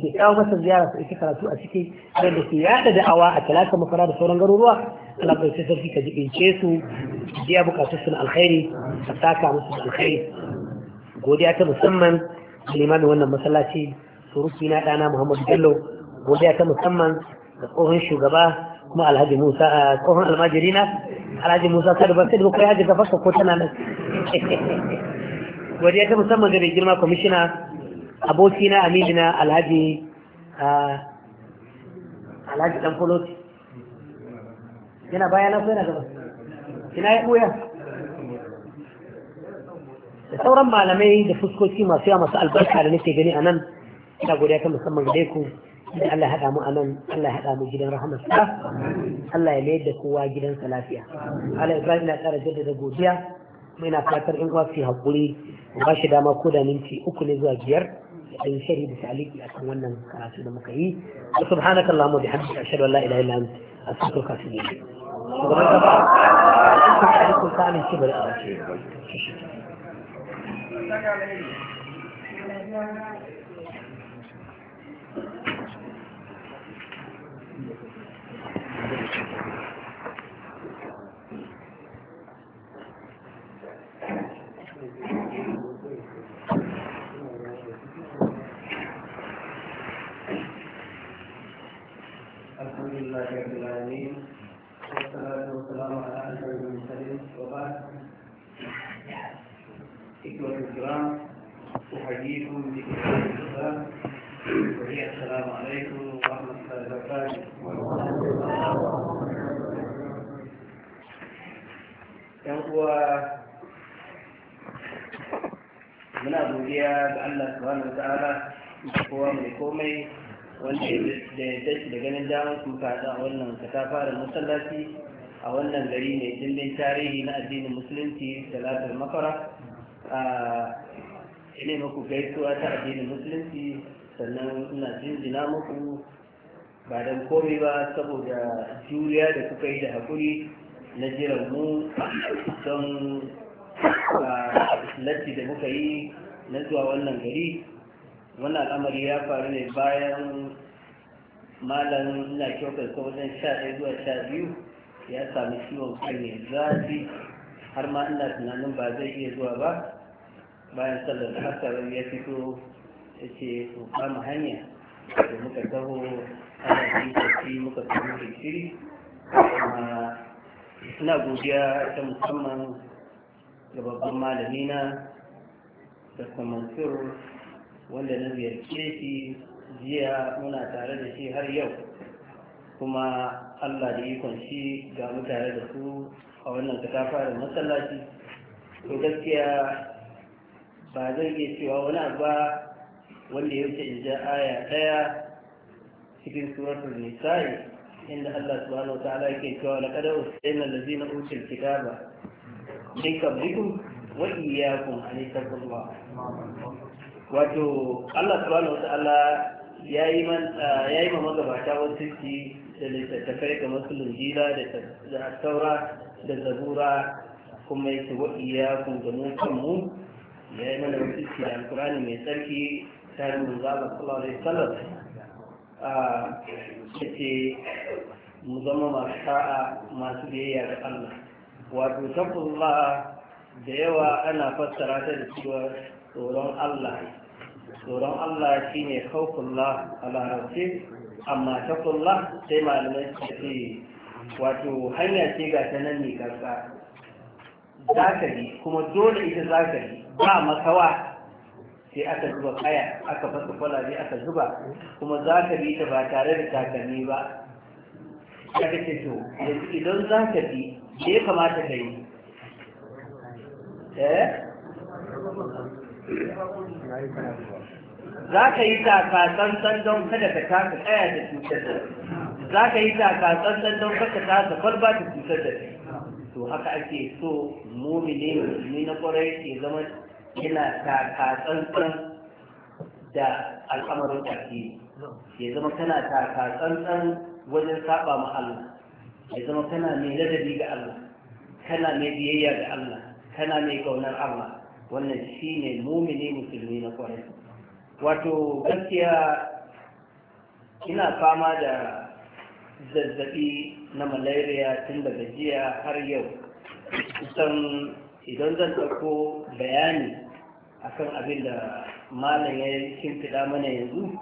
ke kawo masa ziyara su ita karatu a ciki wanda ke yada da'awa a talaka makara da sauran garuruwa Allah bai sai sarki ka jibince su biya bukatu sun alkhairi ka saka musu alkhairi godiya ta musamman ga limamin wannan masallaci surufi na dana Muhammad Bello godiya ta musamman ga tsohon shugaba kuma Alhaji Musa a eh, tsohon almajirina Alhaji Musa ta da sai da kai haji gaba ko tana nan godiya ta musamman ga mai girma kwamishina abokina amina Alhaji eh, Alhaji Dan Foloti yana bayana ko yana gaba ina ya ɓuya da sauran malamai da fuskoki masu yawa masu albarka da nake gani a nan ina godiya ta musamman gare ku da Allah haɗa mu a nan Allah haɗa mu gidan rahmat Allah ya mayar da kowa gidansa lafiya Allah Ibrahim na ƙara jaddada godiya kuma ina fatar in uwa su haƙuri ba shi dama ko da minti uku ne zuwa biyar أي شيء بتعليقي أكون ونن كراسي المكيي سبحانك اللهم وبحمدك أشهد أن لا إله إلا أنت أستغفرك وأتوب إليك shugaban kasa kare ko bari a bace damar kuka a wannan katafaren masallaci a wannan gari mai dimbin tarihi na addinin musulunci talatar makara a ne muku gaisuwa ta addinin musulunci sannan ina jinjina muku ba don komai ba saboda juriya da kuka yi da haƙuri na jiran mu don latti da muka yi na zuwa wannan gari wannan al'amari ya faru ne bayan malamin na kyautar ko wajen sha ɗaya zuwa sha biyu ya sami ciwon kai mai zafi har ma ina tunanin ba zai iya zuwa ba bayan sallar da haka ya fito ya ce su kama hanya da muka taho ana yi tafi muka samu da shiri ina godiya ta musamman ga babban malamina da kwamansur wanda na ziyarce shi jiya muna tare da shi har yau kuma allah da ikon shi ga mu tare da su a wannan katafarin masallaci to gaskiya ba zai iya cewa wani abuwa ba wanda ya wuce in aya ɗaya cikin suratul nisa'i inda Allah subhanahu wa ta'ala yake cewa laqad usayna allazina utul kitaba min ya wa iyyakum an taqullaha wato Allah subhanahu wa ta'ala ya yi ah, ma magabata wasu ci da littattafai ga musulun jila da saura da zabura kuma ya ce waɗi ya kungamin kanmu ya yi mana wasu ci da alkurani mai tsarki ta yi mun zaɓa sallallahu a ya ce mu zama masu ta'a masu biyayya ga Allah wato tabbullah da yawa ana fassara ta da cewa tsoron Allah tsoron Allah shi ne kaukullah a larabci amma takullah sai malamai su ce wato hanya ce ga ta nan ne karsa za ka yi kuma dole ita za ka yi ba makawa sai aka zuba kaya aka fasa kwalabe aka zuba kuma za ka yi ta ba tare da takalmi ba ya ka ce to yanzu idan za ka yi ya kamata ka yi eh za ka yi tsantsan don kada ka taka tsaya da cutar da za ka yi tsantsan don kada ka taka kwalba da cutar da to haka ake so mumine ne na kwarai ke zama yana tsantsan da al'amarin addini ya zama kana tsantsan wajen saba ma Allah ya zama kana mai ladabi ga Allah kana mai biyayya ga Allah kana mai kaunar Allah wannan shine mumini musulmi na kwarai wato gaskiya ina fama da zazzaɓi na malaria tun daga jiya har yau kusan idan zan ɗauko bayani akan abin da malam ya fiɗa mana yanzu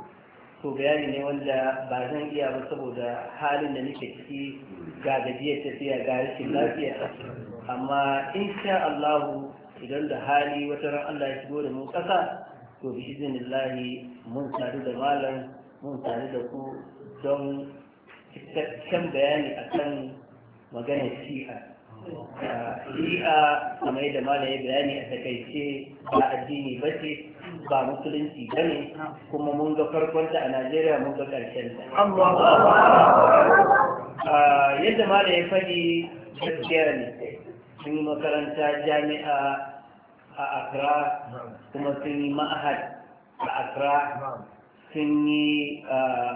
to bayani ne wanda ba zan iya ba saboda halin da nake ciki ga gajiyar tafiya ga rashin lafiya amma insha Allahu idan da hali wata ran Allah ya shigo da mu ƙasa to bi izinillahi mun sadu da malam mun sadu da ku don cikakken bayani akan magana shi'a shi'a kamar yadda malam ya bayani a takaice ba addini ba ce ba musulunci ba ne kuma mun ga farkonta a najeriya mun ga ƙarshen ta yadda malam ya faɗi gaskiya ne sun yi makaranta jami'a a Accra kuma sun yi ma'ahad a Accra sun yi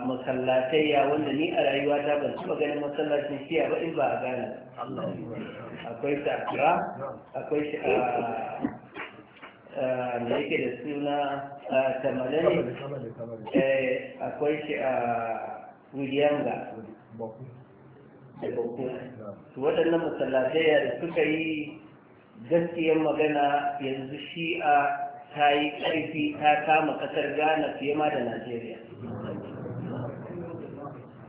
masallatayya wanda ni a rayuwa ta ban taɓa ganin masallacin shiya ba in ba a gane akwai shi a Accra akwai shi a da yake da suna tamalani eh, akwai shi a Wuliyanga da Boko waɗannan masallatai da suka yi gaskiyar magana yanzu shi'a ta yi ƙarfi ta kama ƙasar ghana fiye ma da najeriya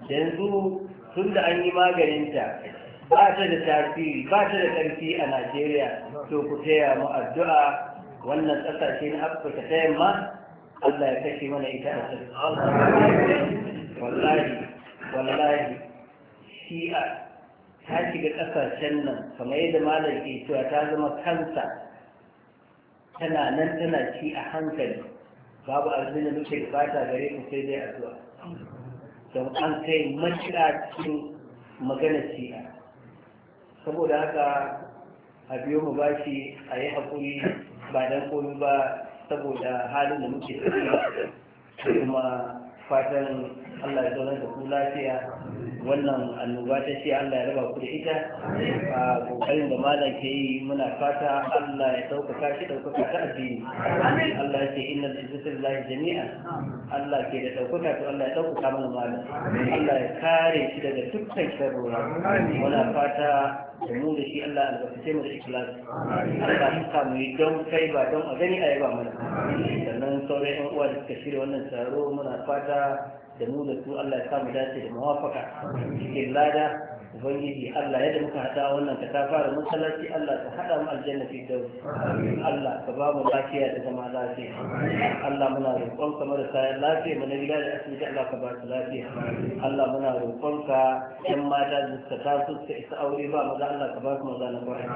yanzu tun da an yi maganinta ba ta da tasiri ba ta da ƙarfi a najeriya to ku taya mu addu'a wannan ƙasashe na afirka ta yamma allah ya kashe mana ita a wallahi wallahi shi'a ta shiga ƙasashen nan kamar yadda malar ke cewa ta zama kansa tana nan tana ci a hankali babu abin da muke bata gare ku sai dai addu'a don an kai matuƙa cikin magana ci'a saboda haka a biyo mu bashi a yi haƙuri ba dan komi ba saboda halin da muke ciki kuma fatan Allah ya zaune da ku lafiya wannan annoba ta ce Allah ya raba ku da ita a kokarin da malam ke yi muna fata Allah ya ɗaukaka shi ɗaukaka ta addini Allah ya ce inna lillahi jami'a Allah ke da ɗaukaka to Allah ya ɗaukaka mana malam Allah ya kare shi daga dukkan sharrora muna fata da mu da shi Allah albarkace mu da ikhlas Allah ya sa mu yi don kai ba don a gani a yaba mana sannan sauran 'yan uwa da suka shirya wannan taro muna fata da mu da su Allah ya samu dace da muwafaka cikin lada ubangiji Allah yadda muka hada wannan ka fara masallaci Allah ka hada mu aljanna fi dawo Allah ka ba mu lafiya da zama lafiya Allah muna roƙon ka mara sai lafiya mu na gida da asibiti Allah ka ba su lafiya Allah muna roƙon ka yan mata da suka taso suka isa aure ba maza Allah ka ba su maza na kwarai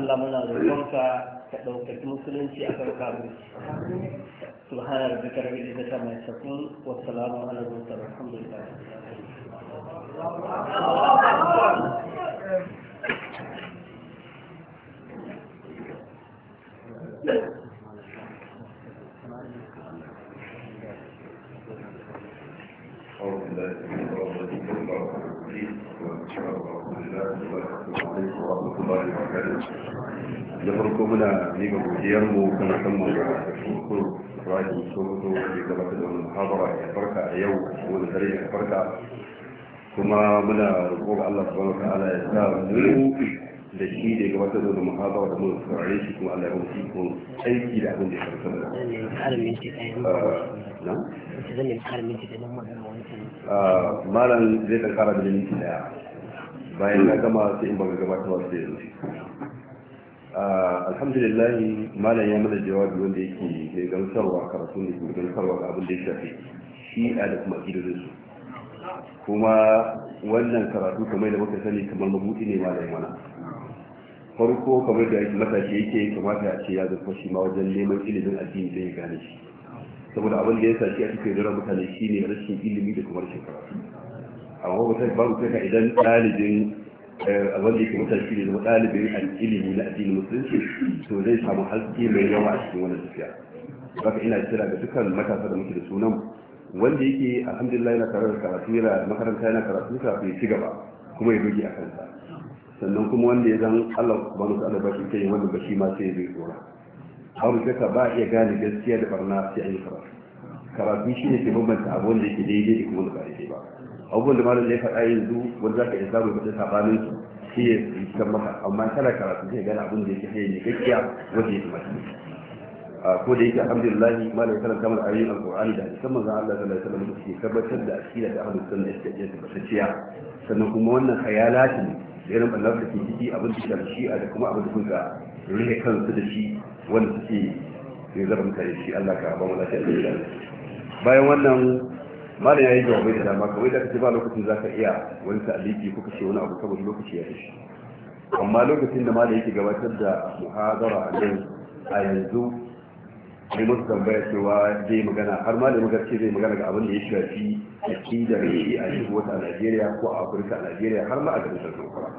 Allah muna roƙon ka ka ɗaukaki musulunci a kan kabu subhana rabbika rabbil izzati amma yasifun wa salamun ala al-mursalin alhamdulillah da farko muna miƙa godiyarmu kan musamman ga shukur rajin sokoto da gabatar da wani muhabara ya farka a yau wani dare ya farka kuma muna roƙo ga Allah subhanahu wataala ya sa mu da shi da ga wata da muhabba da mun saurare shi kuma Allah ya mu shi ko aiki da abin da ya karanta da harmin shi kai na zan yi harmin shi da nan magana wancan ah, malam zai ta kara da minti daya bayan na gama sai in ba baka gabatarwa sai yanzu ah, alhamdulillah malam ya mana jawabi wanda yake mai gamsarwa karatu ne mai gamsarwa ga abin da ya shafi shi'a da kuma idolin su kuma wannan karatu kamar da muka sani kamar mabuti ne ma da mana farko kamar da matashi yake kamata a ce ya zafa shi ma wajen neman ilimin addini da ya gane shi saboda abin da ya sa shi a cikin rura mutane shi ne rashin ilimi da kuma rashin karatu amma ba ta babu kai idan ɗalibin eh, abin da yake matashi ne zama ɗalibin ilimi na addinin musulunci to zai samu haske mai yawa a cikin wannan tafiya haka ina kira ga dukkan matasa da muke da sunan wanda yake alhamdulillah yana karar da karatu yana makaranta yana karatu kafin ya ci gaba kuma ya doge a kansa sannan kuma wanda ya zan Allah subhanahu wa allah ba shi kai wanda ba shi ma sai ya zai tsora har ka ba iya gane gaskiya da barna sai an yi karatu karatu shi ne ke bambanta abu wanda yake daidai da kuma ba daidai ba abubuwan da malam ya faɗa yanzu wanda za ka iya samun faɗin sabanin su shi ya yi maka amma kana karatu sai gane abin da yake hanyar gaskiya wanda ya kamata ko da yake alhamdulillah malam kana kamar ayoyin alqur'ani da hadisan manzon Allah sallallahu alaihi wasallam suke tabbatar da akida da ahlus sunna da yake tabbatacciya sannan kuma wannan khayalatin irin ballar da ke ciki abin da shafi shi'a da kuma abin da suka rike kansu da shi wanda suke ne zaba mutane shi Allah ka ba mu lafiya da bayan wannan malam ya yi jawabai da dama kawai da kace ba lokacin zaka iya wani ta'aliki ko kace wani abu saboda lokaci ya tashi amma lokacin da malam yake gabatar da muhadara a yanzu sai musu tambaya cewa zai magana har ma da magarci zai magana ga abin da ya shafi shi a shigo wata a najeriya ko a afirka a najeriya har ma a garin sarkin kura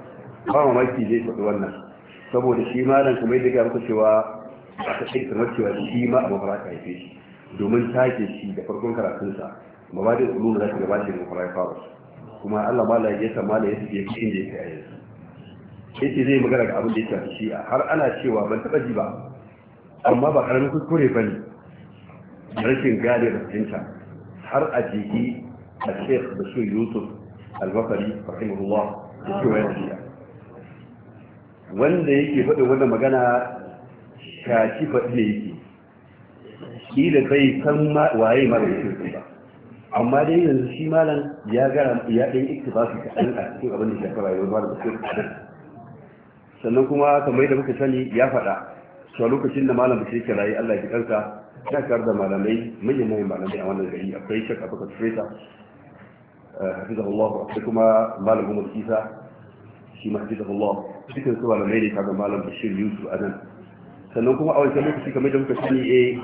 ba mamaki zai faɗi wannan saboda shi ma nan kuma yadda ga muka cewa a ta kamar cewa shi ma a mafaraka ya fi shi domin take shi da farkon karatunsa da ulu da ta gabatar da mafaraka faru kuma allah ma ya sa malam ya fi ya fi inda ya kai a yanzu yace zai magana ga abin da ya shafi shi har ana cewa ban taɓa ji ba amma ba karamin kuskure ba ne rashin gane da fahimta har a jiki a shekh da shi yusuf albakari rahimahullah da shi wayar jiya wanda yake faɗin wannan magana shaki faɗi ne yake shi da bai san waye mara yake ba amma dai yanzu shi malam ya gara ya ɗan iktibasu kaɗan a cikin abin da shafi rayuwar malam da sannan kuma kamar da muka sani ya faɗa to lokacin da malam bashir karayi Allah ya kansa ya kar da malamai mai mai malamai a wannan gari akwai shak abuka tresa Allah akwai kuma malam umar kisa shi ma Allah cikin su malamai ne kaga malam bashir yusuf anan sannan kuma a wancan lokaci kamar da muka sani eh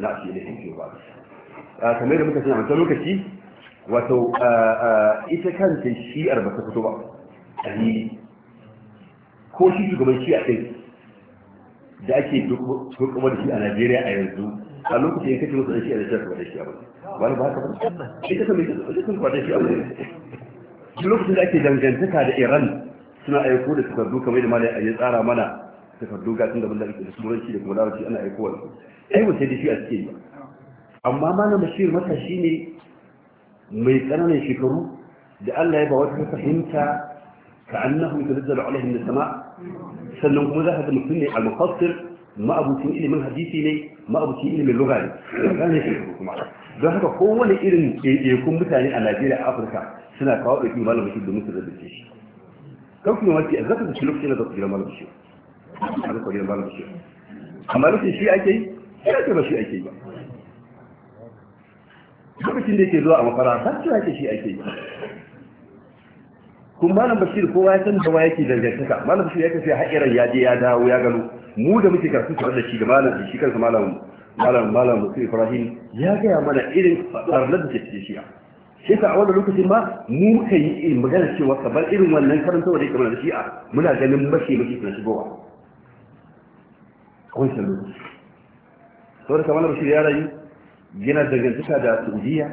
na shi ne shi ba kamar da muka sani a wancan lokaci wato ita kanta shi'ar ba ta fito ba a ko shi shugaban a ɗin da ake kuma da shi a najeriya a yanzu a lokacin ya kace wasu shi a da shi da shi a wani wani ba haka ba ita kan ita kan kwata shi a wani duk lokacin da ake dangantaka da iran suna aiko da takardu kamar da malai ya tsara mana takardu ga tun da mun da ake da suranci da kuma larabci ana aiko wa ai ba sai da shi a cikin ba amma malam bashir mata shine mai tsananin shekaru da Allah ya ba wata fahimta ka annahu yutazzalu alaihim min sama' sannan kuma za ka ga mutum ne al-mufassir ma'abucin ilimin hadisi ne ma'abucin ilimin lugha ne gane shi kuma don haka kowane irin ɗaiɗaikun mutane a Najeriya a Afirka suna kawo ɗaiɗi malamin shi domin su zazzace shi kan kuma wace za ka zaci lokacin da za ku jira malamin shi a za ku malamin shi amma rashin shi ake yi shi ake ba shi ake yi ba lokacin da yake zuwa a mafara ta ce ake shi ake yi kun malam bashir kowa ya san da wa yake dangantaka malam bashir ya tafi haƙirar ya je ya dawo ya gano mu da muke karatu tare da shi da malam shi kansa malam malam malam musu ibrahim ya gaya mana irin barnar da ke cikin shi'a shi a wannan lokacin ma mu muka yi irin magana cewa kamar irin wannan karantawa da yake kamar da shi'a muna ganin mashi mashi na shigowa Akwai wancan lokaci sau da kamar bashir ya rayu yana dangantaka da saudiya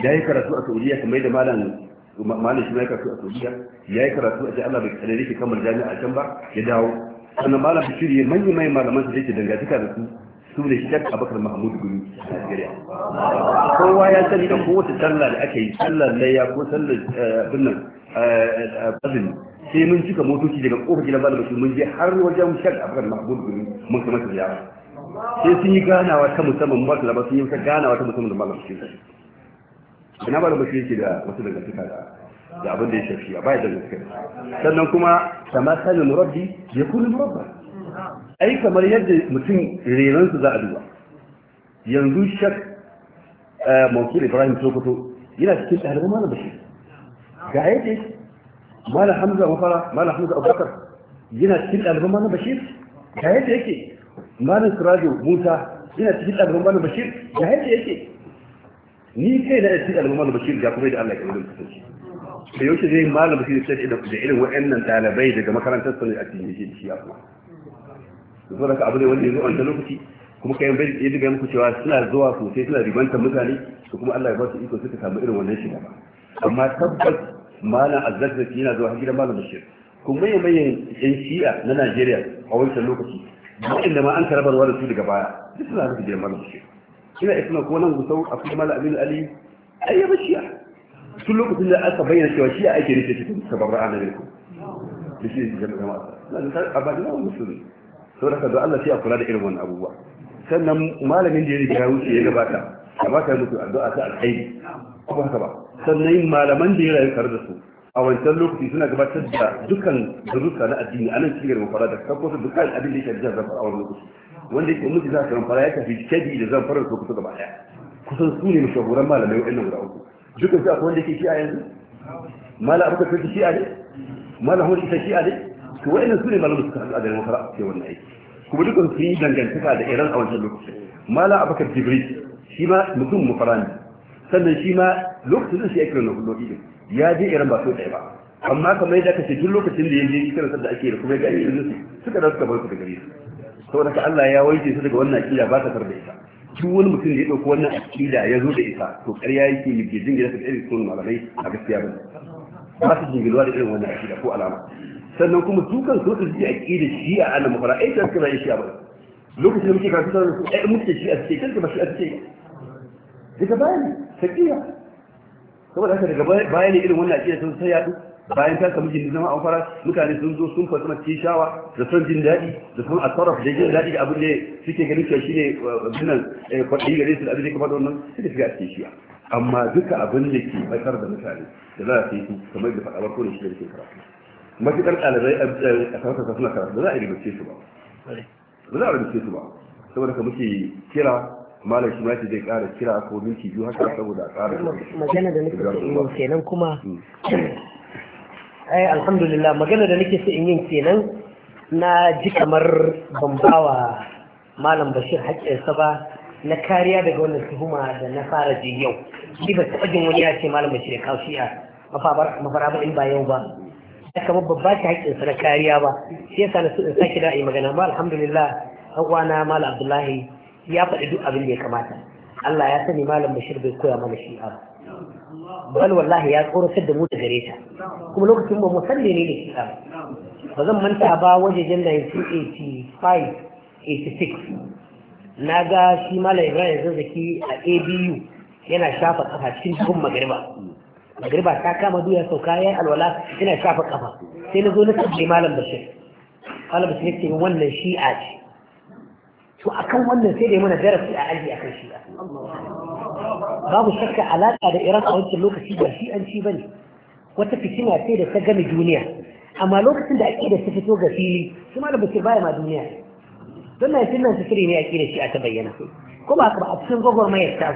ya yi karatu a saudiya kamar yadda malam malin shi ya karatu a saudiya ya yi karatu a allah bai kare ke kamar jami'a can ba ya dawo sannan malam bashir ya manyan mai malaman su da yake dangantaka da su su ne a abakar mahmud guri a nigeria kowa ya sani da kowace sallah da aka yi sallar laya ko sallar eh, birnin eh, eh, azumi sai mun cika motoci daga kofar gidan malam bashir mun je har wajen shek abakar mahmud guri mun kama ziyara sai sun yi ganawa ta musamman su labar sun yi ganawa ta musamman da malam shi. ina ba da bashi yake da wasu daga suka da abin da ya shafi a baya da gaskiya sannan kuma kama sani murabbi ya kuri murabba ai kamar yadda mutum renansu za a duba yanzu shak eh, mansur ibrahim sokoto yana cikin ɗalibin malam bashir ga yadda malam hamza mafara malam hamza abubakar yana cikin ɗalibin malam bashir ga yadda yake malam surajo musa yana cikin ɗalibin malam bashir ga yadda yake ni kai na isi alama malam bashir ga kuma da Allah ya kawo kasance da yaushe zai malam bashir sai da da irin wayannan dalibai daga makarantar sanin addini shi shi ya kuma zuwa ka abu ne wanda yanzu an ta lokaci kuma kai bai ya daga muku cewa suna zuwa sosai suna ribantar mutane su kuma Allah ya ba su iko suka samu irin wannan shiga ba amma tabbas malam azzaki yana zuwa gidan malam bashir kuma ya mayan yan shi'a na Najeriya a wancan lokaci duk inda ma an karabarwa da su daga baya duk suna rufe gidan malam bashir ina isma ko nan gusau a kuma mala abin ali ai ya bashiya tun lokacin da aka bayyana cewa shi ake rike cikin sababar annabi ko da shi jama'a na da abadina wa musulmi saboda da da Allah sai a kula da irin wannan abubuwa sannan malamin da ya riga ya wuce ya gabata a ba ta mutu addu'a ta alkhairi kuma haka ba sannan malaman da ya rayu tare da su a wancan lokaci suna gabatar da dukkan zuruka na addini a nan cikin garin fara da kakkosa dukkan abin da yake da jihar zafar a wani lokaci wanda yake mutu za zamfara ya tafi shadi da zamfara su kusa gaba daya kusan su ne mashahuran malamai wa'in guda uku dukkan su akwai wanda yake shi'a yanzu mala abu kasar ta shi'a ne mala hori ita shi'a ne to wa'annan su ne malamai suka haɗu a garin makara ke wannan aiki kuma dukkan su yi dangantaka da iran a wancan lokacin mala abu kasar jibril shi ma mutum fara ne sannan shi ma lokacin da shi ake kira na hulɗoɗi ne ya je iran ba so ɗaya ba amma kamar yadda aka ce duk lokacin da ya je kiran da ake da kuma ya ga yanzu suka da suka bar su da gari saboda ka Allah ya wanke su daga wannan akida ba ta tarbe ita duk wani mutum da ya dauko wannan akida ya zo da ita to ƙarya yake yi bai jingina ta irin sunan malamai a gaskiya ba ba su jingiluwa da irin wannan akida ko alama sannan kuma dukan su suke akida shi a annabi fara ai ta suka shi a ba lokacin da muke karatu sanar su ai muke shi a cikin kanka ba shi a cikin daga baya ne sakiya saboda haka daga baya ne irin wannan akida sun sai duk? bayan ka samu gindin zama an fara mutane sun zo sun fasa mace shawa da son jin daɗi da son a sarrafa da jin daɗi da abin da suke ganin cewa ne, eh, binan eh, kwaɗayi gare su da abin da kamar da wannan da shiga a cikin shiya amma duka abin da ke batar da mutane da za a sai su kamar da faɗa ko da shi da ke karatu matuƙar ɗalibai eh, a sarrafa suna karatu ba za a ribace su ba ba za a ribace su ba saboda ka muke kira malam shi mace zai kara kira ko minti biyu haka saboda a kara magana da nake kenan kuma mm. ai alhamdulillah magana da nake so in yin kenan na ji kamar ban bawa malam bashir haƙƙinsa ba na kariya daga wannan tuhuma da na fara ji yau shi ba ta jin wani ya ce malam bashir ya kawo shi'a mafara in ba yau ba ya kama babba shi haƙƙinsa na kariya ba shi yasa na so in sake da a yi magana ba alhamdulillah ɗan uwana malam abdullahi ya faɗi duk abin da ya kamata Allah ya sani malam bashir bai koya mana shi ba bal wallahi ya tsoratar da mu da gare ta kuma lokacin ba musalli ne ne shi ba zan manta ba wajejen 1985 86 na ga shi malam ibrahim zazzaki a abu yana shafa kafa cikin cikin magariba magariba ta kama duya sauka ya alwala yana shafa kafa sai na zo na sabbi malam bashir malam bashir ce wannan shi'a ce to akan wannan sai dai mana darasi a aji akan shi babu shakka alaƙa da iran a wancan lokaci ba shi an ci bane wata fitina ce da ta gami duniya amma lokacin da aƙida ta fito ga fili su ma da bace baya ma duniya don na yasin nan sufuri ne aƙida shi a ta bayyana ko ba ka ba a cikin gwagwarmayar ta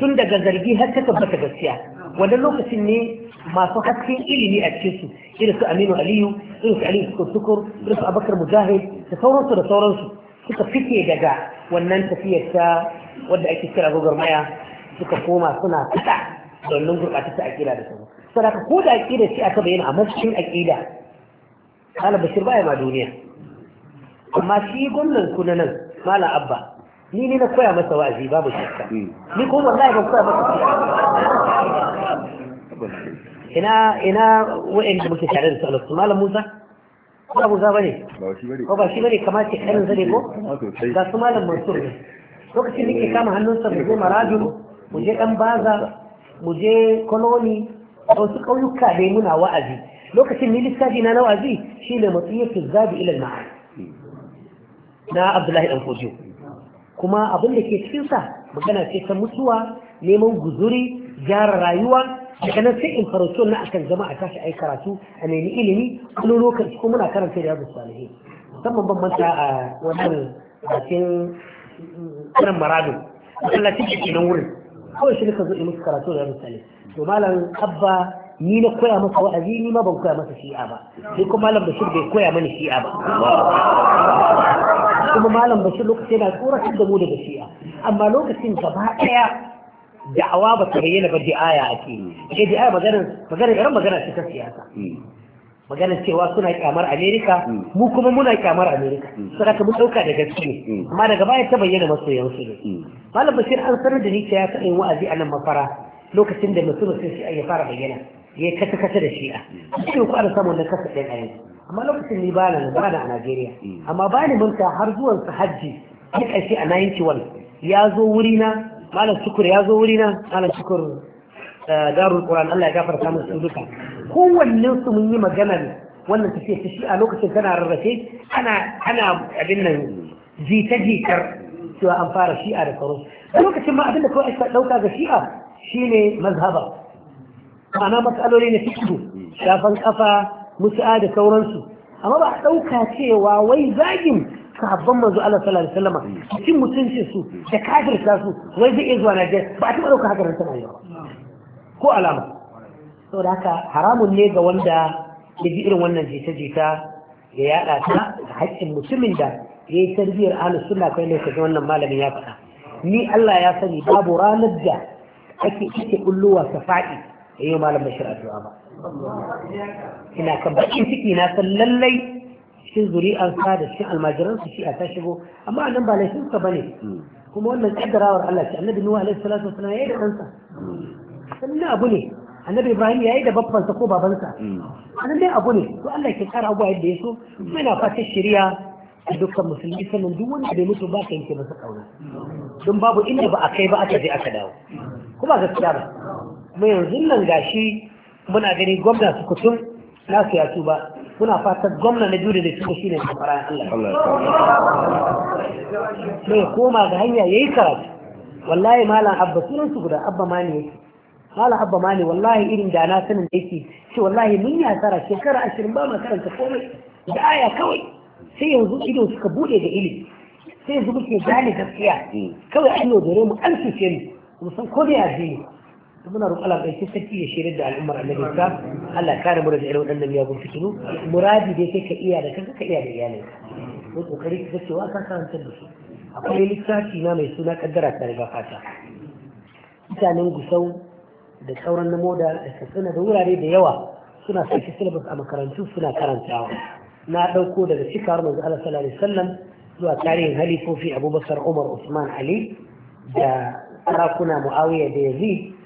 sun daga zargi har ta tabbata gaskiya wannan lokacin ne masu hasken ilimi a cikin su irin su aminu aliyu irin su aliyu sukur irin su abakar mujahid da sauransu da sauransu suka fice daga wannan tafiyar ta wadda ake kira maya, suka koma suna fita domin gurɓata ta aƙida da sauran sadaka ko da aƙida ce aka bayyana a masjidin aƙida kala bashir baya ma duniya amma shi gwamnan ku na nan malam abba ni ne na koya masa wa'azi babu shakka ni ko wallahi ban koya masa ina ina wa'anda muke tare da su malam musa ko za bane ko ba shi bane kamar ce kanin zane ko ga su malam mansur ne lokacin da ke kama hannunsa mu je maraju mu je dan baza mu je koloni a wasu ƙauyuka dai muna wa'azi lokacin ni lissafi na wa'azi shi ne matsiyatu zabi ilal ma'an na abdullahi dan kojo kuma abin da ke cikin sa magana ce ta mutuwa neman guzuri gyara rayuwa daga nan sai in karanto na akan a tashi ai karatu a nemi ilimi a lokaci ko muna karanta da salihi musamman ban manta a wannan bakin irin mm, maradu Allah take ke kenan wurin kawai shi ka zo in musu karatu da salihi to malam abba ni na koya masa wa'azi ni ma ban koya masa shi'a ba sai kuma malam bashir bai koya mani shi'a ba kuma malam bashir lokacin yana tsoratar da mu daga shi'a amma lokacin gaba ɗaya da'awa ba ta bayyana ba da'aya ake ke da'aya maganar maganar irin maganar ta siyasa hmm. maganar cewa suna kyamar Amerika hmm. mu kuma muna kyamar Amerika hmm. saboda ka mun dauka da gaske ne amma daga baya ta bayyana masoyansu ne malam bashir an sanar da ni ya kaɗai wa'azi a nan mafara lokacin da mutum sai ya fara bayyana ya kasa kasa da shi'a cikin ku ana samun na kasa ɗaya a yanzu amma lokacin ni bana na bana a Najeriya amma bani ta har zuwan sa hajji ya ƙarshe a 91 ya zo wurina malam shukur ya zo wuri na malam shukur darul quran Allah ya gafarta musu duka kowannen su mun yi magana wannan tafiya ta shi a lokacin tana rarrafe ana ana abin nan jita jitar cewa an fara shi'a da sauransu a lokacin ma abin da kawai aka dauka ga shi'a shine mazhaba ma'ana matsaloli na fikiru shafan kafa mutu'a da sauransu amma ba a dauka cewa wai zagin sahabban manzo Allah sallallahu alaihi wasallam cikin su da kafirta su wai zai iya zuwa Najeriya ba a taɓa ɗauka haka nan tana yawa ko alama saboda haka haramun ne ga wanda ya ji irin wannan jita-jita ya yaɗa ta da haƙƙin mutumin da ya yi tarbiyyar ahlus sunna kai ne kaga wannan malamin ya faɗa ni Allah ya sani babu ranar da ake ake kulluwa ta faɗi yayi malam bashir addu'a ba ina kan bakin ciki na san lallai cikin zuri'arsa da cikin almajiransu shi a ta shigo amma a nan ba laifinsa ba ne hmm. kuma wannan kaddarawar Allah ce annabi Nuhu alaihi salatu wasallam yayi da ɗansa hmm. sannan abu ne annabi Ibrahim yayi da babbansa ko babansa hmm. annan dai abu ne to Allah ke tsara abuwa yadda ya so kuma yana fatan shari'a a dukkan musulmi sannan duk wanda bai mutu ba ka yanke masa kauna don babu inda ba a kai ba aka je aka dawo kuma gaskiya ba kuma yanzu nan gashi muna gani gwamna su kutum nasu ya tuba Kuna fatan gwamna na jure da cikin shine da farayan Allah mai koma ga hanya yayi karatu wallahi malam abba sunan su guda abba mani yake malam abba mani wallahi irin da na sanin da yake ce wallahi mun ya tsara shekara ashirin ba mu karanta komai da aya kawai sai yanzu ido suka bude da ilimi sai yanzu muke gane gaskiya hmm. kawai an yaudare mu an cuce mu musan ko da ya ne muna roƙon Allah ɗauki sarki ya shirin da al'ummar annabin ka Allah kare mu da irin waɗannan miyagun fitinu muradi dai kai ka iya da kanka ka iya da iyalin ko kokari ka cewa ka karantar da su akwai littafi na mai suna kaddara ta riga fata mutanen gusau da sauran namo da katsina da wurare da yawa suna saki syllabus a makarantu suna karantawa na ɗauko daga cikawar manzo Allah sallallahu alaihi wasallam zuwa tarihin halifofi Abubakar Umar Usman Ali da sarakuna Muawiya da Yazid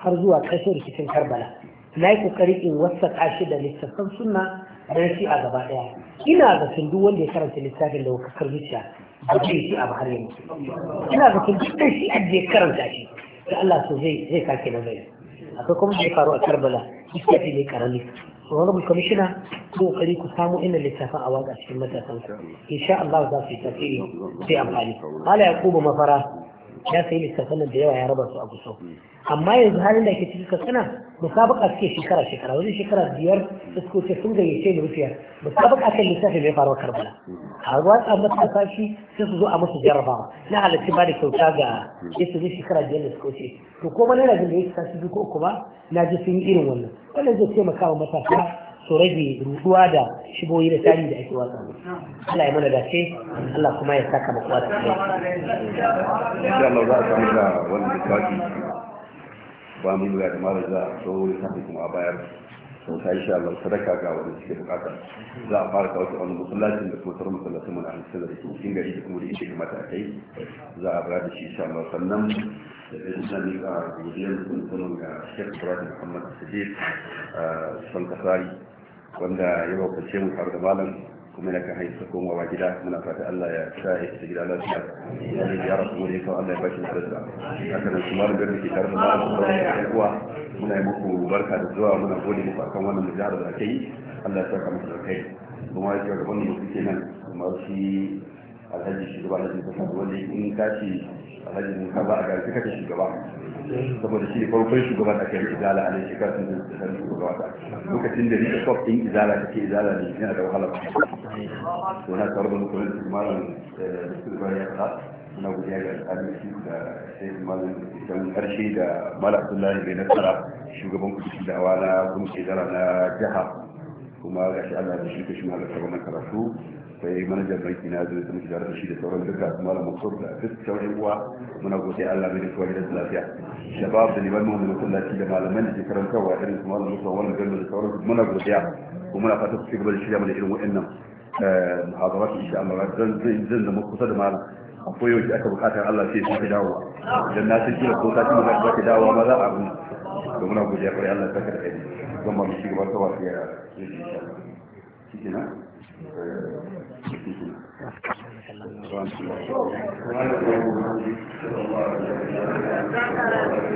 har zuwa ƙarshen rikicin karbala na yi ƙoƙari in wasa shi da littattafan sunna da shi a gaba ɗaya ina ga duk wanda ya karanta littafin da wakakar zuciya ba shi a bahar yanzu ina ga duk shi a karanta shi da Allah so zai zai kake na zai akwai kuma da faru a karbala littafi ne karami honorable commissioner ko kokari ku samu inda littafin a waka cikin matasan insha Allah za su yi tafsiri sai amfani mala yakubu mafara ya sayi littafin da yawa ya raba su a gusau amma yanzu halin da ke ciki katsina musabaka suke shekara shekara wajen shekara biyar da wuce sun gayyace ni rufiyar musabaka kan lissafi mai faruwa karbala a ruwa a matasa shi sai su zo a musu jarrabawa na halittu ba da kyauta ga yesu zai shekara biyar da suka wuce to ko mana rajin da ya kasa biyu ko uku ba na ji sun yi irin wannan wannan zai taimaka wa matasa su rage ruduwa da shigoyi da tari da ake watsa Allah ya mana dace Allah kuma ya saka makuwa da kai. Insha Allah za a samu da wani lissafi ba mu yi da mara za a so ya sami kuma a bayar sauta insha Allah sadaka ga wani suke bukata za a fara kawo wani musallacin da ko sauran musallacin mu na hamsin da cikin gari da kuma da ishe kamata a kai za a bada shi insha Allah sannan da ɗin sani a godiyar kunkunan ga shek Ibrahim Muhammad Sadiq Sankasari wanda ya baukace mu har da malam kuma da ka haifi komawa gida muna fata Allah ya sa ya isa gida lafiya ya zai gyara kuma da ya Allah ya bashi nasarsa haka nan kuma da ke tare da ma'a da ya kuwa muna yi muku barka da zuwa muna gode muku akan wannan mujahara da ake yi Allah ya saka muku da kai kuma ya kyau da wannan mutum ke nan kuma shi alhaji shugaba alhaji ta wani in ka alhaji mun ka ba a gari ka ce shugaba saboda shi farkon shugaban da kai izala a laifin kafin da su san shugaba ta lokacin da rika kwaf ɗin izala ta ke izala ne yana da wahala ba su na tare da mutumin da malam da su ba ya ta na godiya ga alƙalin da sai malam don ƙarshe da malam abdullahi bai nasara shugaban kudu da awa na gumshe zara na jiha kuma ga shi allah da shi ka shi malam karatu sai manajan banki na zai zama shigar da shi da sauran duka su malam mansur da duk sauran uwa muna godiya Allah mai da kowa gidan lafiya shabab da liman mu masallaci da malaman da ke karantarwa irin su malam musa wannan gallo da sauran su muna godiya kuma muna fata su cigaba da shirya mana irin wa'annan muhazarat insha Allah zan zan zama kusa da malam a koyaushe aka bukatar Allah sai su fi dawowa idan na san kila ko ta ci magana ba ta dawowa ba za a abu da muna godiya kwarai Allah ta kada kai zan ma mu shi gaba ta wasu yara shi kenan ورحمة الله